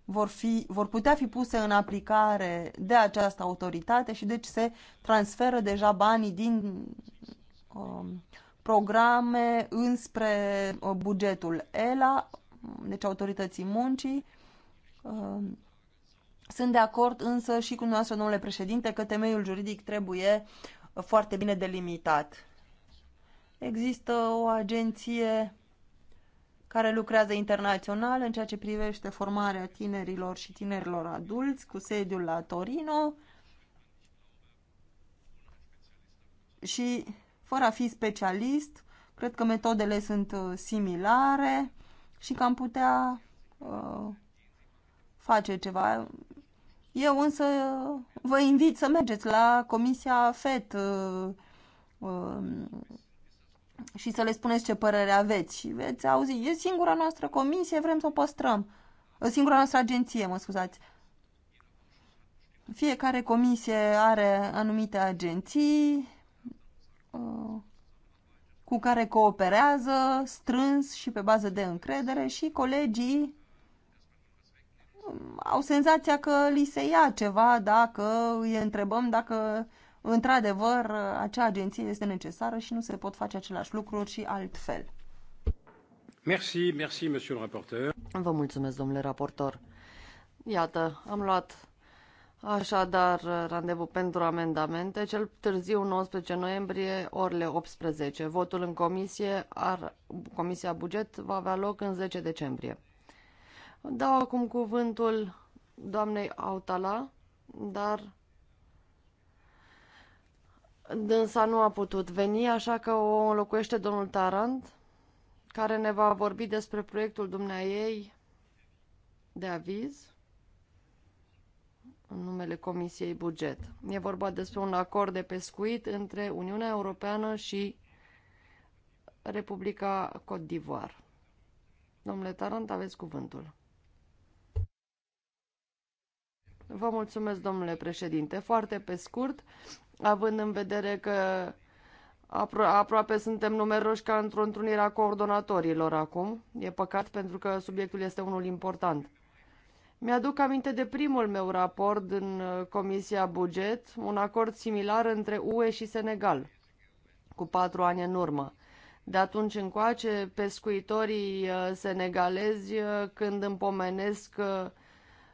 vor, fi, vor putea fi puse în aplicare de această autoritate și deci se transferă deja banii din um, programe înspre uh, bugetul ELA, deci autorității muncii. Um, sunt de acord însă și cu noastră, domnule președinte, că temeiul juridic trebuie foarte bine delimitat Există o agenție care lucrează internațional în ceea ce privește formarea tinerilor și tinerilor adulți cu sediul la Torino și fără a fi specialist, cred că metodele sunt uh, similare și că am putea uh, face ceva. Eu însă uh, vă invit să mergeți la Comisia FET uh, uh, și să le spuneți ce părere aveți și veți auzi, e singura noastră comisie, vrem să o păstrăm. Singura noastră agenție, mă scuzați. Fiecare comisie are anumite agenții ă, cu care cooperează strâns și pe bază de încredere și colegii mm, au senzația că li se ia ceva dacă îi întrebăm dacă într-adevăr, acea agenție este necesară și nu se pot face același lucruri și altfel. Merci, merci, monsieur le rapporteur. Vă mulțumesc, domnule raportor. Iată, am luat Așadar, randevu pentru amendamente, cel târziu 19 noiembrie, orele 18. Votul în comisie, ar, Comisia Buget, va avea loc în 10 decembrie. Dau acum cuvântul doamnei Autala, dar Dânsa nu a putut veni, așa că o înlocuiește domnul Tarant, care ne va vorbi despre proiectul dumneaei de aviz în numele Comisiei Buget. E vorba despre un acord de pescuit între Uniunea Europeană și Republica Côte d'Ivoire. Domnule Tarant, aveți cuvântul. Vă mulțumesc, domnule președinte. Foarte pe scurt, având în vedere că apro aproape suntem numeroși ca într-o întrunire a coordonatorilor acum. E păcat pentru că subiectul este unul important. Mi-aduc aminte de primul meu raport în uh, Comisia Buget, un acord similar între UE și Senegal, cu patru ani în urmă. De atunci încoace, pescuitorii uh, senegalezi, uh, când împomenesc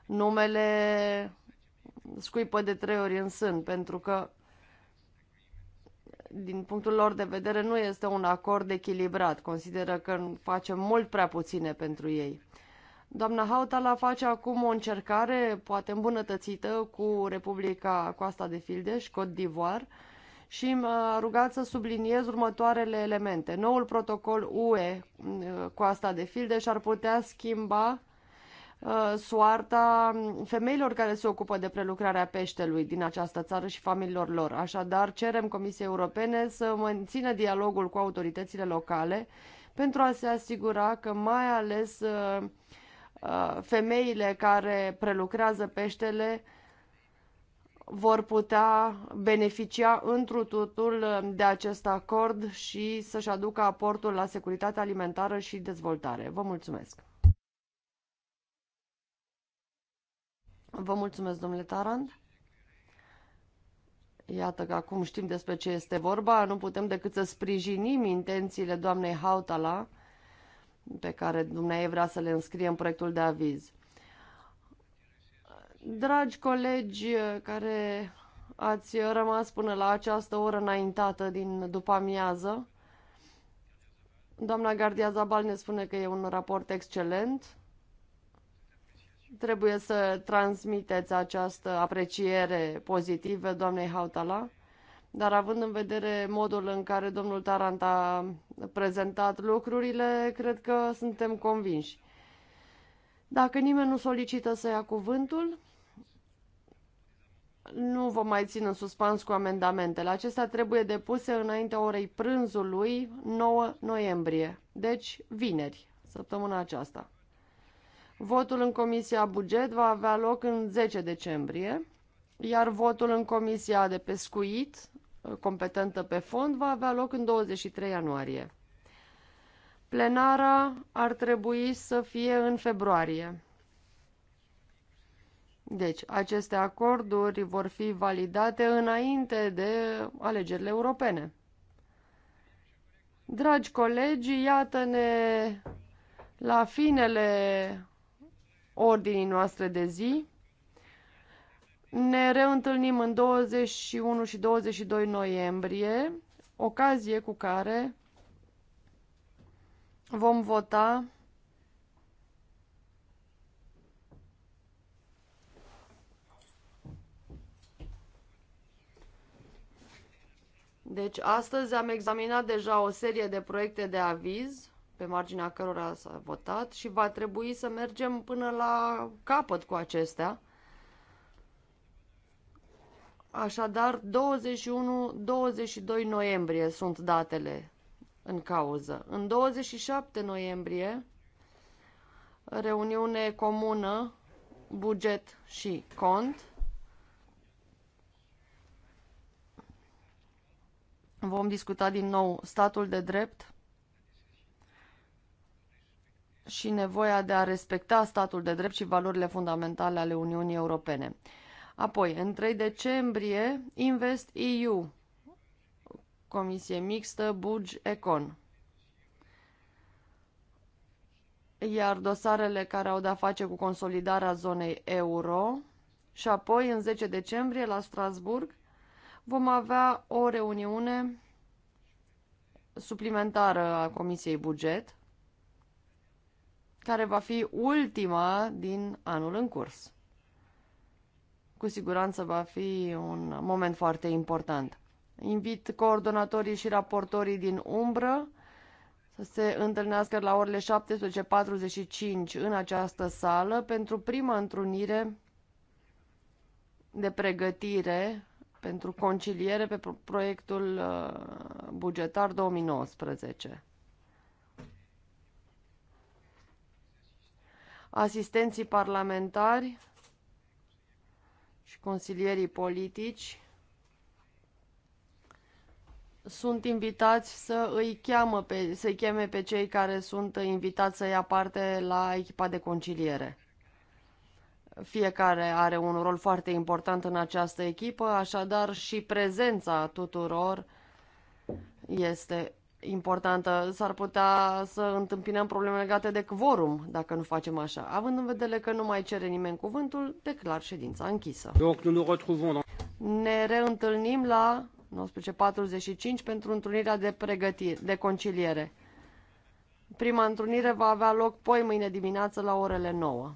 numele, scuipă de trei ori în sân, pentru că din punctul lor de vedere, nu este un acord echilibrat. Consideră că facem mult prea puține pentru ei. Doamna Hautala face acum o încercare, poate îmbunătățită, cu Republica Coasta de Fildeș, Côte d'Ivoire, și m-a rugat să subliniez următoarele elemente. Noul protocol UE uh, Coasta de Fildeș ar putea schimba Uh, soarta femeilor care se ocupă de prelucrarea peștelui din această țară și familiilor lor. Așadar, cerem Comisiei Europene să mențină dialogul cu autoritățile locale pentru a se asigura că mai ales uh, uh, femeile care prelucrează peștele vor putea beneficia întru totul de acest acord și să-și aducă aportul la securitatea alimentară și dezvoltare. Vă mulțumesc! Vă mulțumesc, domnule Tarand. Iată că acum știm despre ce este vorba, nu putem decât să sprijinim intențiile doamnei Hautala, pe care dumneavoastră vrea să le înscrie în proiectul de aviz. Dragi colegi care ați rămas până la această oră înaintată din după amiază, doamna Gardia Zabal ne spune că e un raport excelent, Trebuie să transmiteți această apreciere pozitivă doamnei Hautala, dar având în vedere modul în care domnul Tarant a prezentat lucrurile, cred că suntem convinși. Dacă nimeni nu solicită să ia cuvântul, nu vom mai ține în suspans cu amendamentele. Acestea trebuie depuse înaintea orei prânzului 9 noiembrie, deci vineri, săptămâna aceasta. Votul în Comisia Buget va avea loc în 10 decembrie, iar votul în Comisia de Pescuit, competentă pe fond, va avea loc în 23 ianuarie. Plenara ar trebui să fie în februarie. Deci, aceste acorduri vor fi validate înainte de alegerile europene. Dragi colegi, iată-ne la finele ordinii noastre de zi. Ne reîntâlnim în 21 și 22 noiembrie, ocazie cu care vom vota Deci astăzi am examinat deja o serie de proiecte de aviz pe marginea cărora s-a votat și va trebui să mergem până la capăt cu acestea. Așadar, 21-22 noiembrie sunt datele în cauză. În 27 noiembrie, reuniune comună, buget și cont. Vom discuta din nou statul de drept și nevoia de a respecta statul de drept și valorile fundamentale ale Uniunii Europene. Apoi, în 3 decembrie, Invest EU, Comisie Mixtă, Bugi, Econ. Iar dosarele care au de-a face cu consolidarea zonei euro și apoi, în 10 decembrie, la Strasburg, vom avea o reuniune suplimentară a Comisiei Buget, care va fi ultima din anul în curs. Cu siguranță va fi un moment foarte important. Invit coordonatorii și raportorii din umbră să se întâlnească la orele 17.45 în această sală pentru prima întrunire de pregătire pentru conciliere pe proiectul uh, bugetar 2019. asistenții parlamentari și consilierii politici sunt invitați să îi cheamă pe, să cheme pe cei care sunt invitați să ia parte la echipa de conciliere. Fiecare are un rol foarte important în această echipă, așadar și prezența tuturor este importantă. S-ar putea să întâmpinăm probleme legate de quorum dacă nu facem așa. Având în vedere că nu mai cere nimeni cuvântul, declar ședința închisă. Donc, nous nous retrouvons... Ne reîntâlnim la 19.45 pentru întrunirea de pregătire, de conciliere. Prima întrunire va avea loc poi mâine dimineață la orele 9.